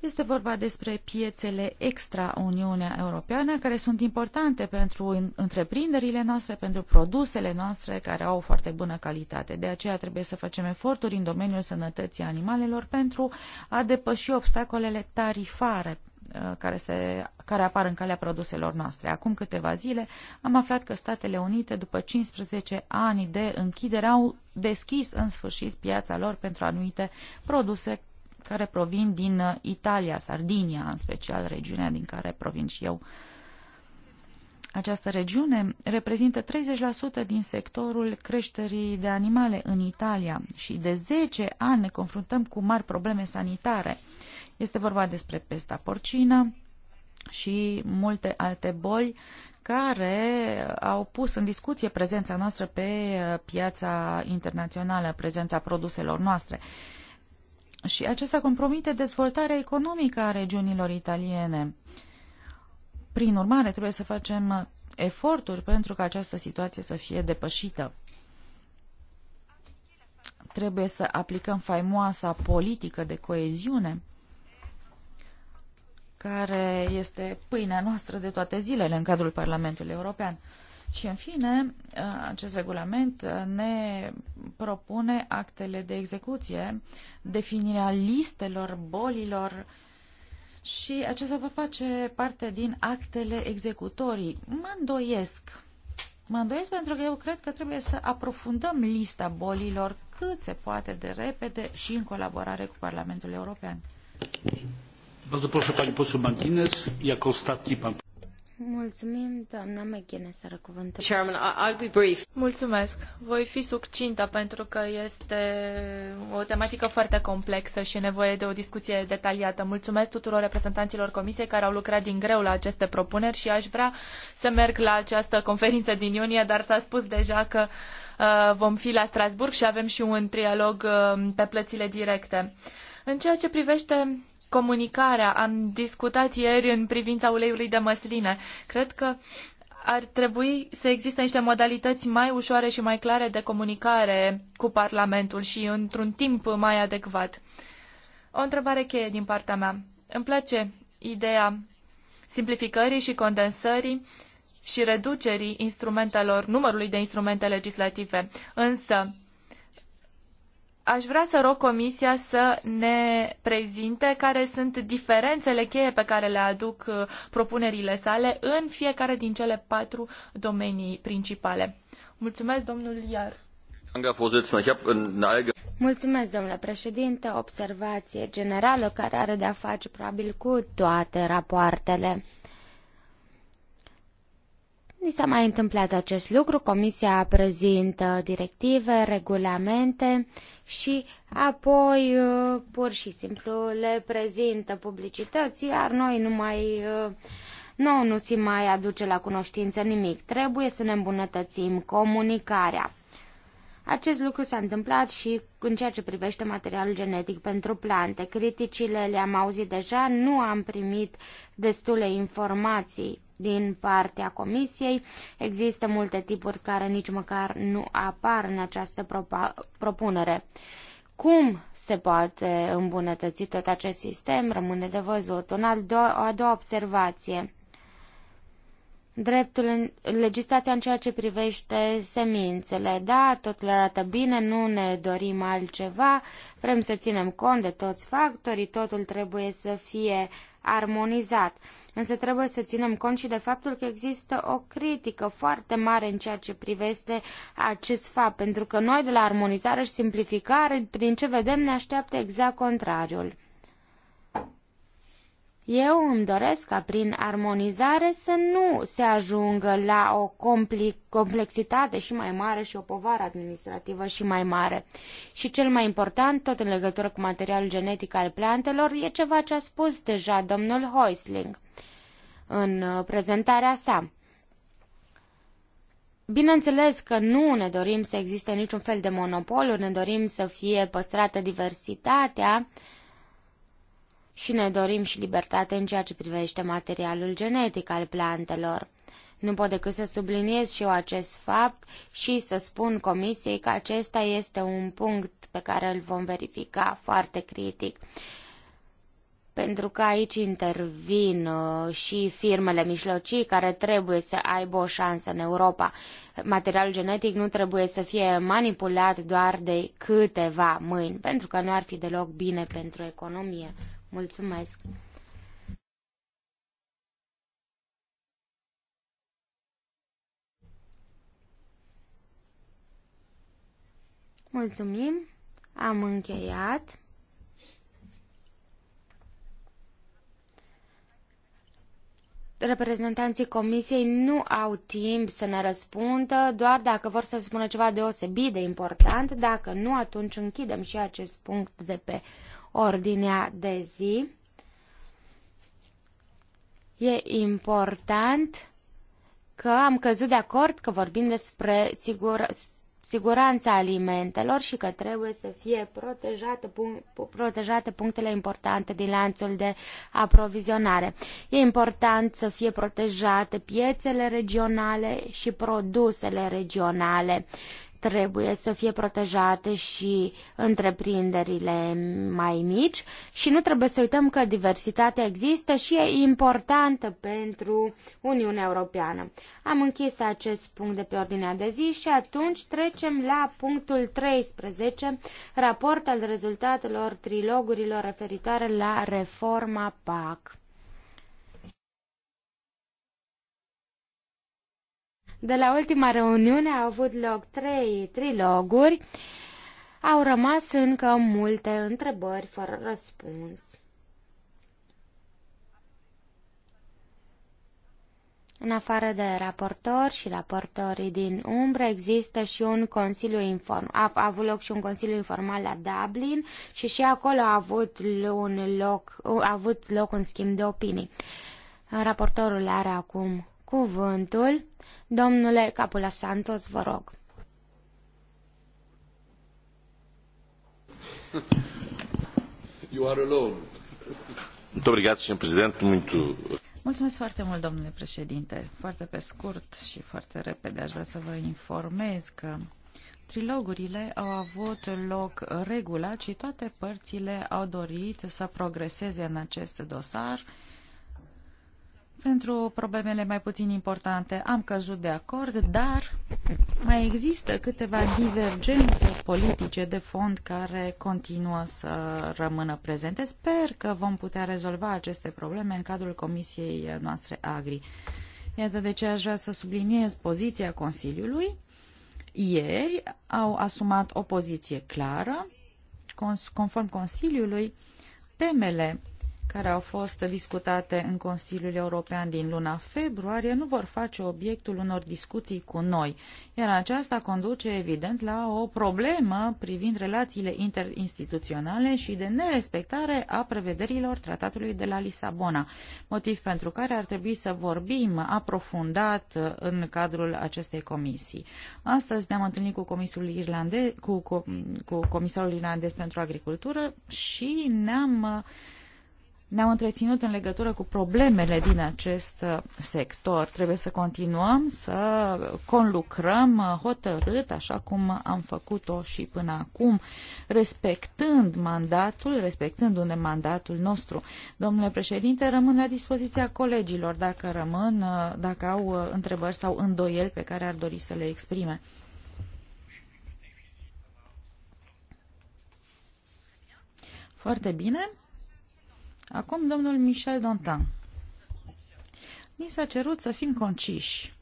Este vorba despre piețele extra-Uniunea Europeană, care sunt importante pentru întreprinderile noastre, pentru produsele noastre, care au o foarte bună calitate. De aceea trebuie să facem eforturi în domeniul sănătății animalelor pentru a depăși obstacolele tarifare Uh, care, se, care apar în calea produselor noastre. Acum câteva zile am aflat că Statele Unite, după 15 ani de închidere, au deschis în sfârșit piața lor pentru anumite produse care provin din uh, Italia, Sardinia, în special regiunea din care provin și eu. Această regiune reprezintă 30% din sectorul creșterii de animale în Italia și de 10 ani ne confruntăm cu mari probleme sanitare. Uh, este vorba despre pesta porcină și multe alte boli care au pus în discuție prezența noastră pe uh, piața internațională, prezența produselor noastre. Și acesta compromite dezvoltarea economică a regiunilor italiene. Prin urmare, trebuie să facem uh, eforturi pentru ca această situație să fie depășită. Trebuie să aplicăm faimoasa politică de coeziune care este pâinea noastră de toate zilele în cadrul Parlamentului European. Și, în fine, acest regulament ne propune actele de execuție, definirea listelor bolilor și acesta va face parte din actele executorii. Mă îndoiesc. Mă îndoiesc pentru că eu cred că trebuie să aprofundăm lista bolilor cât se poate de repede și în colaborare cu Parlamentul European. Chairman, Mulțumesc. Voi fi succintă pentru că este o tematică foarte complexă și nevoie de o discuție detaliată. Mulțumesc tuturor reprezentanților comisiei care au lucrat din greu la aceste propuneri și aș vrea să merg la această conferință din iunie, dar s-a spus deja că uh, vom fi la Strasbourg și avem și un trialog uh, pe plățile directe. În ceea ce privește comunicarea. Am discutat ieri în privința uleiului de măsline. Cred că ar trebui să existe niște modalități mai ușoare și mai clare de comunicare cu Parlamentul și într-un timp mai adecvat. O întrebare cheie din partea mea. Îmi place ideea simplificării și condensării și reducerii instrumentelor, numărului de instrumente legislative. Însă, Aș vrea să rog Comisia să ne prezinte care sunt diferențele cheie pe care le aduc uh, propunerile sale în fiecare din cele patru domenii principale. Mulțumesc, domnul Iar. Mulțumesc, domnule președinte. Observație generală care are de-a face probabil cu toate rapoartele. Ni s-a mai întâmplat acest lucru, Comisia prezintă directive, regulamente și apoi uh, pur și simplu le prezintă publicității, iar noi nu mai uh, nu, nu se mai aduce la cunoștință nimic. Trebuie să ne îmbunătățim comunicarea. Acest lucru s-a întâmplat și în ceea ce privește materialul genetic pentru plante. Criticile le-am auzit deja, nu am primit destule informații din partea comisiei. Există multe tipuri care nici măcar nu apar în această propunere. Cum se poate îmbunătăți tot acest sistem rămâne de văzut. Un al do- o a doua observație. Dreptul în, legislația în ceea ce privește semințele, da, totul arată bine, nu ne dorim altceva, vrem să ținem cont de toți factorii, totul trebuie să fie armonizat. Însă trebuie să ținem cont și de faptul că există o critică foarte mare în ceea ce privește acest fapt, pentru că noi de la armonizare și simplificare, prin ce vedem, ne așteaptă exact contrariul. Eu îmi doresc ca prin armonizare să nu se ajungă la o complexitate și mai mare și o povară administrativă și mai mare. Și cel mai important, tot în legătură cu materialul genetic al plantelor, e ceva ce a spus deja domnul Heusling în uh, prezentarea sa. Bineînțeles că nu ne dorim să existe niciun fel de monopol, ne dorim să fie păstrată diversitatea, uh, și ne dorim și libertate în ceea ce privește materialul genetic al plantelor. Nu pot decât să subliniez și eu acest fapt și să spun Comisiei că acesta este un punct pe care îl vom verifica foarte critic. Pentru că aici intervin uh, și firmele mijlocii care trebuie să aibă o șansă în Europa. Materialul genetic nu trebuie să fie manipulat doar de câteva mâini, pentru că nu ar fi deloc bine pentru economie. Mulțumesc! Mulțumim! Am încheiat. reprezentanții comisiei nu au timp să ne răspundă, doar dacă vor să spună ceva deosebit de important. Dacă nu, atunci închidem și acest punct de pe ordinea de zi. E important că am căzut de acord că vorbim despre sigur, siguranța alimentelor și că trebuie să fie protejate, punct, protejate punctele importante din lanțul de aprovizionare. E important să fie protejate piețele regionale și produsele regionale trebuie să fie protejate și întreprinderile mai mici și nu trebuie să uităm că diversitatea există și e importantă pentru Uniunea Europeană. Am închis acest punct de pe ordinea de zi și atunci trecem la punctul 13, raport al rezultatelor trilogurilor referitoare la reforma PAC. De la ultima reuniune au avut loc trei triloguri. Au rămas încă multe întrebări fără răspuns. În afară de raportori și raportorii din umbră, există și un consiliu informal. a avut loc și un consiliu informal la Dublin și și acolo a avut, un loc, a avut loc un schimb de opinii. Raportorul are acum cuvântul. Domnule Capula Santos, vă rog. You are alone. Mulțumesc foarte mult, domnule președinte. Foarte pe scurt și foarte repede aș vrea să vă informez că trilogurile au avut loc regulat și toate părțile au dorit să progreseze în acest dosar pentru problemele mai puțin importante am căzut de acord, dar mai există câteva divergențe politice de fond care continuă să rămână prezente. Sper că vom putea rezolva aceste probleme în cadrul Comisiei noastre Agri. Iată de ce aș vrea să subliniez poziția Consiliului. Ieri au asumat o poziție clară, conform Consiliului, temele care au fost discutate în Consiliul European din luna februarie nu vor face obiectul unor discuții cu noi, iar aceasta conduce evident la o problemă privind relațiile interinstituționale și de nerespectare a prevederilor tratatului de la Lisabona, motiv pentru care ar trebui să vorbim aprofundat în cadrul acestei comisii. Astăzi ne-am întâlnit cu, comisul Irlande, cu, cu, cu comisarul irlandez pentru agricultură și ne-am uh, ne-am întreținut în legătură cu problemele din acest uh, sector. Trebuie să continuăm să conlucrăm uh, hotărât, așa cum am făcut-o și până acum, respectând mandatul, respectând unde mandatul nostru. Domnule președinte, rămân la dispoziția colegilor dacă rămân, uh, dacă au întrebări sau îndoieli pe care ar dori să le exprime. Foarte bine. Acum domnul Michel Dantin. Ni s-a cerut să fim conciși.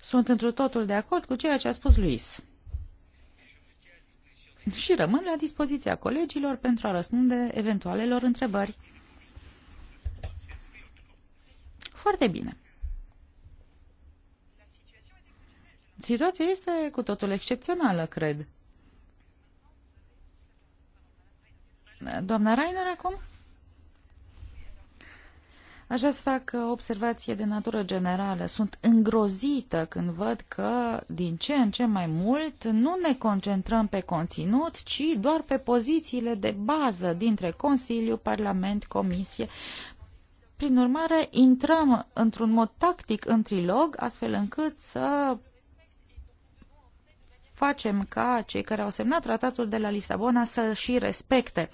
Sunt într totul de acord cu ceea ce a spus Luis. Și rămân la dispoziția colegilor pentru a răspunde eventualelor întrebări. Foarte bine. Situația este cu totul excepțională, cred. Doamna Rainer acum? Aș vrea să fac o observație de natură generală. Sunt îngrozită când văd că din ce în ce mai mult nu ne concentrăm pe conținut, ci doar pe pozițiile de bază dintre Consiliu, Parlament, Comisie. Prin urmare, intrăm într-un mod tactic în trilog, astfel încât să facem ca cei care au semnat tratatul de la Lisabona să și respecte.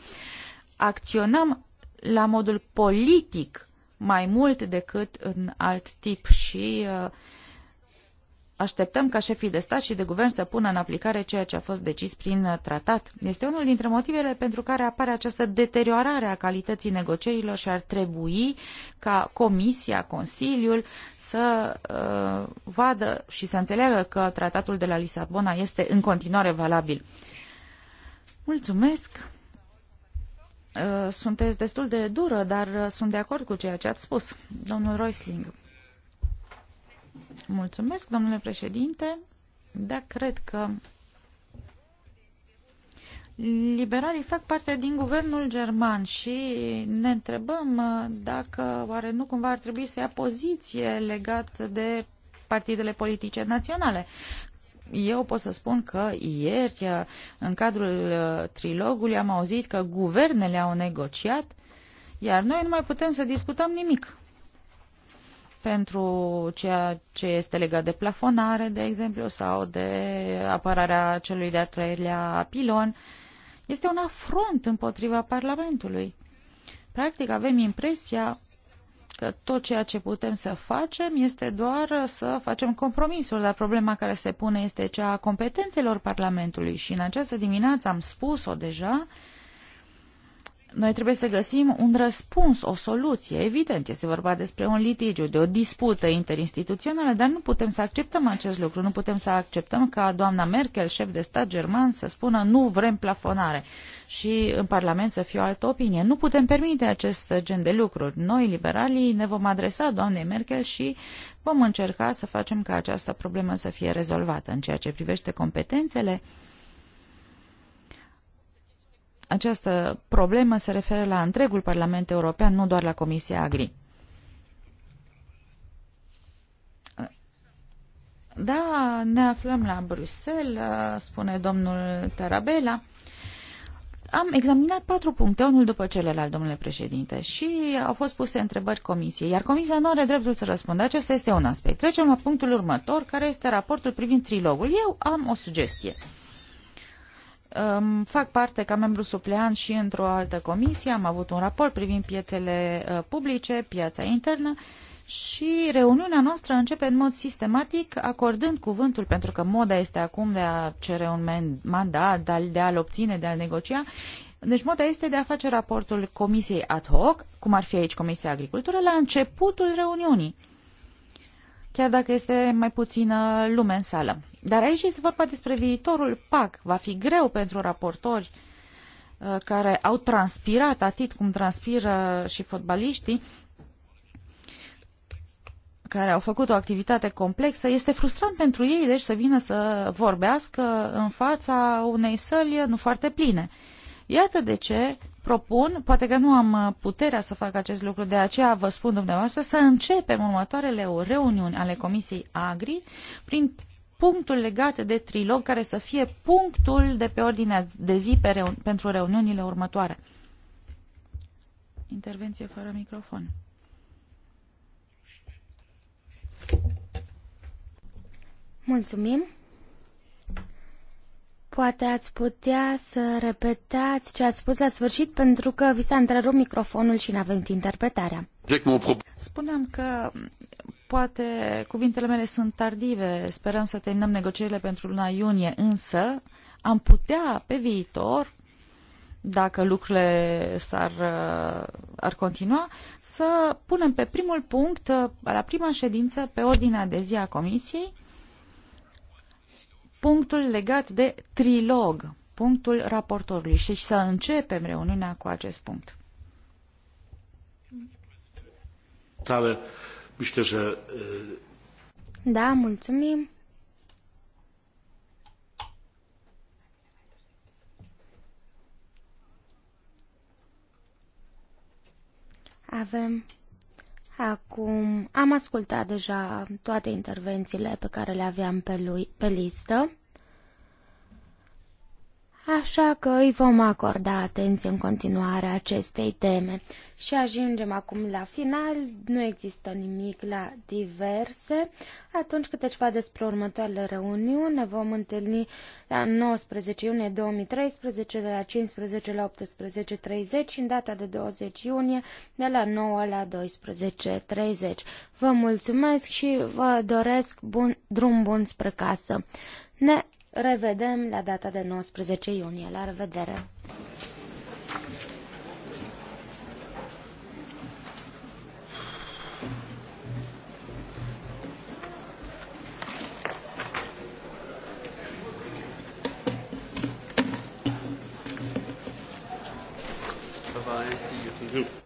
Acționăm la modul politic mai mult decât în alt tip și uh, așteptăm ca șefii de stat și de guvern să pună în aplicare ceea ce a fost decis prin uh, tratat. Este unul dintre motivele pentru care apare această deteriorare a calității negocierilor și ar trebui ca Comisia, Consiliul să uh, vadă și să înțeleagă că tratatul de la Lisabona este în continuare valabil. Mulțumesc! Uh, sunteți destul de dură, dar uh, sunt de acord cu ceea ce ați spus. Domnul Roisling. Mulțumesc, domnule președinte. Da, cred că liberalii fac parte din guvernul german și ne întrebăm uh, dacă oare nu cumva ar trebui să ia poziție legat de partidele politice naționale eu pot să spun că ieri, în cadrul uh, trilogului, am auzit că guvernele au negociat, iar noi nu mai putem să discutăm nimic pentru ceea ce este legat de plafonare, de exemplu, sau de apărarea celui de-a treilea pilon. Este un afront împotriva Parlamentului. Practic avem impresia că tot ceea ce putem să facem este doar să facem compromisul, dar problema care se pune este cea a competențelor Parlamentului și în această dimineață am spus-o deja, uh, noi trebuie să găsim un răspuns, o soluție. Evident, este vorba despre un litigiu, de o dispută interinstituțională, dar nu putem să acceptăm acest lucru. Nu putem să acceptăm ca doamna Merkel, șef de stat german, să spună nu vrem plafonare și în Parlament să fie o altă opinie. Nu putem permite acest gen de lucruri. Noi, liberalii, ne vom adresa doamnei Merkel și vom încerca să facem ca această problemă să fie rezolvată. În ceea ce privește competențele, această problemă se referă la întregul Parlament European, nu doar la Comisia Agri. Da, ne aflăm la Bruxelles, spune domnul Tarabella. Am examinat patru puncte, unul după celălalt, domnule președinte, și au fost puse întrebări comisiei, iar comisia nu are dreptul să răspundă. Acesta este un aspect. Trecem la punctul următor, care este raportul privind trilogul. Eu am o sugestie. Uh, Um, fac parte ca membru suplean și într-o altă comisie, am avut un raport privind piețele uh, publice, piața internă și reuniunea noastră începe în mod sistematic acordând cuvântul, pentru că moda este acum de a cere un mandat, de, a, de a-l obține, de a-l negocia. Deci moda este de a face raportul comisiei ad hoc, cum ar fi aici Comisia Agricultură, la începutul reuniunii chiar dacă este mai puțină lume în sală. Dar aici este vorba despre viitorul PAC. Va fi greu pentru raportori uh, care au transpirat atât cum transpiră și fotbaliștii, care au făcut o activitate complexă, este frustrant pentru ei, deci, să vină să vorbească în fața unei săli nu foarte pline. Iată de ce propun, poate că nu am uh, puterea să fac acest lucru, de aceea vă spun dumneavoastră să începem următoarele reuniuni ale Comisiei Agri prin punctul legat de trilog care să fie punctul de pe ordinea de zi pe reuni pentru reuniunile următoare. Intervenție fără microfon. Mulțumim. Poate ați putea să repetați ce ați spus la sfârșit pentru că vi s-a întrerupt microfonul și nu avem interpretarea. Deci, Spuneam că poate cuvintele mele sunt tardive, sperăm să terminăm negocierile pentru luna iunie, însă am putea pe viitor dacă lucrurile s-ar uh, ar continua, să punem pe primul punct, uh, la prima ședință, pe ordinea de zi a Comisiei, punctul legat de trilog, punctul raportorului și să începem reuniunea cu acest punct. Da, mulțumim. Avem Acum am ascultat deja toate intervențiile pe care le aveam pe, lui, pe listă așa că îi vom acorda atenție în continuare acestei teme. Și ajungem acum la final, nu există nimic la diverse. Atunci câte ceva despre următoarele reuniuni, ne vom întâlni la 19 iunie 2013 de la 15 la 18.30 și în data de 20 iunie de la 9 la 12.30. Vă mulțumesc și vă doresc bun, drum bun spre casă. Ne revedem la data de 19 iunie. La revedere! Bye-bye. See you.